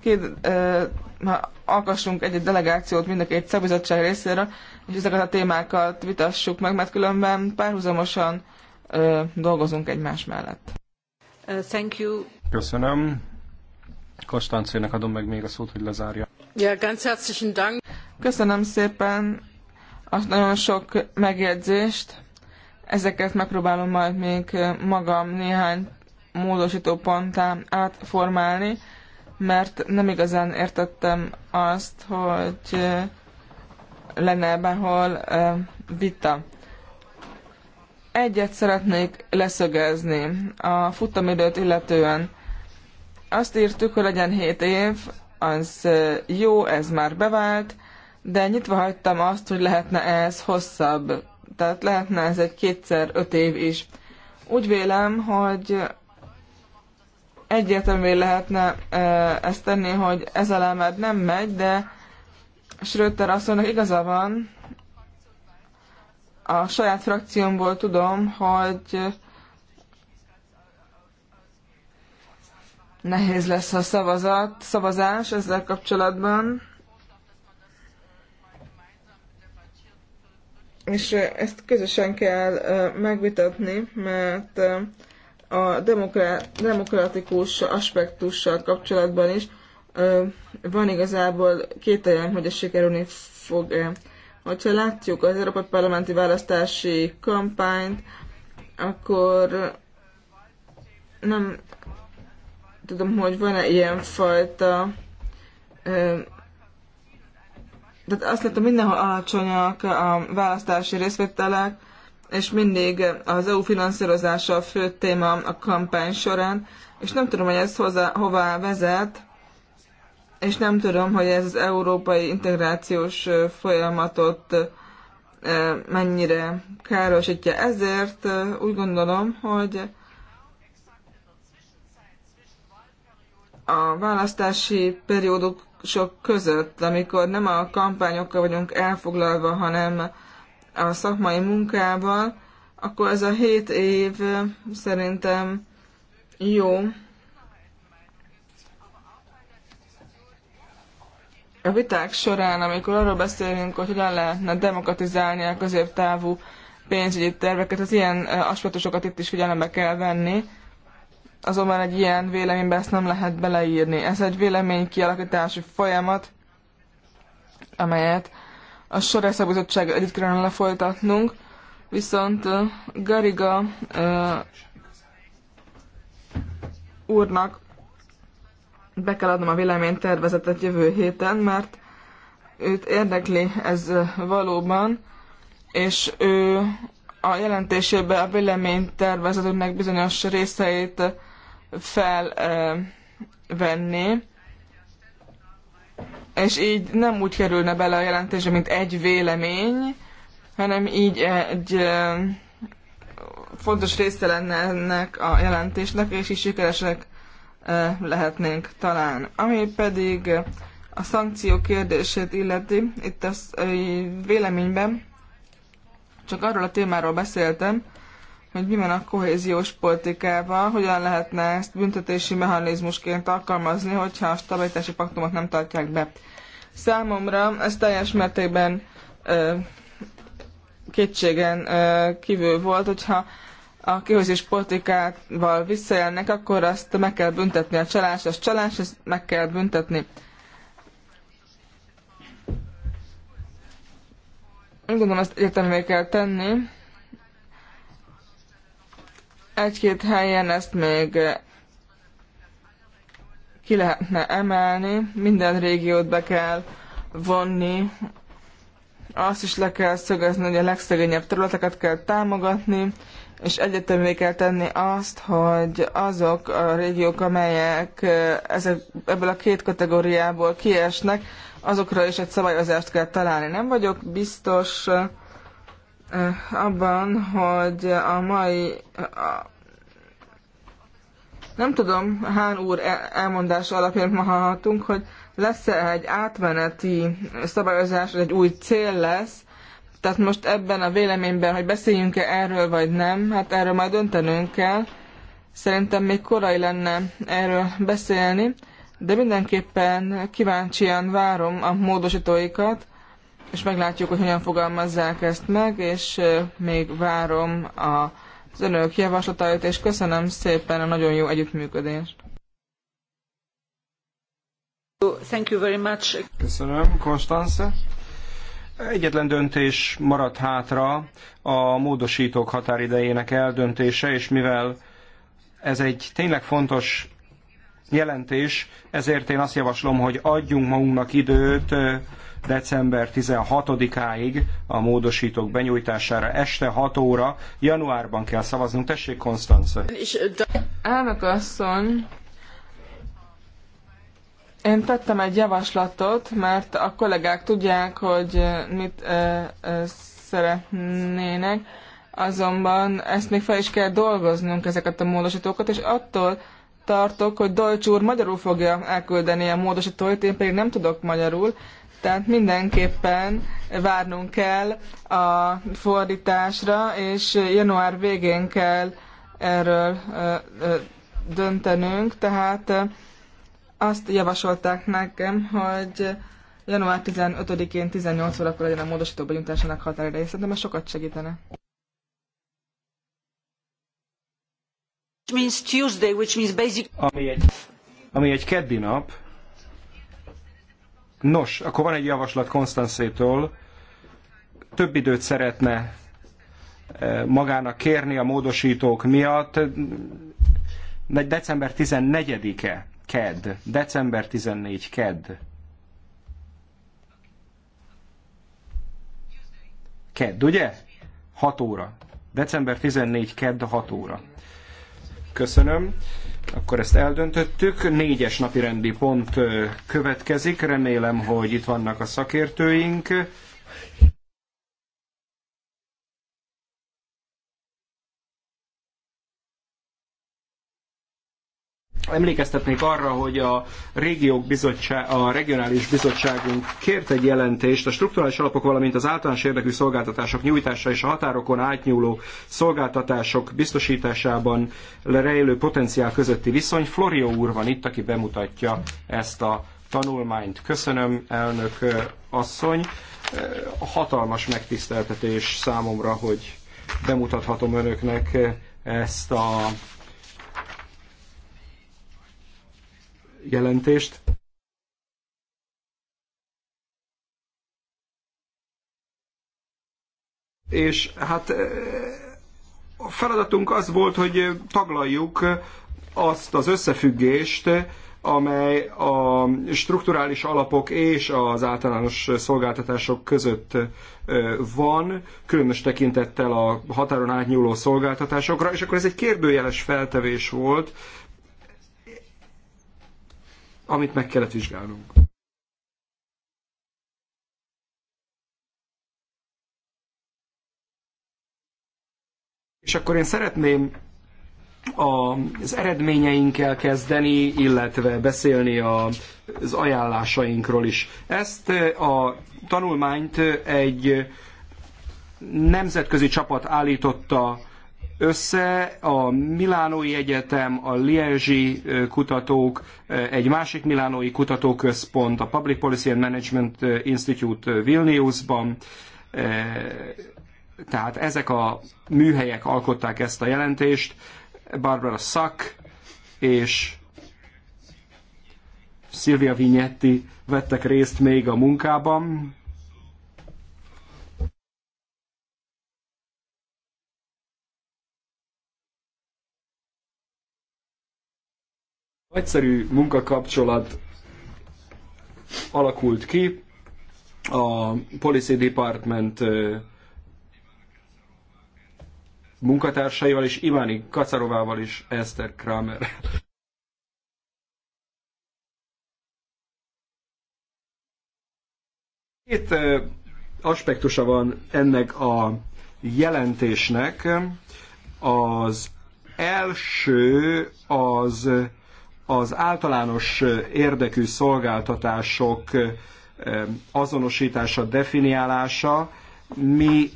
két, ö, ha alkassunk egy, -egy delegációt mind a két szabizottság részére, és ezeket a témákat vitassuk meg, mert különben párhuzamosan ö, dolgozunk egymás mellett. Uh, thank you.
Köszönöm. Kostáncének adom meg még a szót, hogy lezárja.
Ja, ganz herzlichen Dank. Köszönöm szépen a nagyon sok megjegyzést. Ezeket megpróbálom majd még magam néhány módosító pontá átformálni, mert nem igazán értettem azt, hogy lenne bárhol vita. Egyet szeretnék leszögezni a futamidőt illetően. Azt írtuk, hogy legyen 7 év, az jó, ez már bevált, de nyitva hagytam azt, hogy lehetne ez hosszabb. Tehát lehetne ez egy kétszer öt év is. Úgy vélem, hogy egyértelművé lehetne ezt tenni, hogy ez alá már nem megy, de Schröter asszonynak igaza van. A saját frakciómból tudom, hogy nehéz lesz a szavazat, szavazás ezzel kapcsolatban. És ezt közösen kell megvitatni, mert a demokratikus aspektussal kapcsolatban is van igazából két olyan, hogy ez sikerülni fog -e. Hogyha látjuk az Európai Parlamenti Választási Kampányt, akkor nem tudom, hogy van-e ilyen fajta, tehát azt látom, mindenhol alacsonyak a választási részvételek, és mindig az EU finanszírozása a fő téma a kampány során, és nem tudom, hogy ez hozzá, hová vezet, és nem tudom, hogy ez az európai integrációs folyamatot mennyire károsítja. Ezért úgy gondolom, hogy a választási periódusok között, amikor nem a kampányokkal vagyunk elfoglalva, hanem a szakmai munkával, akkor ez a hét év szerintem jó. A viták során, amikor arról beszélünk, hogy hogyan lehetne demokratizálni a középtávú pénzügyi terveket, az ilyen aspektusokat itt is figyelembe kell venni, azonban egy ilyen véleménybe ezt nem lehet beleírni. Ez egy vélemény kialakítási folyamat, amelyet a Sorrexabizottság együtt kellene lefolytatnunk, viszont Gariga uh, úrnak be kell adnom a vélemény tervezetet jövő héten, mert őt érdekli ez valóban, és ő a jelentésébe a tervezetünknek bizonyos részeit felvenni és így nem úgy kerülne bele a jelentése, mint egy vélemény, hanem így egy fontos része lenne ennek a jelentésnek, és így sikeresek lehetnénk talán. Ami pedig a szankció kérdését illeti, itt a véleményben csak arról a témáról beszéltem, hogy mi van a kohéziós politikával, hogyan lehetne ezt büntetési mechanizmusként alkalmazni, hogyha a stabilitási paktumot nem tartják be. Számomra ez teljes mértékben ö, kétségen ö, kívül volt, hogyha a kihozés politikával visszajelnek, akkor azt meg kell büntetni. A csalás, az csalás, ezt meg kell büntetni. Úgy gondolom, ezt egyetemvé kell tenni. Egy-két helyen ezt még ki lehetne emelni, minden régiót be kell vonni, azt is le kell szögezni, hogy a legszegényebb területeket kell támogatni, és egyetemé kell tenni azt, hogy azok a régiók, amelyek ezek, ebből a két kategóriából kiesnek, azokra is egy szabályozást kell találni. Nem vagyok biztos, Eh, abban, hogy a mai... A, nem tudom, Hán úr e- elmondása alapján ma hallhatunk, hogy lesz-e egy átmeneti szabályozás, vagy egy új cél lesz, tehát most ebben a véleményben, hogy beszéljünk-e erről, vagy nem, hát erről majd döntenünk kell. Szerintem még korai lenne erről beszélni, de mindenképpen kíváncsian várom a módosítóikat, és meglátjuk, hogy hogyan fogalmazzák ezt meg, és még várom az önök javaslatait, és köszönöm szépen a nagyon jó együttműködést.
Thank you very much. Köszönöm, Konstance. Egyetlen döntés maradt hátra a módosítók határidejének eldöntése, és mivel ez egy tényleg fontos jelentés, ezért én azt javaslom, hogy adjunk magunknak időt december 16-áig a módosítók benyújtására este 6 óra. Januárban kell szavaznunk. Tessék, Konstanz!
Elnök asszony, én tettem egy javaslatot, mert a kollégák tudják, hogy mit ö, ö, szeretnének, azonban ezt még fel is kell dolgoznunk, ezeket a módosítókat, és attól tartok, hogy Dolcs úr magyarul fogja elküldeni a módosítóit, én pedig nem tudok magyarul, tehát mindenképpen várnunk kell a fordításra, és január végén kell erről döntenünk. Tehát azt javasolták nekem, hogy január 15-én 18 órakor legyen a módosító benyújtásának határideje. Szerintem ez sokat segítene. Which means Tuesday, which means basic...
Ami egy, ami egy keddi nap, Nos, akkor van egy javaslat Konstanszétól. Több időt szeretne e, magának kérni a módosítók miatt. December 14-e, KED. December 14, KED. Kedd, ugye? 6 óra. December 14, kedd 6 óra. Köszönöm. Akkor ezt eldöntöttük. Négyes napi rendi pont következik. Remélem, hogy itt vannak a szakértőink. Emlékeztetnék arra, hogy a, régiók bizottság, a regionális bizottságunk kért egy jelentést a strukturális alapok, valamint az általános érdekű szolgáltatások nyújtása és a határokon átnyúló szolgáltatások biztosításában rejlő potenciál közötti viszony. Florio úr van itt, aki bemutatja ezt a tanulmányt. Köszönöm, elnök asszony. Hatalmas megtiszteltetés számomra, hogy bemutathatom önöknek ezt a jelentést. És hát eh, a feladatunk az volt, hogy taglaljuk azt az összefüggést, amely a strukturális alapok és az általános szolgáltatások között eh, van, különös tekintettel a határon átnyúló szolgáltatásokra, és akkor ez egy kérdőjeles feltevés volt, amit meg kellett vizsgálnunk. És akkor én szeretném az eredményeinkkel kezdeni, illetve beszélni a, az ajánlásainkról is. Ezt eh, a tanulmányt eh, egy nemzetközi csapat állította össze a Milánói Egyetem, a Liezsi kutatók, egy másik Milánói kutatóközpont, a Public Policy and Management Institute Vilniusban, tehát ezek a műhelyek alkották ezt a jelentést, Barbara Sack és Silvia Vignetti vettek részt még a munkában. Egyszerű munkakapcsolat alakult ki, a Policy Department munkatársaival és Iváni Kacarovával is Eszter Kramer. Két aspektusa van ennek a jelentésnek. Az első az az általános érdekű szolgáltatások azonosítása, definiálása, mi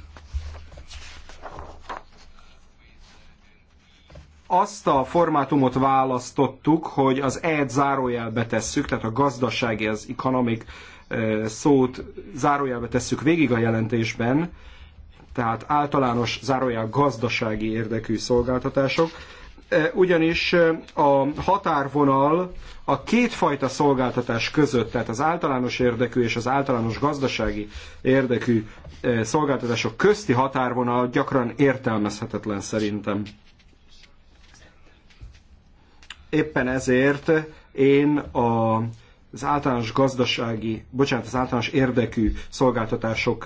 azt a formátumot választottuk, hogy az e-t zárójelbe tesszük, tehát a gazdasági, az economic szót zárójelbe tesszük végig a jelentésben, tehát általános zárójel gazdasági érdekű szolgáltatások, Eh, ugyanis eh, a határvonal a kétfajta szolgáltatás között, tehát az általános érdekű és az általános gazdasági érdekű eh, szolgáltatások közti határvonal gyakran értelmezhetetlen szerintem. Éppen ezért én a az általános gazdasági, bocsánat, az általános érdekű szolgáltatások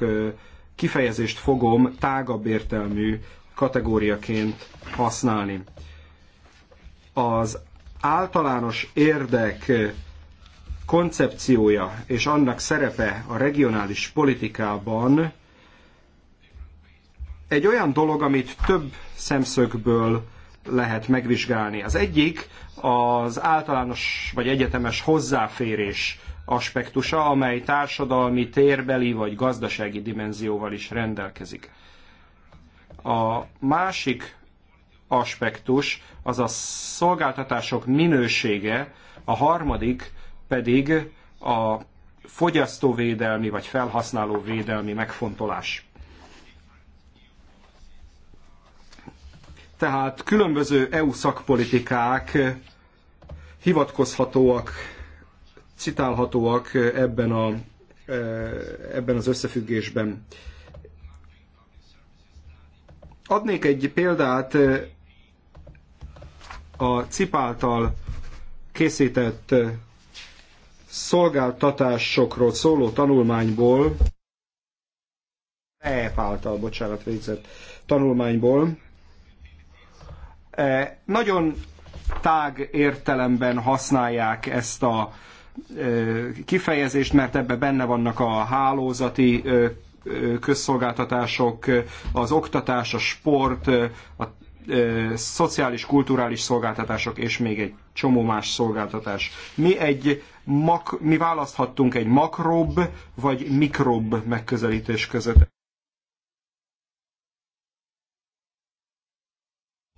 kifejezést fogom tágabb értelmű kategóriaként használni az általános érdek koncepciója és annak szerepe a regionális politikában egy olyan dolog, amit több szemszögből lehet megvizsgálni. Az egyik az általános vagy egyetemes hozzáférés aspektusa, amely társadalmi, térbeli vagy gazdasági dimenzióval is rendelkezik. A másik aspektus, az a szolgáltatások minősége, a harmadik pedig a fogyasztóvédelmi vagy felhasználóvédelmi megfontolás. Tehát különböző EU szakpolitikák hivatkozhatóak, citálhatóak ebben, a, eh, ebben az összefüggésben. Adnék egy példát eh, a CIP által készített szolgáltatásokról szóló tanulmányból, EF által, bocsánat, végzett tanulmányból, e, nagyon tág értelemben használják ezt a e, kifejezést, mert ebben benne vannak a hálózati e, közszolgáltatások, az oktatás, a sport, a szociális, kulturális szolgáltatások és még egy csomó más szolgáltatás. Mi, egy mak, mi választhattunk egy makrobb vagy mikrobb megközelítés között.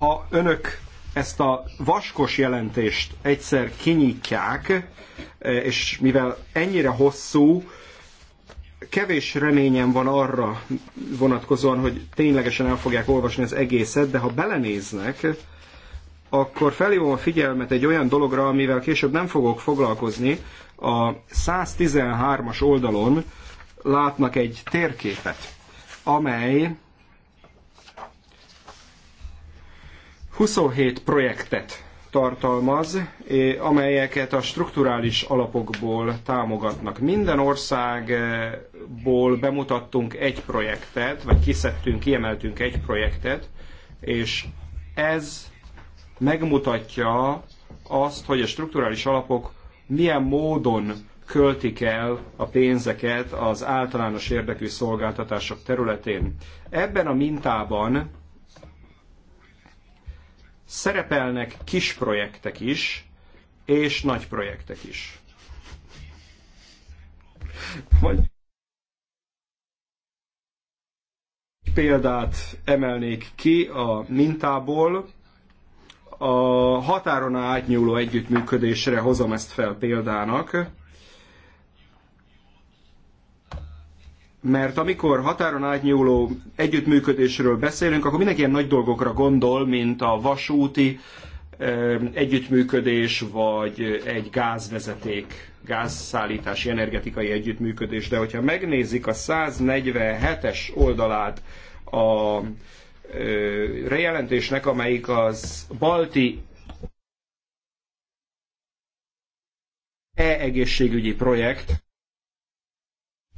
Ha önök ezt a vaskos jelentést egyszer kinyitják, és mivel ennyire hosszú, kevés reményem van arra vonatkozóan, hogy ténylegesen el fogják olvasni az egészet, de ha belenéznek, akkor felhívom a figyelmet egy olyan dologra, amivel később nem fogok foglalkozni. A 113-as oldalon látnak egy térképet, amely 27 projektet tartalmaz, eh, amelyeket a strukturális alapokból támogatnak. Minden országból bemutattunk egy projektet, vagy kiszedtünk, kiemeltünk egy projektet, és ez megmutatja azt, hogy a strukturális alapok milyen módon költik el a pénzeket az általános érdekű szolgáltatások területén. Ebben a mintában Szerepelnek kis projektek is, és nagy projektek is. Vagy példát emelnék ki a mintából, a határon átnyúló együttműködésre hozom ezt fel példának. Mert amikor határon átnyúló együttműködésről beszélünk, akkor mindenki ilyen nagy dolgokra gondol, mint a vasúti együttműködés, vagy egy gázvezeték, gázszállítási, energetikai együttműködés. De hogyha megnézik a 147-es oldalát a rejelentésnek, amelyik az balti e-egészségügyi projekt,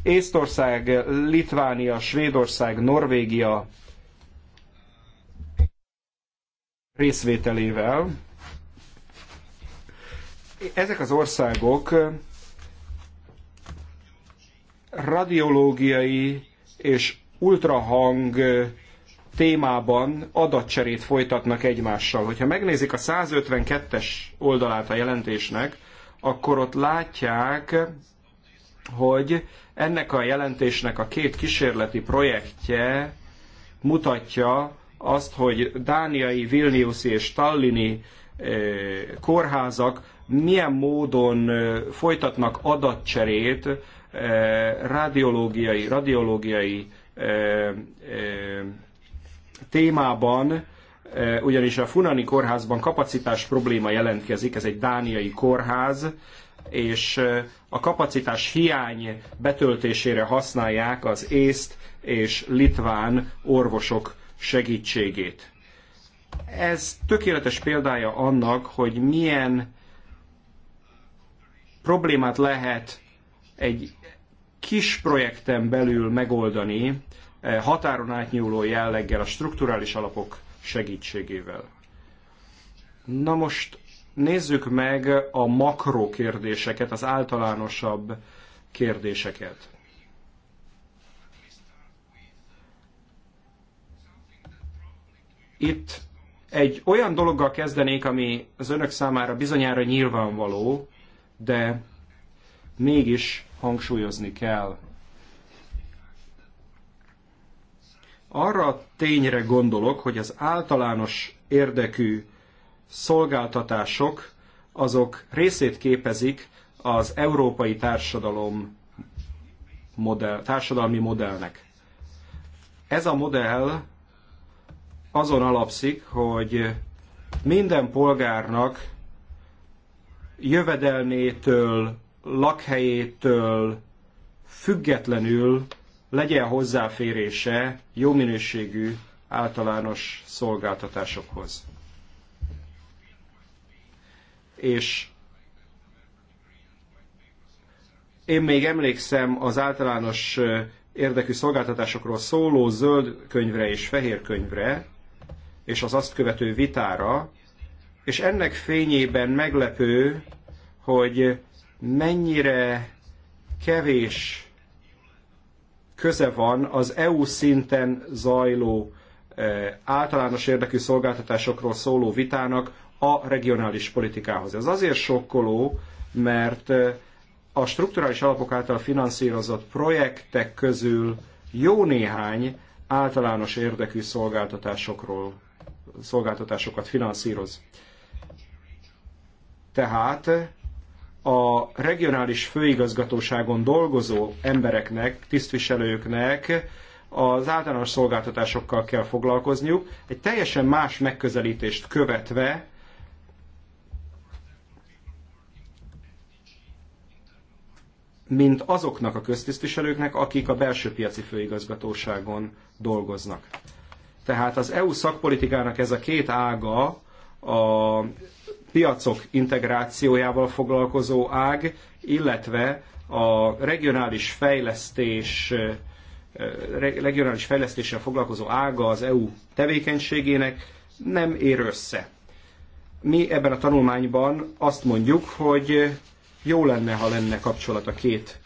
Észtország, Litvánia, Svédország, Norvégia részvételével. Ezek az országok radiológiai és ultrahang témában adatcserét folytatnak egymással. Hogyha megnézik a 152-es oldalát a jelentésnek, akkor ott látják hogy ennek a jelentésnek a két kísérleti projektje mutatja azt, hogy dániai, vilniuszi és tallini eh, kórházak milyen módon eh, folytatnak adatcserét eh, radiológiai, radiológiai témában, ugyanis a Funani kórházban kapacitás probléma jelentkezik, ez egy dániai kórház, és a kapacitás hiány betöltésére használják az észt és litván orvosok segítségét. Ez tökéletes példája annak, hogy milyen problémát lehet egy kis projekten belül megoldani határon átnyúló jelleggel a strukturális alapok segítségével. Na most Nézzük meg a makro kérdéseket, az általánosabb kérdéseket. Itt egy olyan dologgal kezdenék, ami az önök számára bizonyára nyilvánvaló, de mégis hangsúlyozni kell. Arra tényre gondolok, hogy az általános érdekű szolgáltatások azok részét képezik az európai társadalom modell, társadalmi modellnek. Ez a modell azon alapszik, hogy minden polgárnak jövedelmétől, lakhelyétől függetlenül legyen hozzáférése jó minőségű általános szolgáltatásokhoz és én még emlékszem az általános érdekű szolgáltatásokról szóló zöld könyvre és fehér könyvre, és az azt követő vitára, és ennek fényében meglepő, hogy mennyire kevés köze van az EU szinten zajló általános érdekű szolgáltatásokról szóló vitának a regionális politikához. Ez azért sokkoló, mert a strukturális alapok által finanszírozott projektek közül jó néhány általános érdekű szolgáltatásokról, szolgáltatásokat finanszíroz. Tehát a regionális főigazgatóságon dolgozó embereknek, tisztviselőknek az általános szolgáltatásokkal kell foglalkozniuk, egy teljesen más megközelítést követve, mint azoknak a köztisztviselőknek, akik a belső piaci főigazgatóságon dolgoznak. Tehát az EU szakpolitikának ez a két ága, a piacok integrációjával foglalkozó ág, illetve a regionális fejlesztés regionális fejlesztéssel foglalkozó ága az EU tevékenységének nem ér össze. Mi ebben a tanulmányban azt mondjuk, hogy jó lenne, ha lenne kapcsolat a két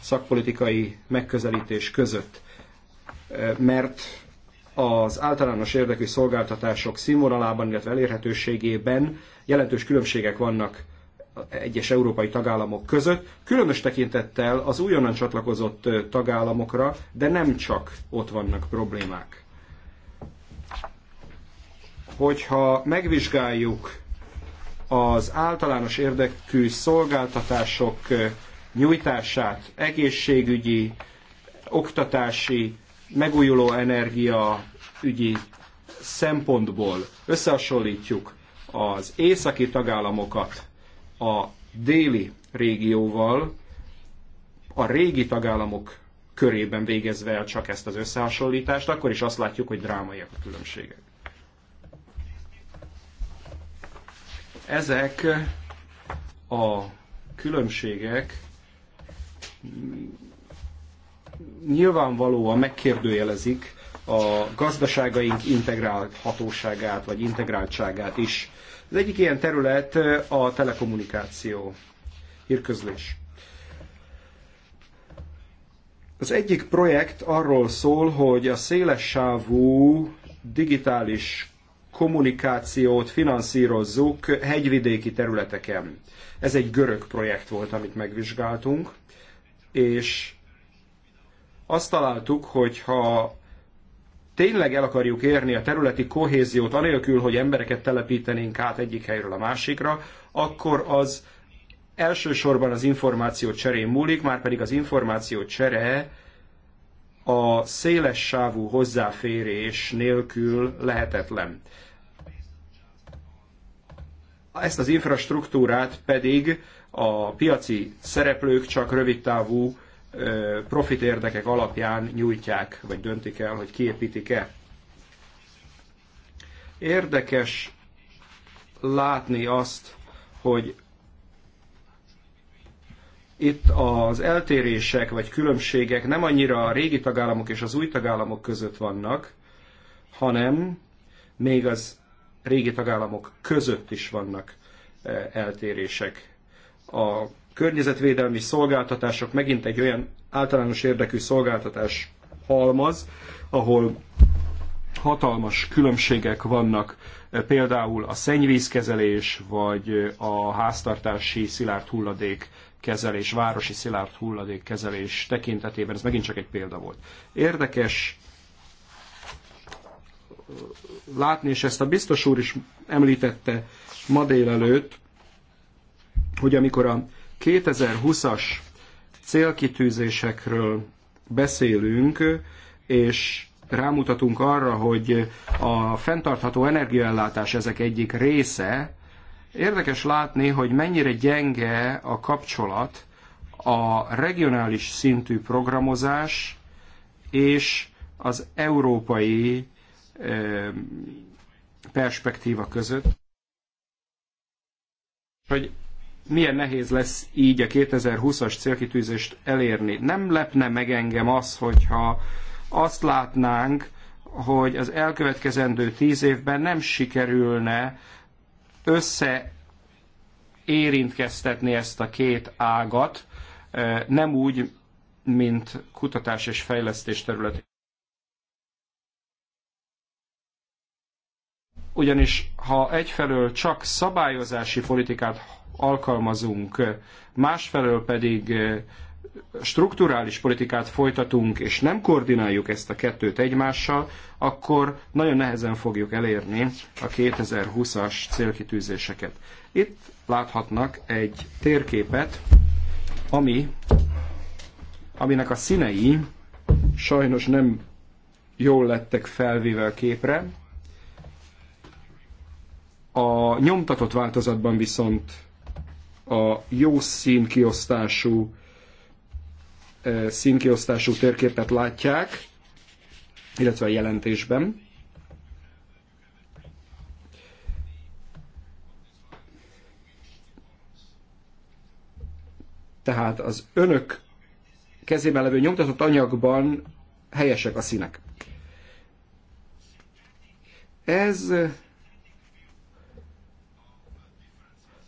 szakpolitikai megközelítés között, mert az általános érdekű szolgáltatások színvonalában, illetve elérhetőségében jelentős különbségek vannak egyes európai tagállamok között, különös tekintettel az újonnan csatlakozott tagállamokra, de nem csak ott vannak problémák. Hogyha megvizsgáljuk az általános érdekű szolgáltatások nyújtását, egészségügyi, oktatási, megújuló energia ügyi szempontból összehasonlítjuk az északi tagállamokat a déli régióval, a régi tagállamok körében végezve el csak ezt az összehasonlítást, akkor is azt látjuk, hogy drámaiak a különbségek. Ezek a különbségek nyilvánvalóan megkérdőjelezik a gazdaságaink integrálhatóságát vagy integráltságát is. Az egyik ilyen terület a telekommunikáció, hírközlés. Az egyik projekt arról szól, hogy a széles sávú digitális kommunikációt finanszírozzuk hegyvidéki területeken. Ez egy görög projekt volt, amit megvizsgáltunk, és azt találtuk, hogy ha tényleg el akarjuk érni a területi kohéziót, anélkül, hogy embereket telepítenénk át egyik helyről a másikra, akkor az elsősorban az információ cserén múlik, már pedig az információ csere a széles sávú hozzáférés nélkül lehetetlen ezt az infrastruktúrát pedig a piaci szereplők csak rövidtávú profit érdekek alapján nyújtják, vagy döntik el, hogy kiépítik-e. Érdekes látni azt, hogy itt az eltérések vagy különbségek nem annyira a régi tagállamok és az új tagállamok között vannak, hanem még az régi tagállamok között is vannak e, eltérések. A környezetvédelmi szolgáltatások megint egy olyan általános érdekű szolgáltatás halmaz, ahol hatalmas különbségek vannak, e, például a szennyvízkezelés, vagy a háztartási szilárd hulladék kezelés, városi szilárd hulladék kezelés tekintetében, ez megint csak egy példa volt. Érdekes látni, és ezt a biztos úr is említette ma délelőtt, hogy amikor a 2020-as célkitűzésekről beszélünk, és rámutatunk arra, hogy a fenntartható energiaellátás ezek egyik része, érdekes látni, hogy mennyire gyenge a kapcsolat a regionális szintű programozás és az európai perspektíva között, hogy milyen nehéz lesz így a 2020-as célkitűzést elérni. Nem lepne meg engem az, hogyha azt látnánk, hogy az elkövetkezendő tíz évben nem sikerülne össze érintkeztetni ezt a két ágat, nem úgy, mint kutatás és fejlesztés területén. Ugyanis ha egyfelől csak szabályozási politikát alkalmazunk, másfelől pedig eh, strukturális politikát folytatunk, és nem koordináljuk ezt a kettőt egymással, akkor nagyon nehezen fogjuk elérni a 2020-as célkitűzéseket. Itt láthatnak egy térképet, ami, aminek a színei sajnos nem jól lettek felvéve a képre, a nyomtatott változatban viszont a jó színkiosztású e, színkiosztású térképet látják, illetve a jelentésben. Tehát az önök kezében levő nyomtatott anyagban helyesek a színek. Ez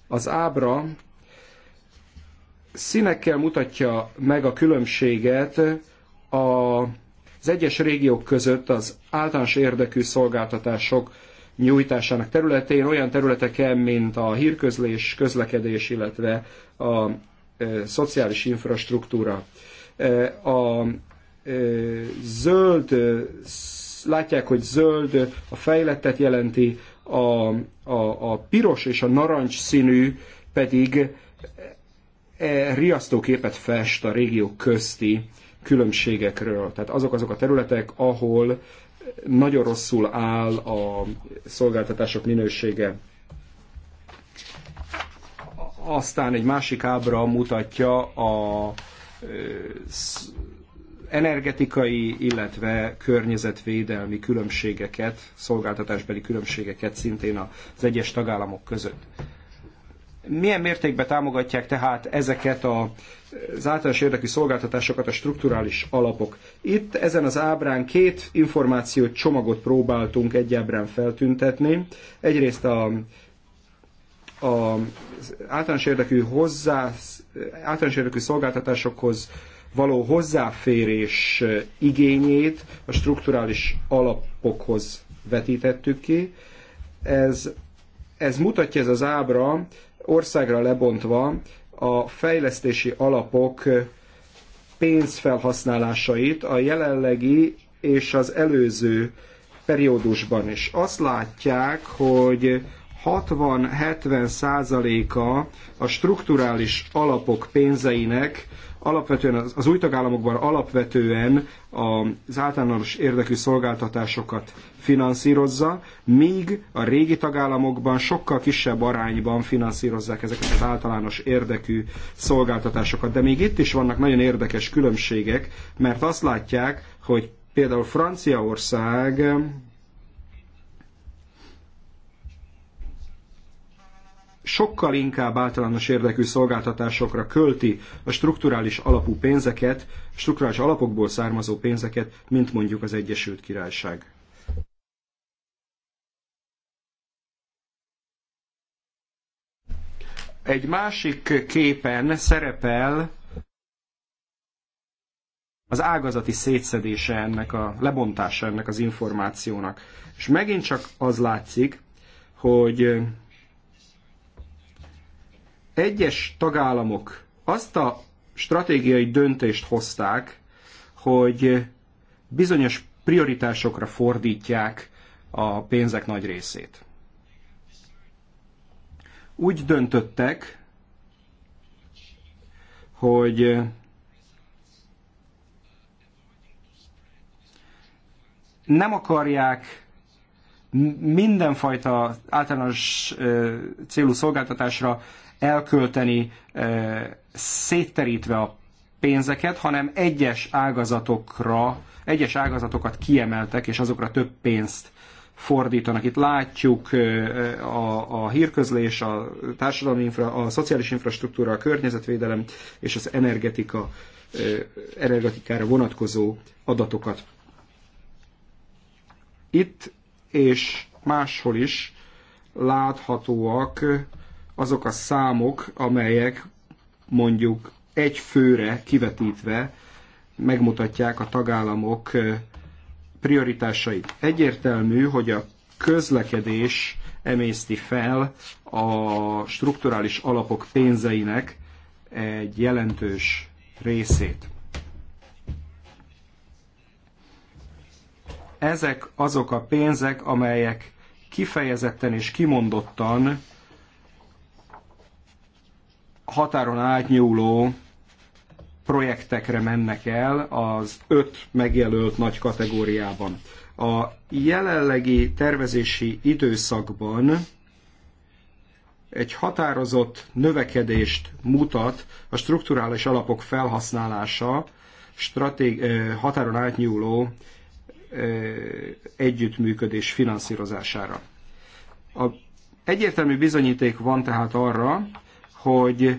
Az ábra színekkel mutatja meg a különbséget a az egyes régiók között az általános érdekű szolgáltatások nyújtásának területén olyan területeken, mint a hírközlés, közlekedés, illetve a e, szociális infrastruktúra. E, a e, zöld, látják, hogy zöld a fejlettet jelenti, a, a, a piros és a narancs színű pedig e, riasztóképet fest a régiók közti különbségekről. Tehát azok azok a területek, ahol nagyon rosszul áll a szolgáltatások minősége. Aztán egy másik ábra mutatja a e, energetikai, illetve környezetvédelmi különbségeket, szolgáltatásbeli különbségeket szintén az egyes tagállamok között. Milyen mértékben támogatják tehát ezeket a, az általános érdekű szolgáltatásokat a strukturális alapok? Itt ezen az ábrán két információt, csomagot próbáltunk egy ábrán feltüntetni. Egyrészt a, a, az általános érdekű hozzá, általános érdekű szolgáltatásokhoz való hozzáférés igényét a strukturális alapokhoz vetítettük ki. Ez, ez mutatja ez az ábra, országra lebontva a fejlesztési alapok pénzfelhasználásait a jelenlegi és az előző periódusban is. Azt látják, hogy 60-70 százaléka a strukturális alapok pénzeinek alapvetően az, az új tagállamokban alapvetően az általános érdekű szolgáltatásokat finanszírozza, míg a régi tagállamokban sokkal kisebb arányban finanszírozzák ezeket az általános érdekű szolgáltatásokat. De még itt is vannak nagyon érdekes különbségek, mert azt látják, hogy például Franciaország sokkal inkább általános érdekű szolgáltatásokra költi a strukturális alapú pénzeket, strukturális alapokból származó pénzeket, mint mondjuk az Egyesült Királyság. Egy másik képen szerepel az ágazati szétszedése ennek a lebontása ennek az információnak. És megint csak az látszik, hogy egyes tagállamok azt a stratégiai döntést hozták, hogy bizonyos prioritásokra fordítják a pénzek nagy részét. Úgy döntöttek, hogy nem akarják mindenfajta általános célú szolgáltatásra elkölteni szétterítve a pénzeket, hanem egyes ágazatokra, egyes ágazatokat kiemeltek, és azokra több pénzt fordítanak. Itt látjuk a, a hírközlés, a társadalmi infra, a szociális infrastruktúra, a környezetvédelem és az energetika, energetikára vonatkozó adatokat. Itt és máshol is láthatóak azok a számok, amelyek mondjuk egy főre kivetítve megmutatják a tagállamok prioritásait. Egyértelmű, hogy a közlekedés emészti fel a strukturális alapok pénzeinek egy jelentős részét. Ezek azok a pénzek, amelyek kifejezetten és kimondottan határon átnyúló projektekre mennek el az öt megjelölt nagy kategóriában. A jelenlegi tervezési időszakban egy határozott növekedést mutat a strukturális alapok felhasználása stratég, határon átnyúló együttműködés finanszírozására. A egyértelmű bizonyíték van tehát arra, hogy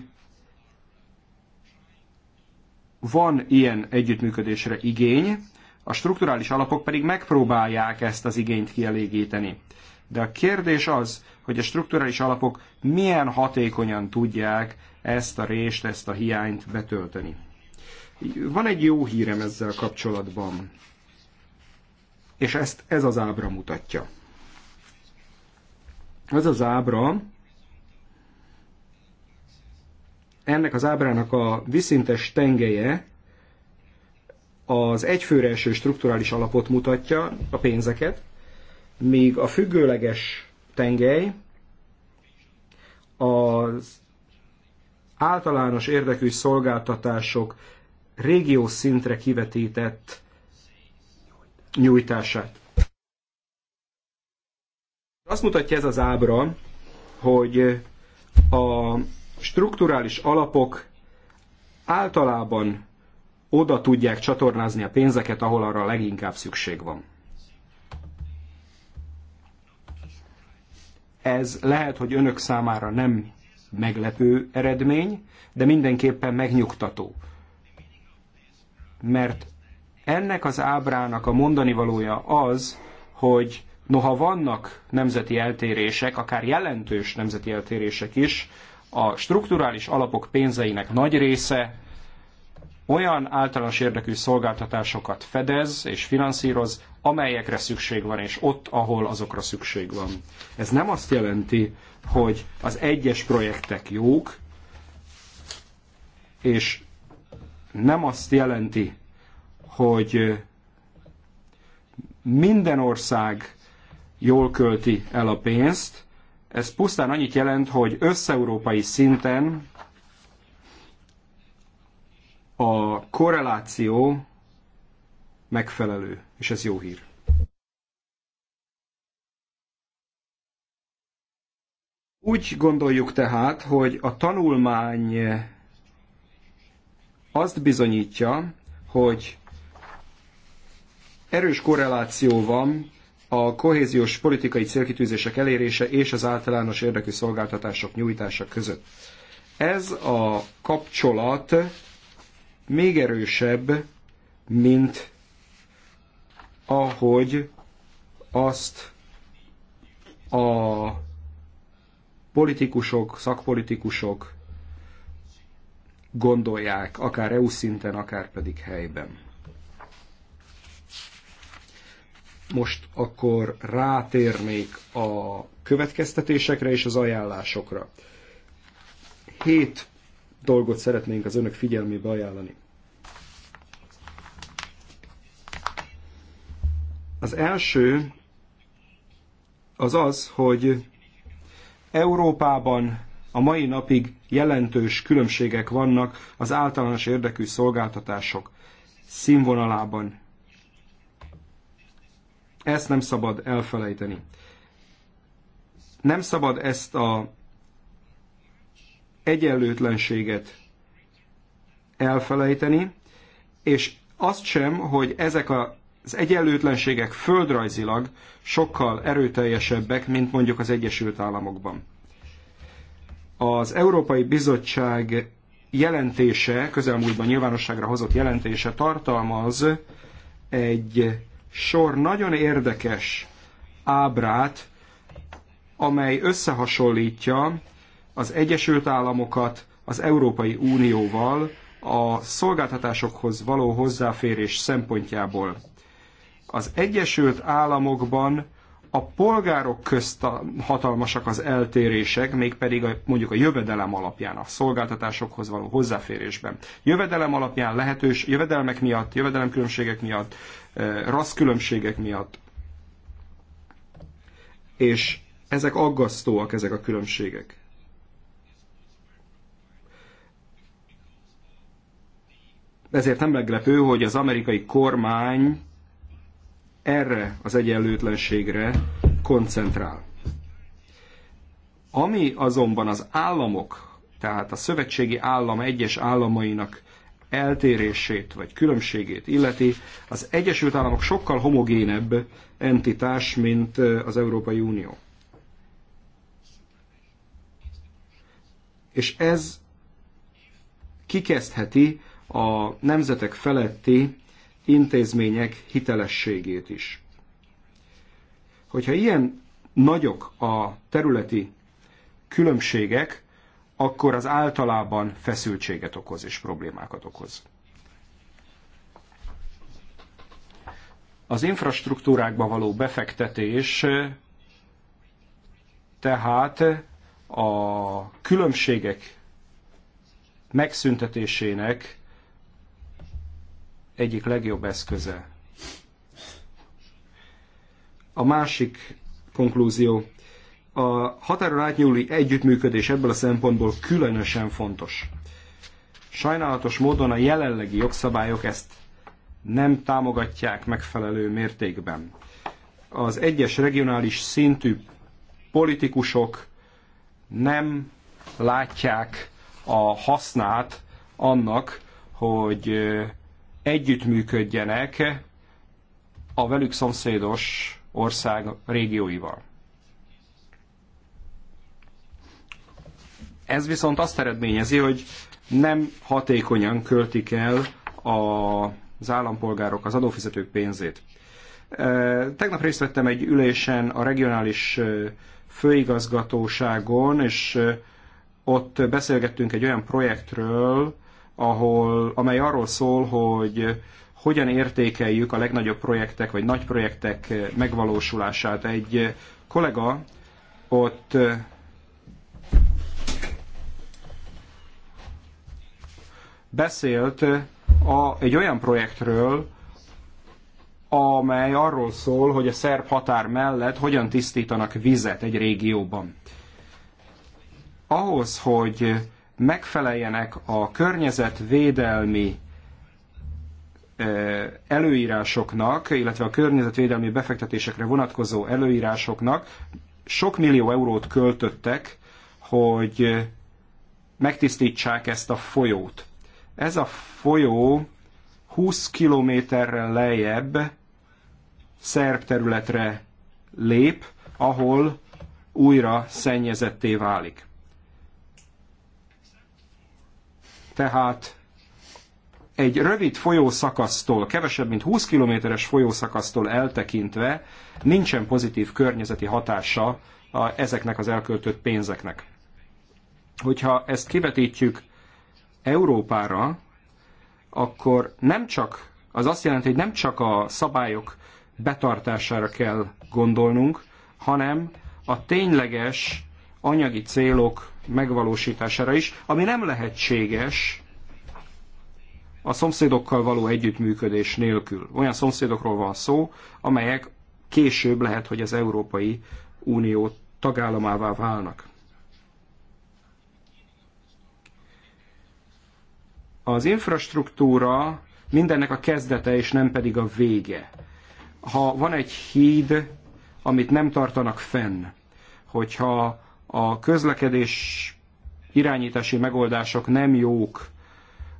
van ilyen együttműködésre igény, a strukturális alapok pedig megpróbálják ezt az igényt kielégíteni. De a kérdés az, hogy a strukturális alapok milyen hatékonyan tudják ezt a rést, ezt a hiányt betölteni. Van egy jó hírem ezzel kapcsolatban, és ezt ez az ábra mutatja. Ez az ábra ennek az ábrának a viszintes tengelye az egyfőre eső strukturális alapot mutatja, a pénzeket, míg a függőleges tengely az általános érdekű szolgáltatások régiós szintre kivetített nyújtását. Azt mutatja ez az ábra, hogy a strukturális alapok általában oda tudják csatornázni a pénzeket, ahol arra leginkább szükség van. Ez lehet, hogy önök számára nem meglepő eredmény, de mindenképpen megnyugtató. Mert ennek az ábrának a mondani valója az, hogy noha vannak nemzeti eltérések, akár jelentős nemzeti eltérések is, a strukturális alapok pénzeinek nagy része olyan általános érdekű szolgáltatásokat fedez és finanszíroz, amelyekre szükség van, és ott, ahol azokra szükség van. Ez nem azt jelenti, hogy az egyes projektek jók, és nem azt jelenti, hogy minden ország jól költi el a pénzt, ez pusztán annyit jelent, hogy összeurópai szinten a korreláció megfelelő, és ez jó hír. Úgy gondoljuk tehát, hogy a tanulmány azt bizonyítja, hogy erős korreláció van a kohéziós politikai célkitűzések elérése és az általános érdekű szolgáltatások nyújtása között. Ez a kapcsolat még erősebb, mint ahogy azt a politikusok, szakpolitikusok gondolják, akár EU szinten, akár pedig helyben. Most akkor rátérnék a következtetésekre és az ajánlásokra. Hét dolgot szeretnénk az önök figyelmébe ajánlani. Az első az az, hogy Európában a mai napig jelentős különbségek vannak az általános érdekű szolgáltatások színvonalában, ezt nem szabad elfelejteni. Nem szabad ezt a egyenlőtlenséget elfelejteni, és azt sem, hogy ezek a az egyenlőtlenségek földrajzilag sokkal erőteljesebbek, mint mondjuk az Egyesült Államokban. Az Európai Bizottság jelentése, közelmúltban nyilvánosságra hozott jelentése tartalmaz egy sor nagyon érdekes ábrát, amely összehasonlítja az Egyesült Államokat az Európai Unióval a szolgáltatásokhoz való hozzáférés szempontjából. Az Egyesült Államokban a polgárok közt hatalmasak az eltérések, mégpedig a, mondjuk a jövedelem alapján, a szolgáltatásokhoz való hozzáférésben. Jövedelem alapján lehetős, jövedelmek miatt, jövedelemkülönbségek miatt, rasz-különbségek miatt. És ezek aggasztóak, ezek a különbségek. Ezért nem meglepő, hogy az amerikai kormány erre az egyenlőtlenségre koncentrál. Ami azonban az államok, tehát a szövetségi állam egyes államainak eltérését vagy különbségét illeti, az Egyesült Államok sokkal homogénebb entitás, mint az Európai Unió. És ez kikezdheti a nemzetek feletti intézmények hitelességét is. Hogyha ilyen nagyok a területi különbségek, akkor az általában feszültséget okoz és problémákat okoz. Az infrastruktúrákba való befektetés tehát a különbségek megszüntetésének egyik legjobb eszköze. A másik konklúzió a határon átnyúló együttműködés ebből a szempontból különösen fontos. Sajnálatos módon a jelenlegi jogszabályok ezt nem támogatják megfelelő mértékben. Az egyes regionális szintű politikusok nem látják a hasznát annak, hogy együttműködjenek a velük szomszédos ország régióival. Ez viszont azt eredményezi, hogy nem hatékonyan költik el a az állampolgárok, az adófizetők pénzét. Tegnap részt vettem egy ülésen a regionális főigazgatóságon, és ott beszélgettünk egy olyan projektről, ahol, amely arról szól, hogy hogyan értékeljük a legnagyobb projektek vagy nagy projektek megvalósulását. Egy kollega ott beszélt a, egy olyan projektről, amely arról szól, hogy a szerb határ mellett hogyan tisztítanak vizet egy régióban. Ahhoz, hogy megfeleljenek a környezetvédelmi előírásoknak, illetve a környezetvédelmi befektetésekre vonatkozó előírásoknak sok millió eurót költöttek, hogy megtisztítsák ezt a folyót. Ez a folyó 20 kilométerre lejjebb szerb területre lép, ahol újra szennyezetté válik. Tehát egy rövid folyószakasztól, kevesebb mint 20 kilométeres folyószakasztól eltekintve nincsen pozitív környezeti hatása a, ezeknek az elköltött pénzeknek. Hogyha ezt kivetítjük Európára, akkor nem csak, az azt jelenti, hogy nem csak a szabályok betartására kell gondolnunk, hanem a tényleges anyagi célok megvalósítására is, ami nem lehetséges a szomszédokkal való együttműködés nélkül. Olyan szomszédokról van szó, amelyek később lehet, hogy az Európai Unió tagállamává válnak. Az infrastruktúra mindennek a kezdete és nem pedig a vége. Ha van egy híd, amit nem tartanak fenn, hogyha a közlekedés irányítási megoldások nem jók,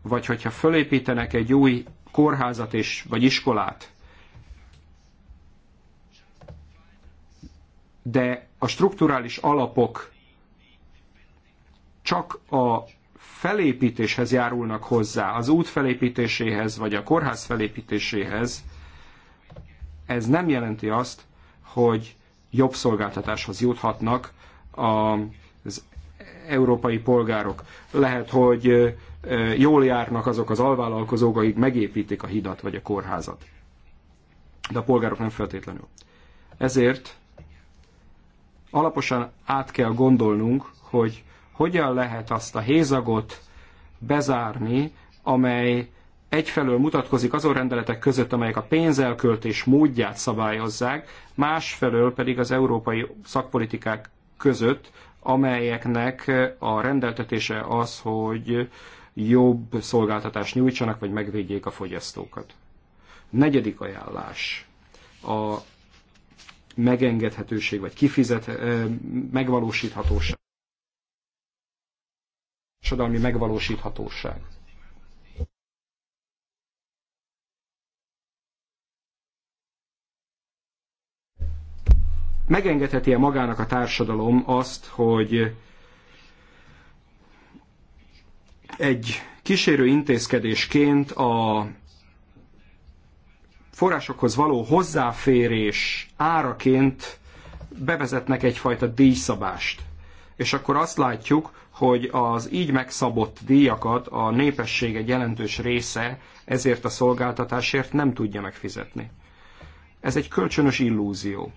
vagy hogyha fölépítenek egy új kórházat és, vagy iskolát, de a strukturális alapok csak a felépítéshez járulnak hozzá, az út felépítéséhez, vagy a kórház felépítéséhez, ez nem jelenti azt, hogy jobb szolgáltatáshoz juthatnak az európai polgárok. Lehet, hogy jól járnak azok az alvállalkozók, akik megépítik a hidat vagy a kórházat. De a polgárok nem feltétlenül. Ezért alaposan át kell gondolnunk, hogy hogyan lehet azt a hézagot bezárni, amely egyfelől mutatkozik azon rendeletek között, amelyek a pénzelköltés módját szabályozzák, másfelől pedig az európai szakpolitikák között, amelyeknek a rendeltetése az, hogy jobb szolgáltatást nyújtsanak, vagy megvédjék a fogyasztókat. Negyedik ajánlás. A megengedhetőség, vagy kifizet, megvalósíthatóság társadalmi megvalósíthatóság. Megengedheti-e magának a társadalom azt, hogy egy kísérő intézkedésként a forrásokhoz való hozzáférés áraként bevezetnek egyfajta díjszabást. És akkor azt látjuk, hogy az így megszabott díjakat a népesség egy jelentős része ezért a szolgáltatásért nem tudja megfizetni. Ez egy kölcsönös illúzió.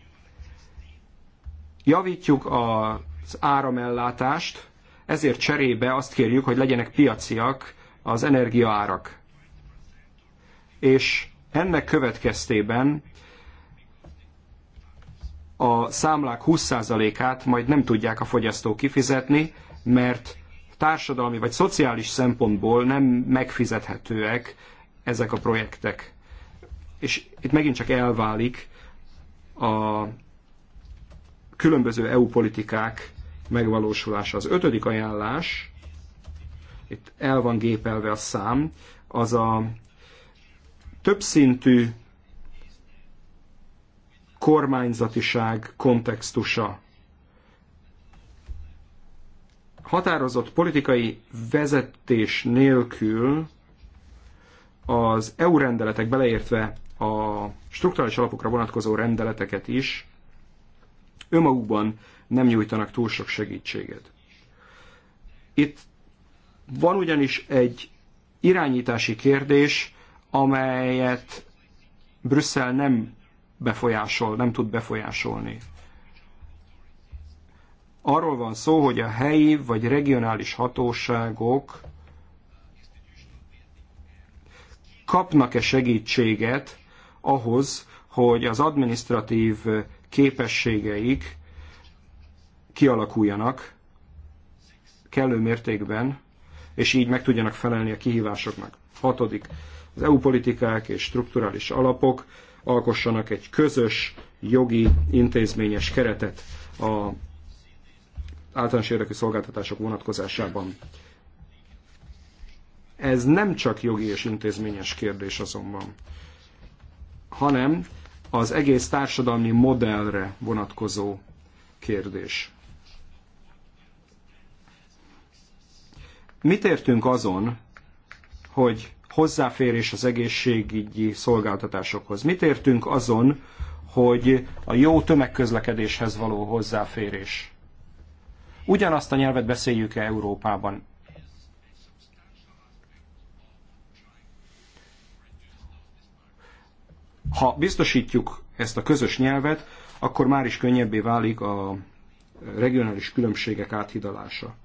Javítjuk az áramellátást, ezért cserébe azt kérjük, hogy legyenek piaciak az energiaárak. És ennek következtében a számlák 20%-át majd nem tudják a fogyasztók kifizetni, mert társadalmi vagy szociális szempontból nem megfizethetőek ezek a projektek. És itt megint csak elválik a különböző EU politikák megvalósulása. Az ötödik ajánlás, itt el van gépelve a szám, az a többszintű kormányzatiság kontextusa határozott politikai vezetés nélkül az EU rendeletek beleértve a struktúrális alapokra vonatkozó rendeleteket is önmagukban nem nyújtanak túl sok segítséget. Itt van ugyanis egy irányítási kérdés, amelyet Brüsszel nem befolyásol, nem tud befolyásolni. Arról van szó, hogy a helyi vagy regionális hatóságok kapnak-e segítséget ahhoz, hogy az administratív képességeik kialakuljanak kellő mértékben, és így meg tudjanak felelni a kihívásoknak. Hatodik, az EU politikák és strukturális alapok alkossanak egy közös jogi intézményes keretet a általános érdekű szolgáltatások vonatkozásában. Ez nem csak jogi és intézményes kérdés azonban, hanem az egész társadalmi modellre vonatkozó kérdés. Mit értünk azon, hogy hozzáférés az egészségügyi szolgáltatásokhoz? Mit értünk azon, hogy a jó tömegközlekedéshez való hozzáférés? ugyanazt a nyelvet beszéljük-e Európában. Ha biztosítjuk ezt a közös nyelvet, akkor már is könnyebbé válik a regionális különbségek áthidalása.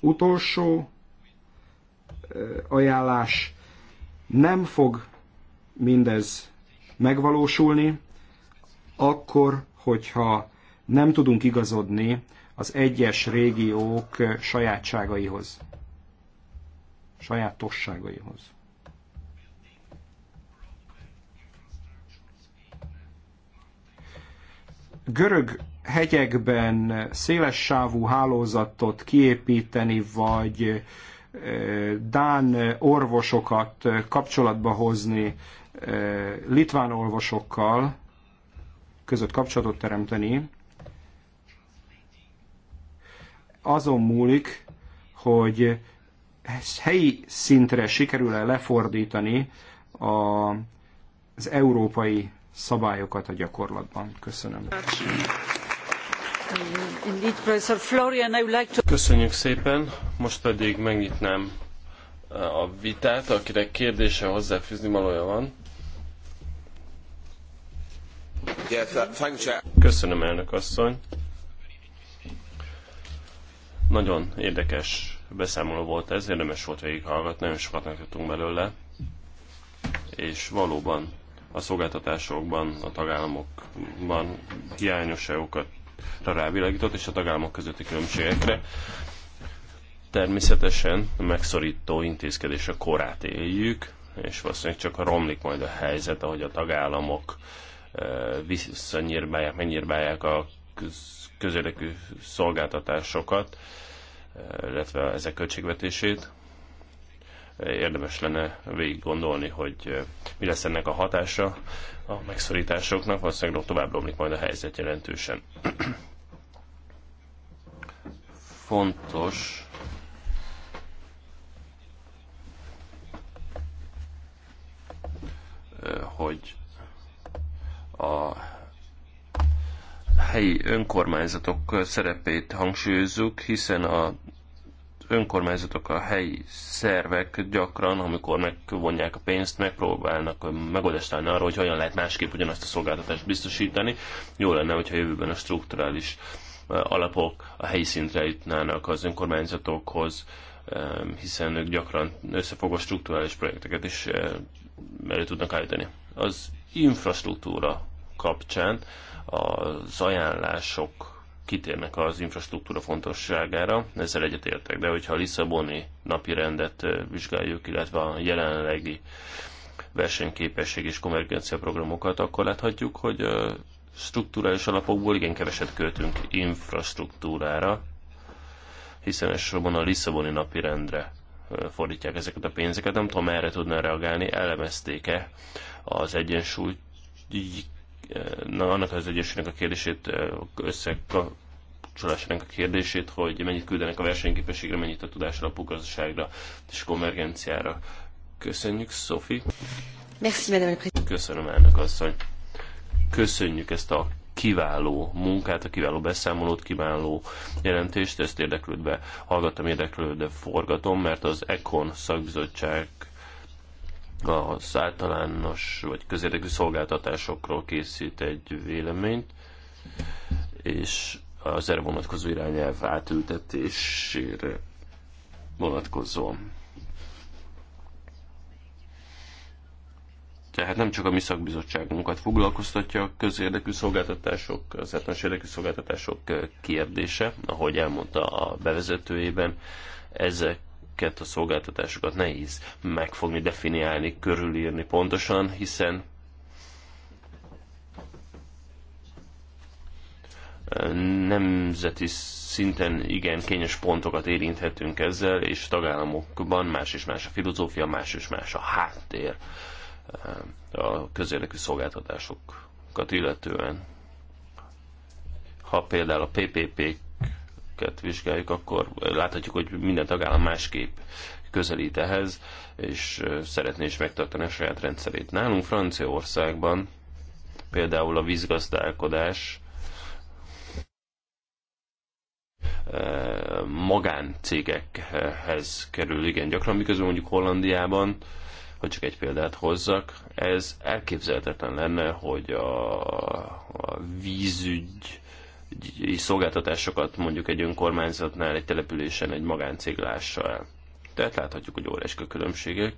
Utolsó ajánlás nem fog mindez megvalósulni, akkor, hogyha nem tudunk igazodni az egyes régiók sajátságaihoz, sajátosságaihoz. Görög hegyekben széles sávú hálózatot kiépíteni, vagy Dán orvosokat kapcsolatba hozni litván orvosokkal, között kapcsolatot teremteni, azon múlik, hogy helyi szintre sikerül-e lefordítani a, az európai szabályokat a gyakorlatban. Köszönöm.
Köszönjük szépen, most pedig megnyitnám eh, a vitát, akinek kérdése hozzáfűzni valója van. Uh, Köszönöm, elnök asszony. Nagyon érdekes beszámoló volt ez, érdemes volt végighallgatni, nagyon sokat megtudtunk belőle, és valóban a szolgáltatásokban, a tagállamokban hiányosságokat rávilágított, és a tagállamok közötti különbségekre. Természetesen a megszorító intézkedés a korát éljük, és valószínűleg csak romlik majd a helyzet, ahogy a tagállamok eh, visszanyírbálják, megnyírbálják a közérdekű szolgáltatásokat, illetve ezek költségvetését. Érdemes lenne végig gondolni, hogy mi lesz ennek a hatása a megszorításoknak, valószínűleg tovább romlik majd a helyzet jelentősen. Fontos hogy a helyi önkormányzatok szerepét hangsúlyozzuk, hiszen a önkormányzatok, a helyi szervek gyakran, amikor megvonják a pénzt, megpróbálnak megoldást találni arra, hogy hogyan lehet másképp ugyanazt a szolgáltatást biztosítani. Jó lenne, hogyha jövőben a strukturális alapok a helyi szintre jutnának az önkormányzatokhoz, hiszen ők gyakran összefogó strukturális projekteket is elő tudnak állítani. Az infrastruktúra kapcsán az ajánlások kitérnek az infrastruktúra fontosságára, ezzel egyetértek, de hogyha a Lisszaboni napi rendet vizsgáljuk, illetve a jelenlegi versenyképesség és konvergencia programokat, akkor láthatjuk, hogy struktúrális alapokból igen keveset költünk infrastruktúrára, hiszen elsősorban a Lisszaboni napi rendre fordítják ezeket a pénzeket. Nem tudom, erre tudná reagálni, elemezték-e az egyensúlyi na, annak az egyesülnek a kérdését, összekapcsolásának a kérdését, hogy mennyit küldenek a versenyképességre, mennyit a tudásra, a gazdaságra és konvergenciára. Köszönjük, Szofi.
Merci, Madame Présidente.
Köszönöm, elnök asszony. Köszönjük ezt a kiváló munkát, a kiváló beszámolót, kiváló jelentést, ezt érdeklődve hallgattam, érdeklődve forgatom, mert az ECON szakbizottság az általános vagy közérdekű szolgáltatásokról készít egy véleményt, és az erre vonatkozó irányelv átültetésére vonatkozóan. Tehát nem csak a mi szakbizottságunkat foglalkoztatja a közérdekű szolgáltatások, az általános érdekű szolgáltatások kérdése, ahogy elmondta a bevezetőjében, ezek ezeket a szolgáltatásokat nehéz megfogni, definiálni, körülírni pontosan, hiszen nemzeti szinten igen kényes pontokat érinthetünk ezzel, és tagállamokban más és más a filozófia, más és más a háttér eh, a közérdekű szolgáltatásokat illetően. Ha például a PPP ezeket vizsgáljuk, akkor láthatjuk, hogy minden tagállam másképp közelít ehhez, és szeretné is megtartani a saját rendszerét. Nálunk Franciaországban például a vízgazdálkodás magáncégekhez kerül igen gyakran, miközben mondjuk Hollandiában, hogy csak egy példát hozzak, ez elképzelhetetlen lenne, hogy a, a vízügy szolgáltatásokat mondjuk egy önkormányzatnál, egy településen egy magáncég lássa el. Tehát láthatjuk, hogy óriási különbségek.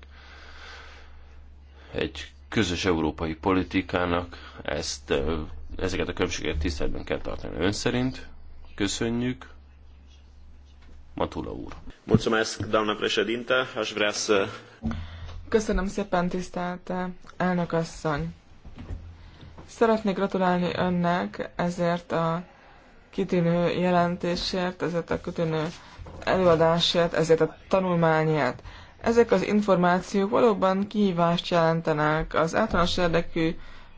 Egy közös európai politikának ezt, ezeket a különbségeket tiszteletben kell tartani ön szerint. Köszönjük. Matula úr.
Köszönöm szépen, tisztelt eh, elnök asszony. Szeretnék gratulálni önnek ezért a kitűnő jelentésért, ezért a kitűnő előadásért, ezért a tanulmányért. Ezek az információk valóban kihívást jelentenek. Az általános érdekű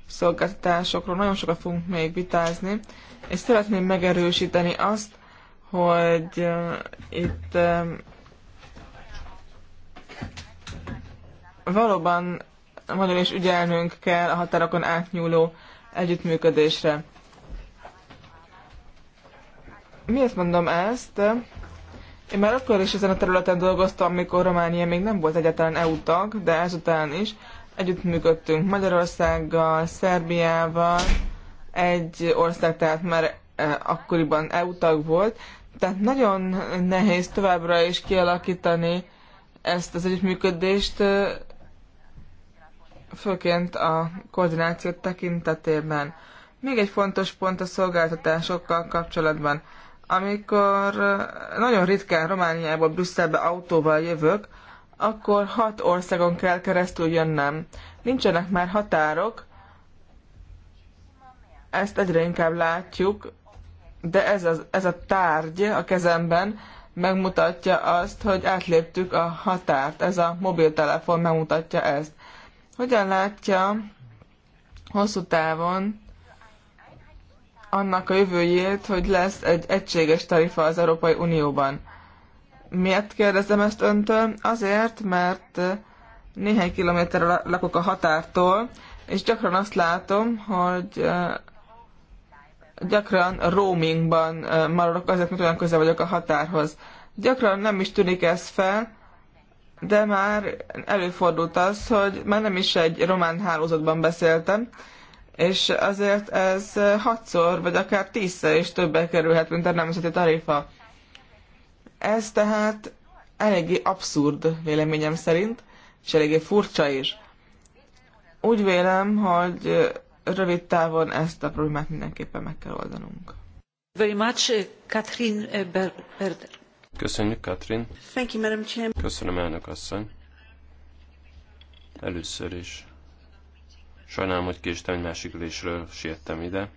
szolgáltatásokról nagyon sokat fogunk még vitázni, és szeretném megerősíteni azt, hogy itt valóban nagyon is ügyelnünk kell a határokon átnyúló együttműködésre. Miért mondom ezt? Én már akkor is ezen a területen dolgoztam, amikor Románia még nem volt egyáltalán EU tag, de ezután is együttműködtünk Magyarországgal, Szerbiával, egy ország tehát már e, akkoriban EU tag volt, tehát nagyon nehéz továbbra is kialakítani ezt az együttműködést, e, főként a koordináció tekintetében. Még egy fontos pont a szolgáltatásokkal kapcsolatban amikor nagyon ritkán Romániából Brüsszelbe autóval jövök, akkor hat országon kell keresztül jönnem. Nincsenek már határok, ezt egyre inkább látjuk, de ez, az, ez a tárgy a kezemben megmutatja azt, hogy átléptük a határt. Ez a mobiltelefon megmutatja ezt. Hogyan látja hosszú távon annak a jövőjét, hogy lesz egy egységes tarifa az Európai Unióban. Miért kérdezem ezt öntől? Azért, mert néhány kilométerre lakok a határtól, és gyakran azt látom, hogy gyakran roamingban maradok, azért, mert olyan közel vagyok a határhoz. Gyakran nem is tűnik ez fel, de már előfordult az, hogy már nem is egy román hálózatban beszéltem, és azért ez hatszor, vagy akár tízszer is többe kerülhet, mint a nemzeti tarifa. Ez tehát eléggé abszurd véleményem szerint, és eléggé furcsa is. Úgy vélem, hogy rövid távon ezt a problémát mindenképpen meg kell oldanunk. Very much, Catherine Berder.
Köszönjük, Katrin.
Thank you, Madam Chair.
Köszönöm, elnök asszony. Először is Sajnálom, hogy késtem egy másik ülésről, siettem ide.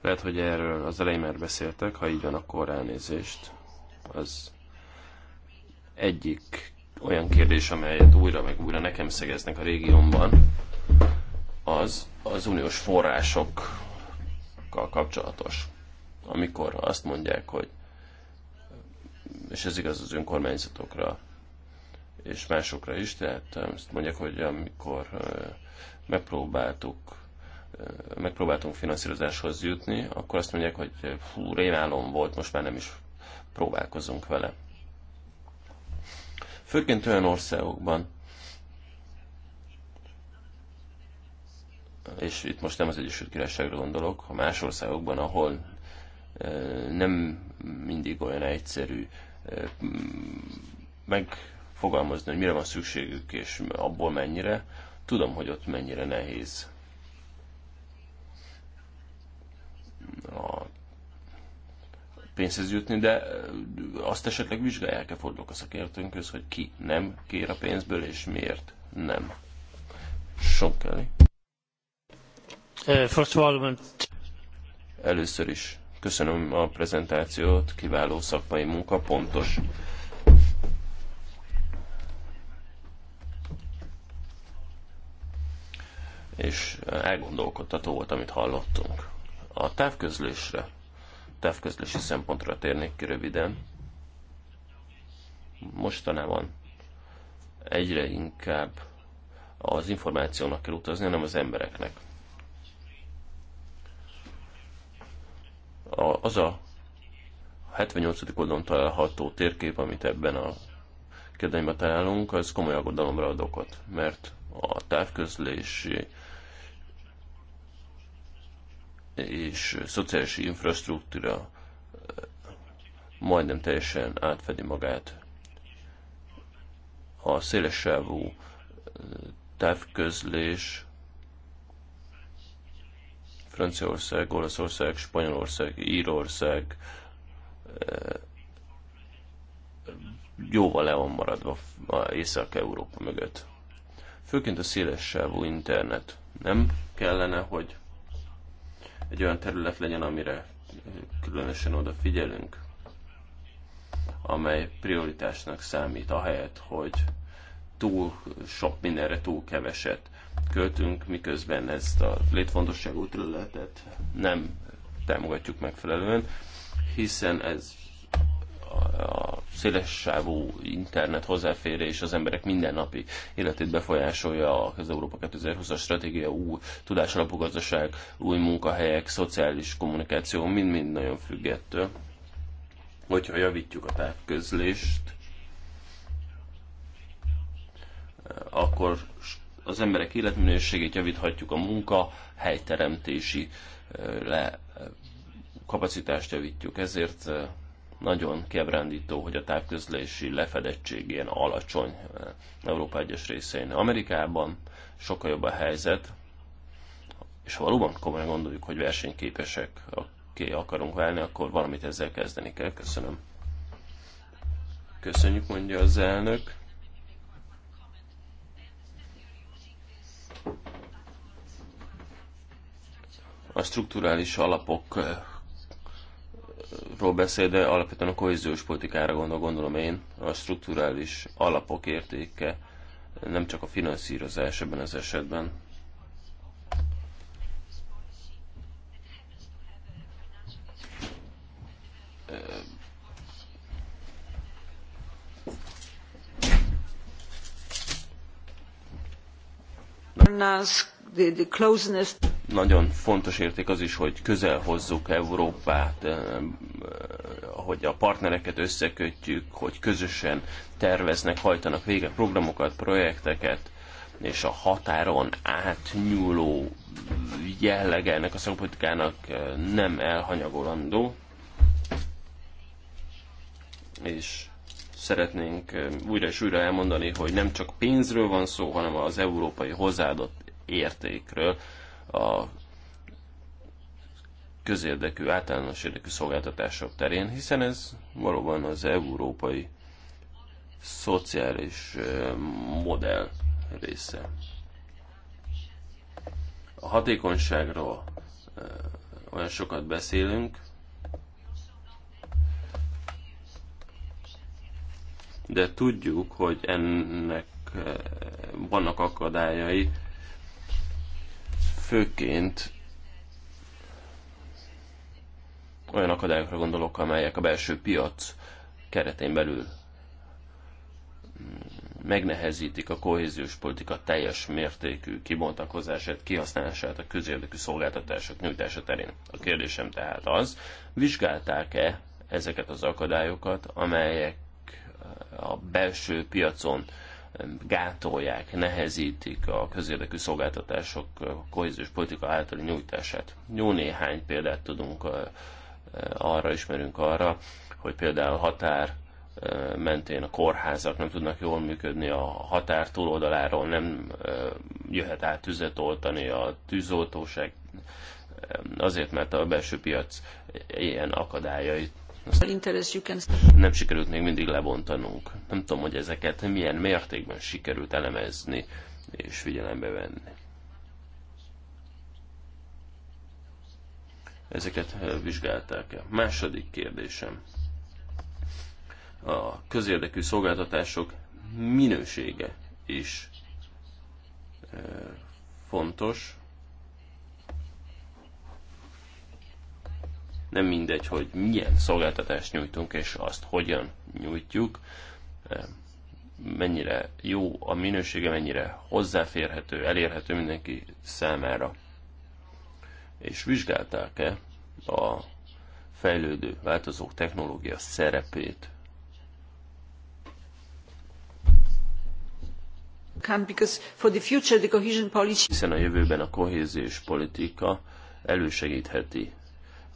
Lehet, hogy erről az elején már beszéltek, ha így van, akkor elnézést. Az egyik olyan kérdés, amelyet újra meg újra nekem szegeznek a régiómban, az az uniós forrásokkal kapcsolatos. Amikor azt mondják, hogy, és ez igaz az önkormányzatokra, és másokra is, tehát um, azt mondják, hogy amikor uh, megpróbáltuk uh, megpróbáltunk finanszírozáshoz jutni, akkor azt mondják, hogy hú, uh, rémálom volt, most már nem is próbálkozunk vele. Főként olyan országokban, és itt most nem az Egyesült Királyságra gondolok, ha más országokban, ahol nem mindig olyan egyszerű meg fogalmazni, hogy mire van szükségük, és abból mennyire. Tudom, hogy ott mennyire nehéz a pénzhez jutni, de azt esetleg vizsgálják-e, fordulok a szakértőnkhöz, hogy ki nem kér a pénzből, és miért nem. Sok Kelly. Uh, Először is köszönöm a prezentációt, kiváló szakmai munka, pontos és elgondolkodtató volt, amit hallottunk. A távközlésre, távközlési szempontra térnék ki röviden. Mostanában egyre inkább az információnak kell utazni, hanem az embereknek. A, az a 78. oldalon található térkép, amit ebben a kérdényben találunk, az komoly aggodalomra ad okot, mert a távközlési és szociális infrastruktúra eh, majdnem teljesen átfedi magát. A szélessávú eh, távközlés Franciaország, Olaszország, Spanyolország, Írország eh, jóval le van maradva Észak-Európa mögött. Főként a sávú internet. Nem kellene, hogy egy olyan terület legyen, amire különösen odafigyelünk, amely prioritásnak számít, ahelyett, hogy túl sok mindenre túl keveset költünk, miközben ezt a létfontosságú területet nem támogatjuk megfelelően, hiszen ez a, szélessávú internet hozzáférés az emberek mindennapi életét befolyásolja az Európa 2020-as stratégia, új tudásalapú gazdaság, új munkahelyek, szociális kommunikáció, mind-mind nagyon függettől. Hogyha javítjuk a távközlést, akkor az emberek életminőségét javíthatjuk, a munka helyteremtési eh, le, eh, kapacitást javítjuk. Ezért eh, nagyon kebrándító, hogy a távközlési lefedettség ilyen alacsony eh, Európa egyes részein. Amerikában sokkal jobb a helyzet, és ha valóban komolyan gondoljuk, hogy versenyképesek ki akarunk válni, akkor valamit ezzel kezdeni kell. Köszönöm. Köszönjük, mondja az elnök. A strukturális alapok eh, ról beszél, de alapvetően a kohéziós politikára gondol, gondolom én, a strukturális alapok értéke, nem csak a finanszírozás ebben az esetben.
the closeness
nagyon fontos érték az is, hogy közel hozzuk Európát, eh, hogy a partnereket összekötjük, hogy közösen terveznek, hajtanak végre programokat, projekteket, és a határon átnyúló jellege ennek a szakpolitikának eh, nem elhanyagolandó. És szeretnénk eh, újra és újra elmondani, hogy nem csak pénzről van szó, hanem az európai hozzáadott értékről, a közérdekű, általános érdekű szolgáltatások terén, hiszen ez valóban az európai szociális modell része. A hatékonyságról olyan sokat beszélünk, de tudjuk, hogy ennek vannak akadályai, Főként olyan akadályokra gondolok, amelyek a belső piac keretén belül megnehezítik a kohéziós politika teljes mértékű kibontakozását, kihasználását a közérdekű szolgáltatások nyújtása terén. A kérdésem tehát az, vizsgálták-e ezeket az akadályokat, amelyek a belső piacon gátolják, nehezítik a közérdekű szolgáltatások kohéziós politika általi nyújtását. Jó néhány példát tudunk arra, ismerünk arra, hogy például határ mentén a kórházak nem tudnak jól működni, a határ túloldaláról nem jöhet át tüzet oltani, a tűzoltóság azért, mert a belső piac ilyen akadályait nem sikerült még mindig lebontanunk. Nem tudom, hogy ezeket milyen mértékben sikerült elemezni és figyelembe venni. Ezeket eh, vizsgálták el. Második kérdésem. A közérdekű szolgáltatások minősége is eh, fontos. nem mindegy, hogy milyen szolgáltatást nyújtunk, és azt hogyan nyújtjuk, eh, mennyire jó a minősége, mennyire hozzáférhető, elérhető mindenki számára. És vizsgálták-e a fejlődő, változó technológia szerepét? Hiszen a jövőben a kohéziós politika elősegítheti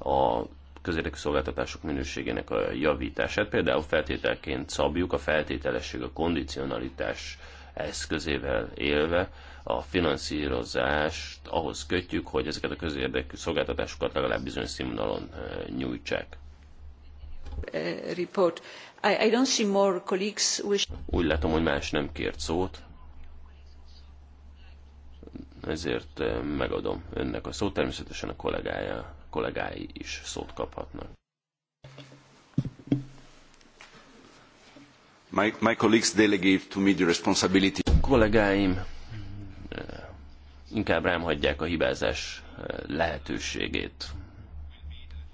a közérdekű szolgáltatások minőségének a javítását. Például feltételként szabjuk a feltételesség, a kondicionalitás eszközével élve a finanszírozást ahhoz kötjük, hogy ezeket a közérdekű szolgáltatásokat legalább bizonyos színvonalon e, nyújtsák.
E, report. I, I don't see more colleagues wish...
Úgy látom, hogy más nem kért szót, ezért e, megadom önnek a szót,
természetesen a kollégája kollégái is szót kaphatnak. My, my colleagues delegate to me the responsibility. Kollégáim eh, inkább rám hagyják a hibázás eh,
lehetőségét.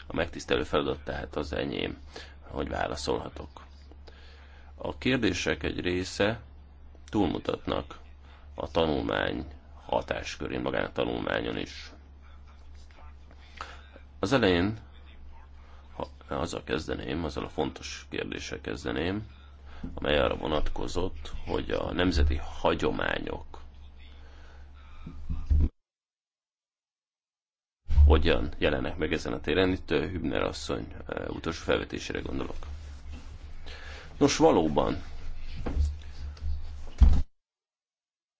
A megtisztelő feladat tehát az enyém, hogy válaszolhatok. A kérdések egy része túlmutatnak a tanulmány hatáskörén, magán a tanulmányon is. Az elején ha az a kezdeném, azzal a fontos kérdéssel kezdeném, amely arra vonatkozott, hogy a nemzeti hagyományok hogyan jelenek meg ezen a téren. Itt Hübner asszony utolsó felvetésére gondolok. Nos, valóban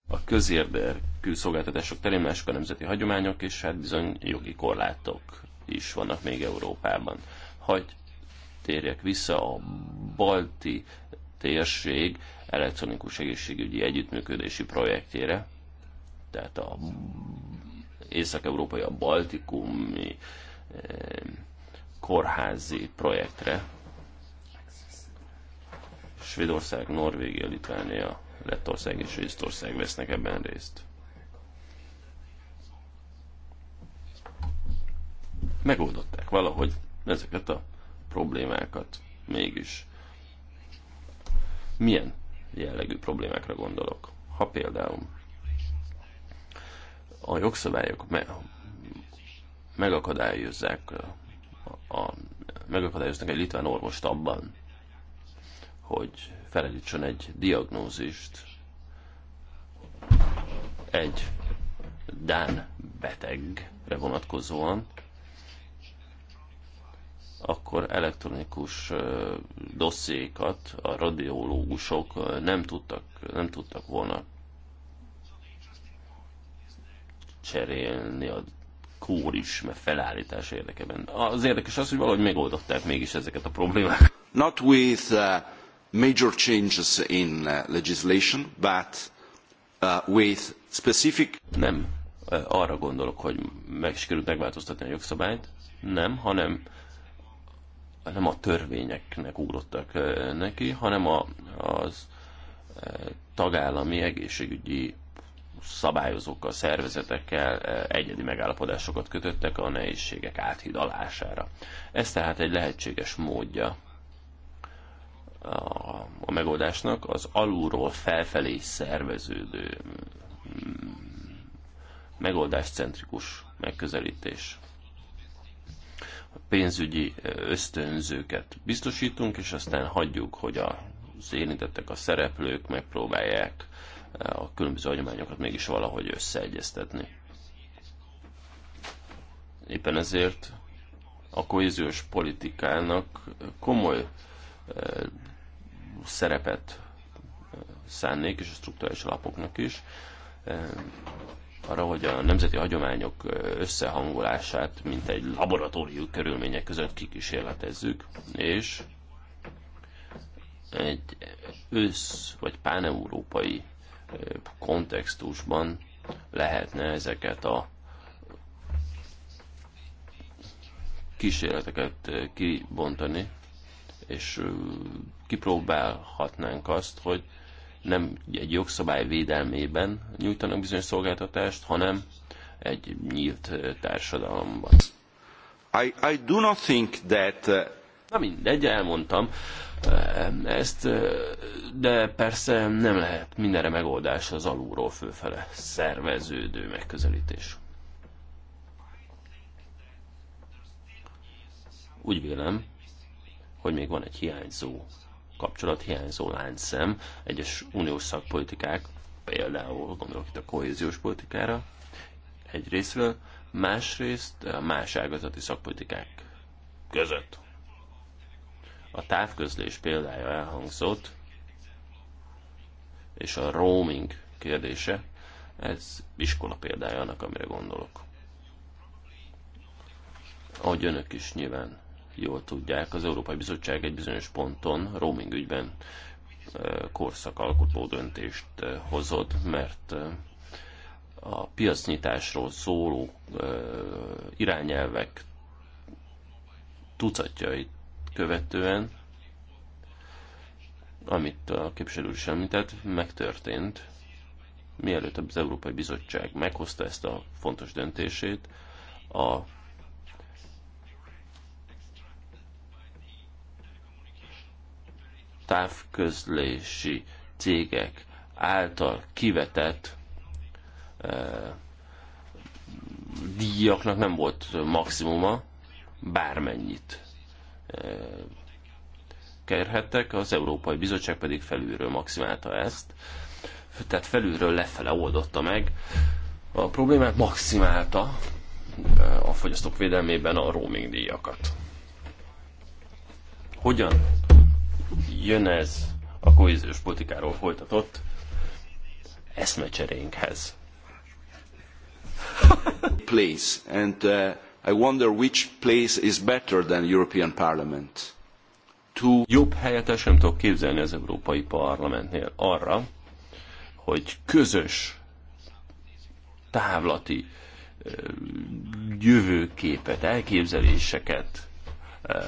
a közérdekű szolgáltatások terén mások a nemzeti hagyományok, és hát bizony jogi korlátok is vannak még Európában. hogy térjek vissza a balti térség elektronikus egészségügyi együttműködési projektjére, tehát a észak-európai, a baltikumi eh, kórházi projektre. Svédország, Norvégia, Litvánia, Lettország és Észtország vesznek ebben részt. megoldották valahogy ezeket a problémákat mégis. Milyen jellegű problémákra gondolok? Ha például a jogszabályok me- megakadályozzák a, a, megakadályoznak egy litván orvost abban, hogy felállítson egy diagnózist egy dán betegre vonatkozóan, akkor elektronikus dosszékat a radiológusok nem tudtak, nem tudtak volna cserélni a kór is, mert felállítás érdekében.
Az érdekes az, hogy valahogy megoldották mégis ezeket a problémákat. Not with uh, major changes in uh, legislation, but uh, with specific... Nem arra gondolok, hogy meg
sikerült megváltoztatni a jogszabályt, nem, hanem nem a törvényeknek úrottak eh, neki, hanem a, az eh, tagállami egészségügyi szabályozókkal, szervezetekkel eh, egyedi megállapodásokat kötöttek a nehézségek áthidalására. Ez tehát egy lehetséges módja a megoldásnak az alulról felfelé szerveződő mm, megoldáscentrikus megközelítés pénzügyi ösztönzőket biztosítunk, és aztán hagyjuk, hogy az érintettek, a szereplők megpróbálják a különböző hagyományokat mégis valahogy összeegyeztetni. Éppen ezért a kohéziós politikának komoly szerepet szánnék, és a struktúrális alapoknak is arra, hogy a nemzeti hagyományok összehangolását, mint egy laboratórium körülmények között kikísérletezzük, és egy ősz vagy páneurópai kontextusban lehetne ezeket a kísérleteket kibontani, és kipróbálhatnánk azt, hogy nem egy jogszabály védelmében nyújtanak bizonyos szolgáltatást, hanem egy nyílt társadalomban. I, I do not think that... Uh, Na mindegy, elmondtam ezt, de persze nem lehet mindenre megoldás az alulról fölfele szerveződő megközelítés. Úgy vélem, hogy még van egy hiányzó kapcsolat hiányzó láncszem egyes uniós szakpolitikák, például gondolok itt a kohéziós politikára egyrésztről, másrészt a más ágazati szakpolitikák között. A távközlés példája elhangzott, és a roaming kérdése, ez iskola példája annak, amire gondolok. Ahogy önök is nyilván jól tudják, az Európai Bizottság egy bizonyos ponton roaming ügyben korszakalkotó döntést hozott, mert a piacnyitásról szóló irányelvek tucatjait követően, amit a képviselő is említett, megtörtént, mielőtt az Európai Bizottság meghozta ezt a fontos döntését, a távközlési cégek által kivetett eh, díjaknak nem volt maximuma, bármennyit eh, kerhettek, az Európai Bizottság pedig felülről maximálta ezt, tehát felülről lefele oldotta meg a problémát, maximálta eh, a fogyasztók védelmében a roaming díjakat. Hogyan jön ez a kohéziós politikáról folytatott
eszmecserénkhez. place, and uh, I wonder which place is better than European Parliament. To... Jobb helyet el sem tudok képzelni az Európai Parlamentnél arra,
hogy közös távlati jövőképet, elképzeléseket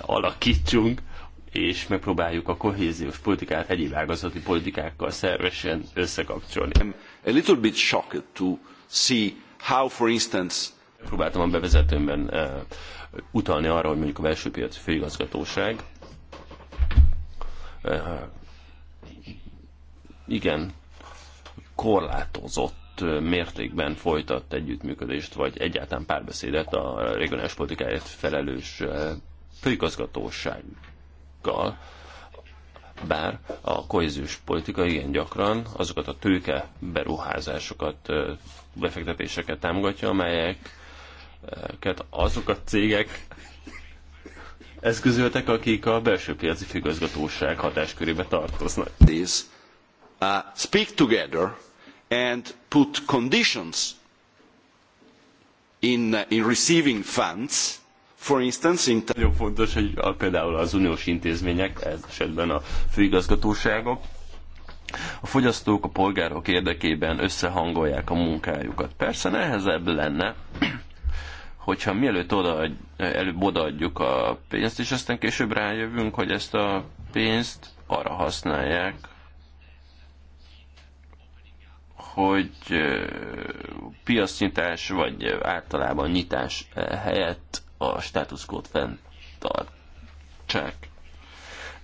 alakítsunk és
megpróbáljuk a kohéziós politikát egyéb ágazati politikákkal szervesen összekapcsolni. A little bit shocked to see how, for instance, próbáltam a bevezetőmben uh, utalni arra, hogy mondjuk a belső piac főigazgatóság
uh, igen korlátozott eh, mértékben folytat együttműködést, vagy egyáltalán párbeszédet a regionális politikáért felelős főigazgatóság bankkal, bár a kohéziós politika igen gyakran azokat a tőke beruházásokat, befektetéseket támogatja, amelyeket azok a cégek eszközöltek, akik a belső piaci
főgazgatóság hatáskörébe tartoznak. uh, speak together and put conditions in, uh, in receiving funds For instance, in Nagyon fontos, hogy a, például az uniós intézmények, ez esetben a főigazgatóságok, a fogyasztók, a polgárok
érdekében összehangolják a munkájukat. Persze nehezebb lenne, hogyha mielőtt oda, előbb odaadjuk a pénzt, és aztán később rájövünk, hogy ezt a pénzt arra használják, hogy piacnyitás vagy általában nyitás helyett a státuszkót fenntartsák.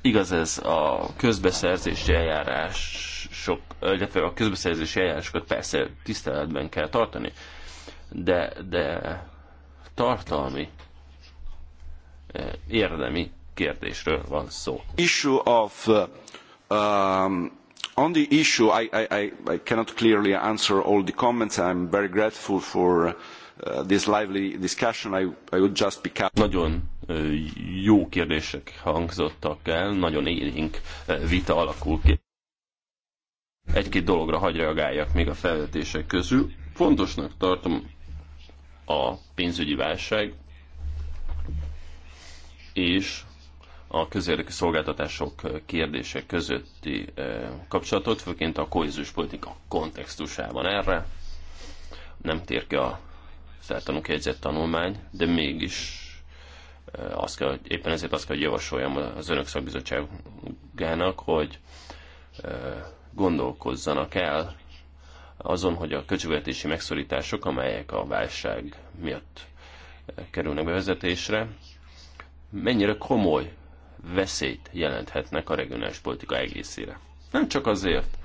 Igaz ez a közbeszerzési eljárás sok, illetve a közbeszerzési eljárásokat persze tiszteletben kell tartani, de, de
tartalmi, eh, érdemi kérdésről van szó. Issue of um, on the issue I, I, I cannot clearly answer all the comments. I'm very grateful for uh, Uh, this lively discussion. I, I would just Nagyon uh, jó kérdések hangzottak el,
nagyon élénk uh, vita alakul ki. Egy-két dologra hagy reagáljak még a felvetések közül. Fontosnak tartom a pénzügyi válság és a közérdekű szolgáltatások kérdése közötti kapcsolatot, főként a kohéziós politika kontextusában erre. Nem tér ki a általunk jegyzett tanulmány, de mégis eh, azt kell, éppen ezért azt kell, hogy javasoljam az önök szakbizottságának, hogy eh, gondolkozzanak el azon, hogy a költségvetési megszorítások, amelyek a válság miatt eh, kerülnek bevezetésre, mennyire komoly veszélyt jelenthetnek a regionális politika egészére. Nem csak azért,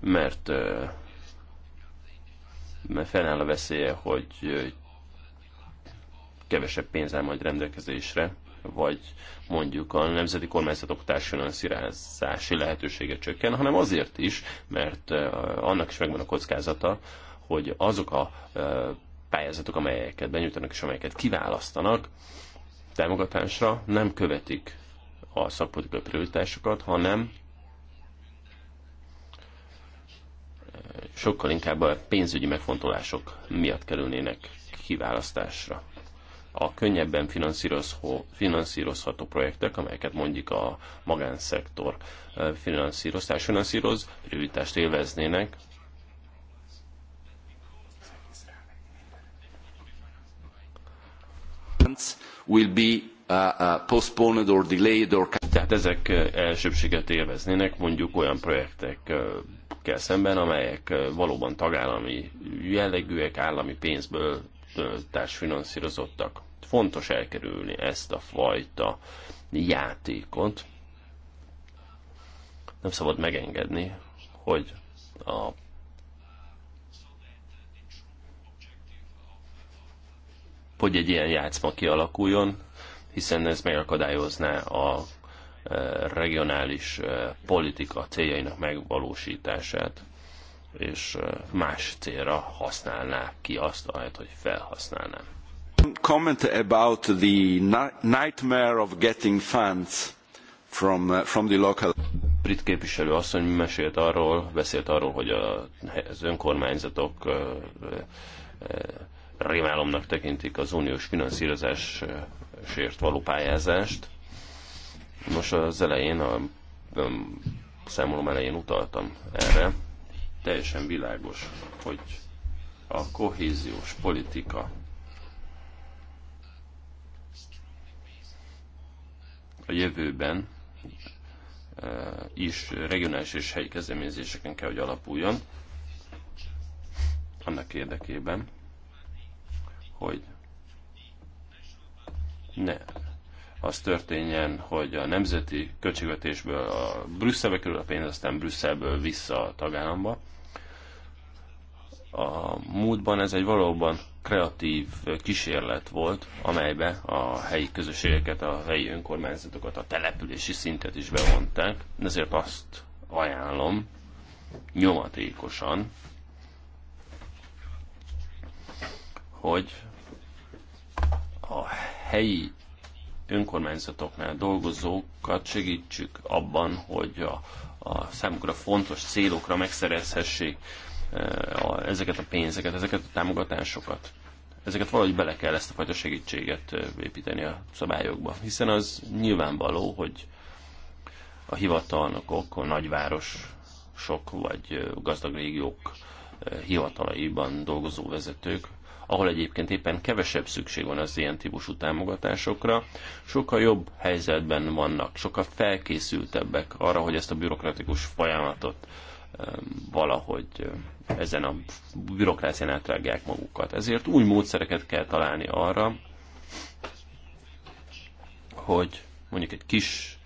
mert mert fennáll a veszélye, hogy kevesebb pénz áll majd rendelkezésre, vagy mondjuk a nemzeti kormányzatok társadalmi lehetősége csökken, hanem azért is, mert annak is megvan a kockázata, hogy azok a pályázatok, amelyeket benyújtanak és amelyeket kiválasztanak támogatásra, nem követik a szakpolitikai prioritásokat, hanem sokkal inkább a pénzügyi megfontolások miatt kerülnének kiválasztásra. A könnyebben finanszírozható projektek, amelyeket mondjuk a magánszektor finanszíroz, rövidítást élveznének,
will be postponed or delayed or... Tehát
ezek eh, elsőbséget élveznének mondjuk olyan projektekkel szemben, amelyek eh, valóban tagállami jellegűek, állami pénzből eh, társfinanszírozottak. Fontos elkerülni ezt a fajta játékot. Nem szabad megengedni, hogy a hogy egy ilyen játszma kialakuljon, hiszen ez megakadályozná a e, regionális e, politika céljainak megvalósítását, és e, más célra használná ki azt, ahelyett, hogy felhasználná.
Comment about the nightmare of getting funds from, from the local brit képviselő asszony mesélt arról, beszélt arról, hogy a,
az önkormányzatok rémálomnak tekintik az uniós finanszírozás sért való pályázást. Most az elején, a, a számolom elején utaltam erre, teljesen világos, hogy a kohéziós politika a jövőben e, is regionális és helyi kezdeményezéseken kell, hogy alapuljon. Annak érdekében, hogy ne az történjen, hogy a nemzeti költségvetésből a Brüsszelbe kerül a pénz, aztán Brüsszelből vissza a tagállamba. A múltban ez egy valóban kreatív kísérlet volt, amelybe a helyi közösségeket, a helyi önkormányzatokat, a települési szintet is bevonták. Ezért azt ajánlom nyomatékosan, hogy a helyi önkormányzatoknál dolgozókat segítsük abban, hogy a, a számukra fontos célokra megszerezhessék e, ezeket a pénzeket, ezeket a támogatásokat. Ezeket valahogy bele kell ezt a fajta segítséget e, építeni a szabályokba, hiszen az nyilvánvaló, hogy a hivatalnokok a sok vagy gazdag régiók e, hivatalaiban dolgozó vezetők ahol egyébként éppen kevesebb szükség van az ilyen típusú támogatásokra, sokkal jobb helyzetben vannak, sokkal felkészültebbek arra, hogy ezt a bürokratikus folyamatot valahogy ezen a bürokrácián átrágják magukat. Ezért új módszereket kell találni arra, hogy mondjuk egy kis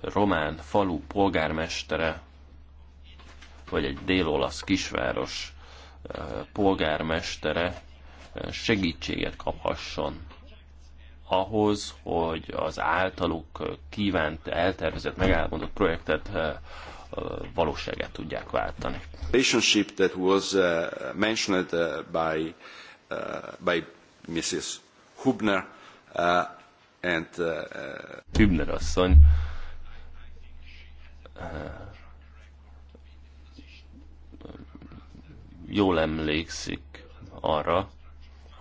román falu polgármestere, vagy egy délolasz kisváros eh, polgármestere segítséget kaphasson ahhoz, hogy az általuk kívánt,
eltervezett, megállapodott projektet eh, eh, valóságát tudják váltani. Relationship that was eh, mentioned by, by Mrs. Hubner and Hübner asszony
jól emlékszik arra,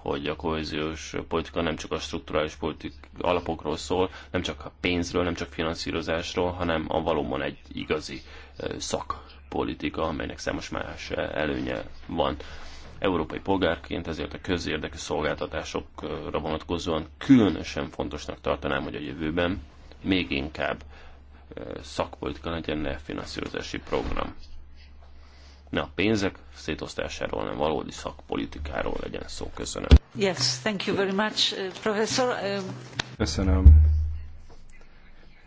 hogy a kohéziós politika nem csak a strukturális politik alapokról szól, nem csak a pénzről, nem csak finanszírozásról, hanem a valóban egy igazi szakpolitika, amelynek számos más előnye van. Európai polgárként ezért a közérdekű szolgáltatásokra vonatkozóan különösen fontosnak tartanám, hogy a jövőben még inkább szakpolitika legyen ne finanszírozási program. Ne a pénzek szétosztásáról, hanem valódi szakpolitikáról legyen szó. Köszönöm.
Yes, thank you very much, uh, professor. Um,
Köszönöm.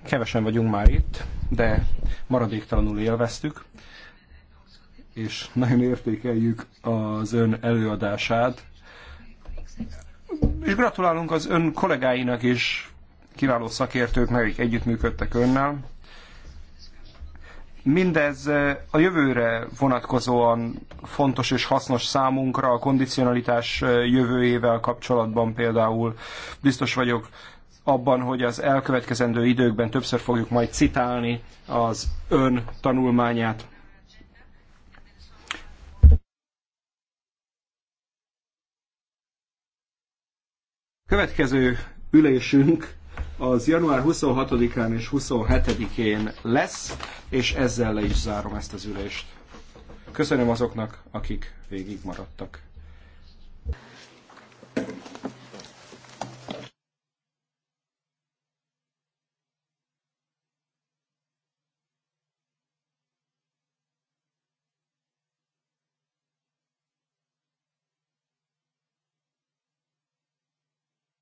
Kevesen vagyunk már itt, de maradéktalanul élveztük, és nagyon értékeljük az ön előadását. És gratulálunk az ön kollégáinak is, kiváló szakértők, akik együttműködtek önnel Mindez a jövőre vonatkozóan fontos és hasznos számunkra, a kondicionalitás jövőjével kapcsolatban például biztos vagyok abban, hogy az elkövetkezendő időkben többször fogjuk majd citálni az ön tanulmányát. Következő ülésünk az január 26-án és 27-én lesz, és ezzel le is zárom ezt az ülést. Köszönöm azoknak, akik végig maradtak.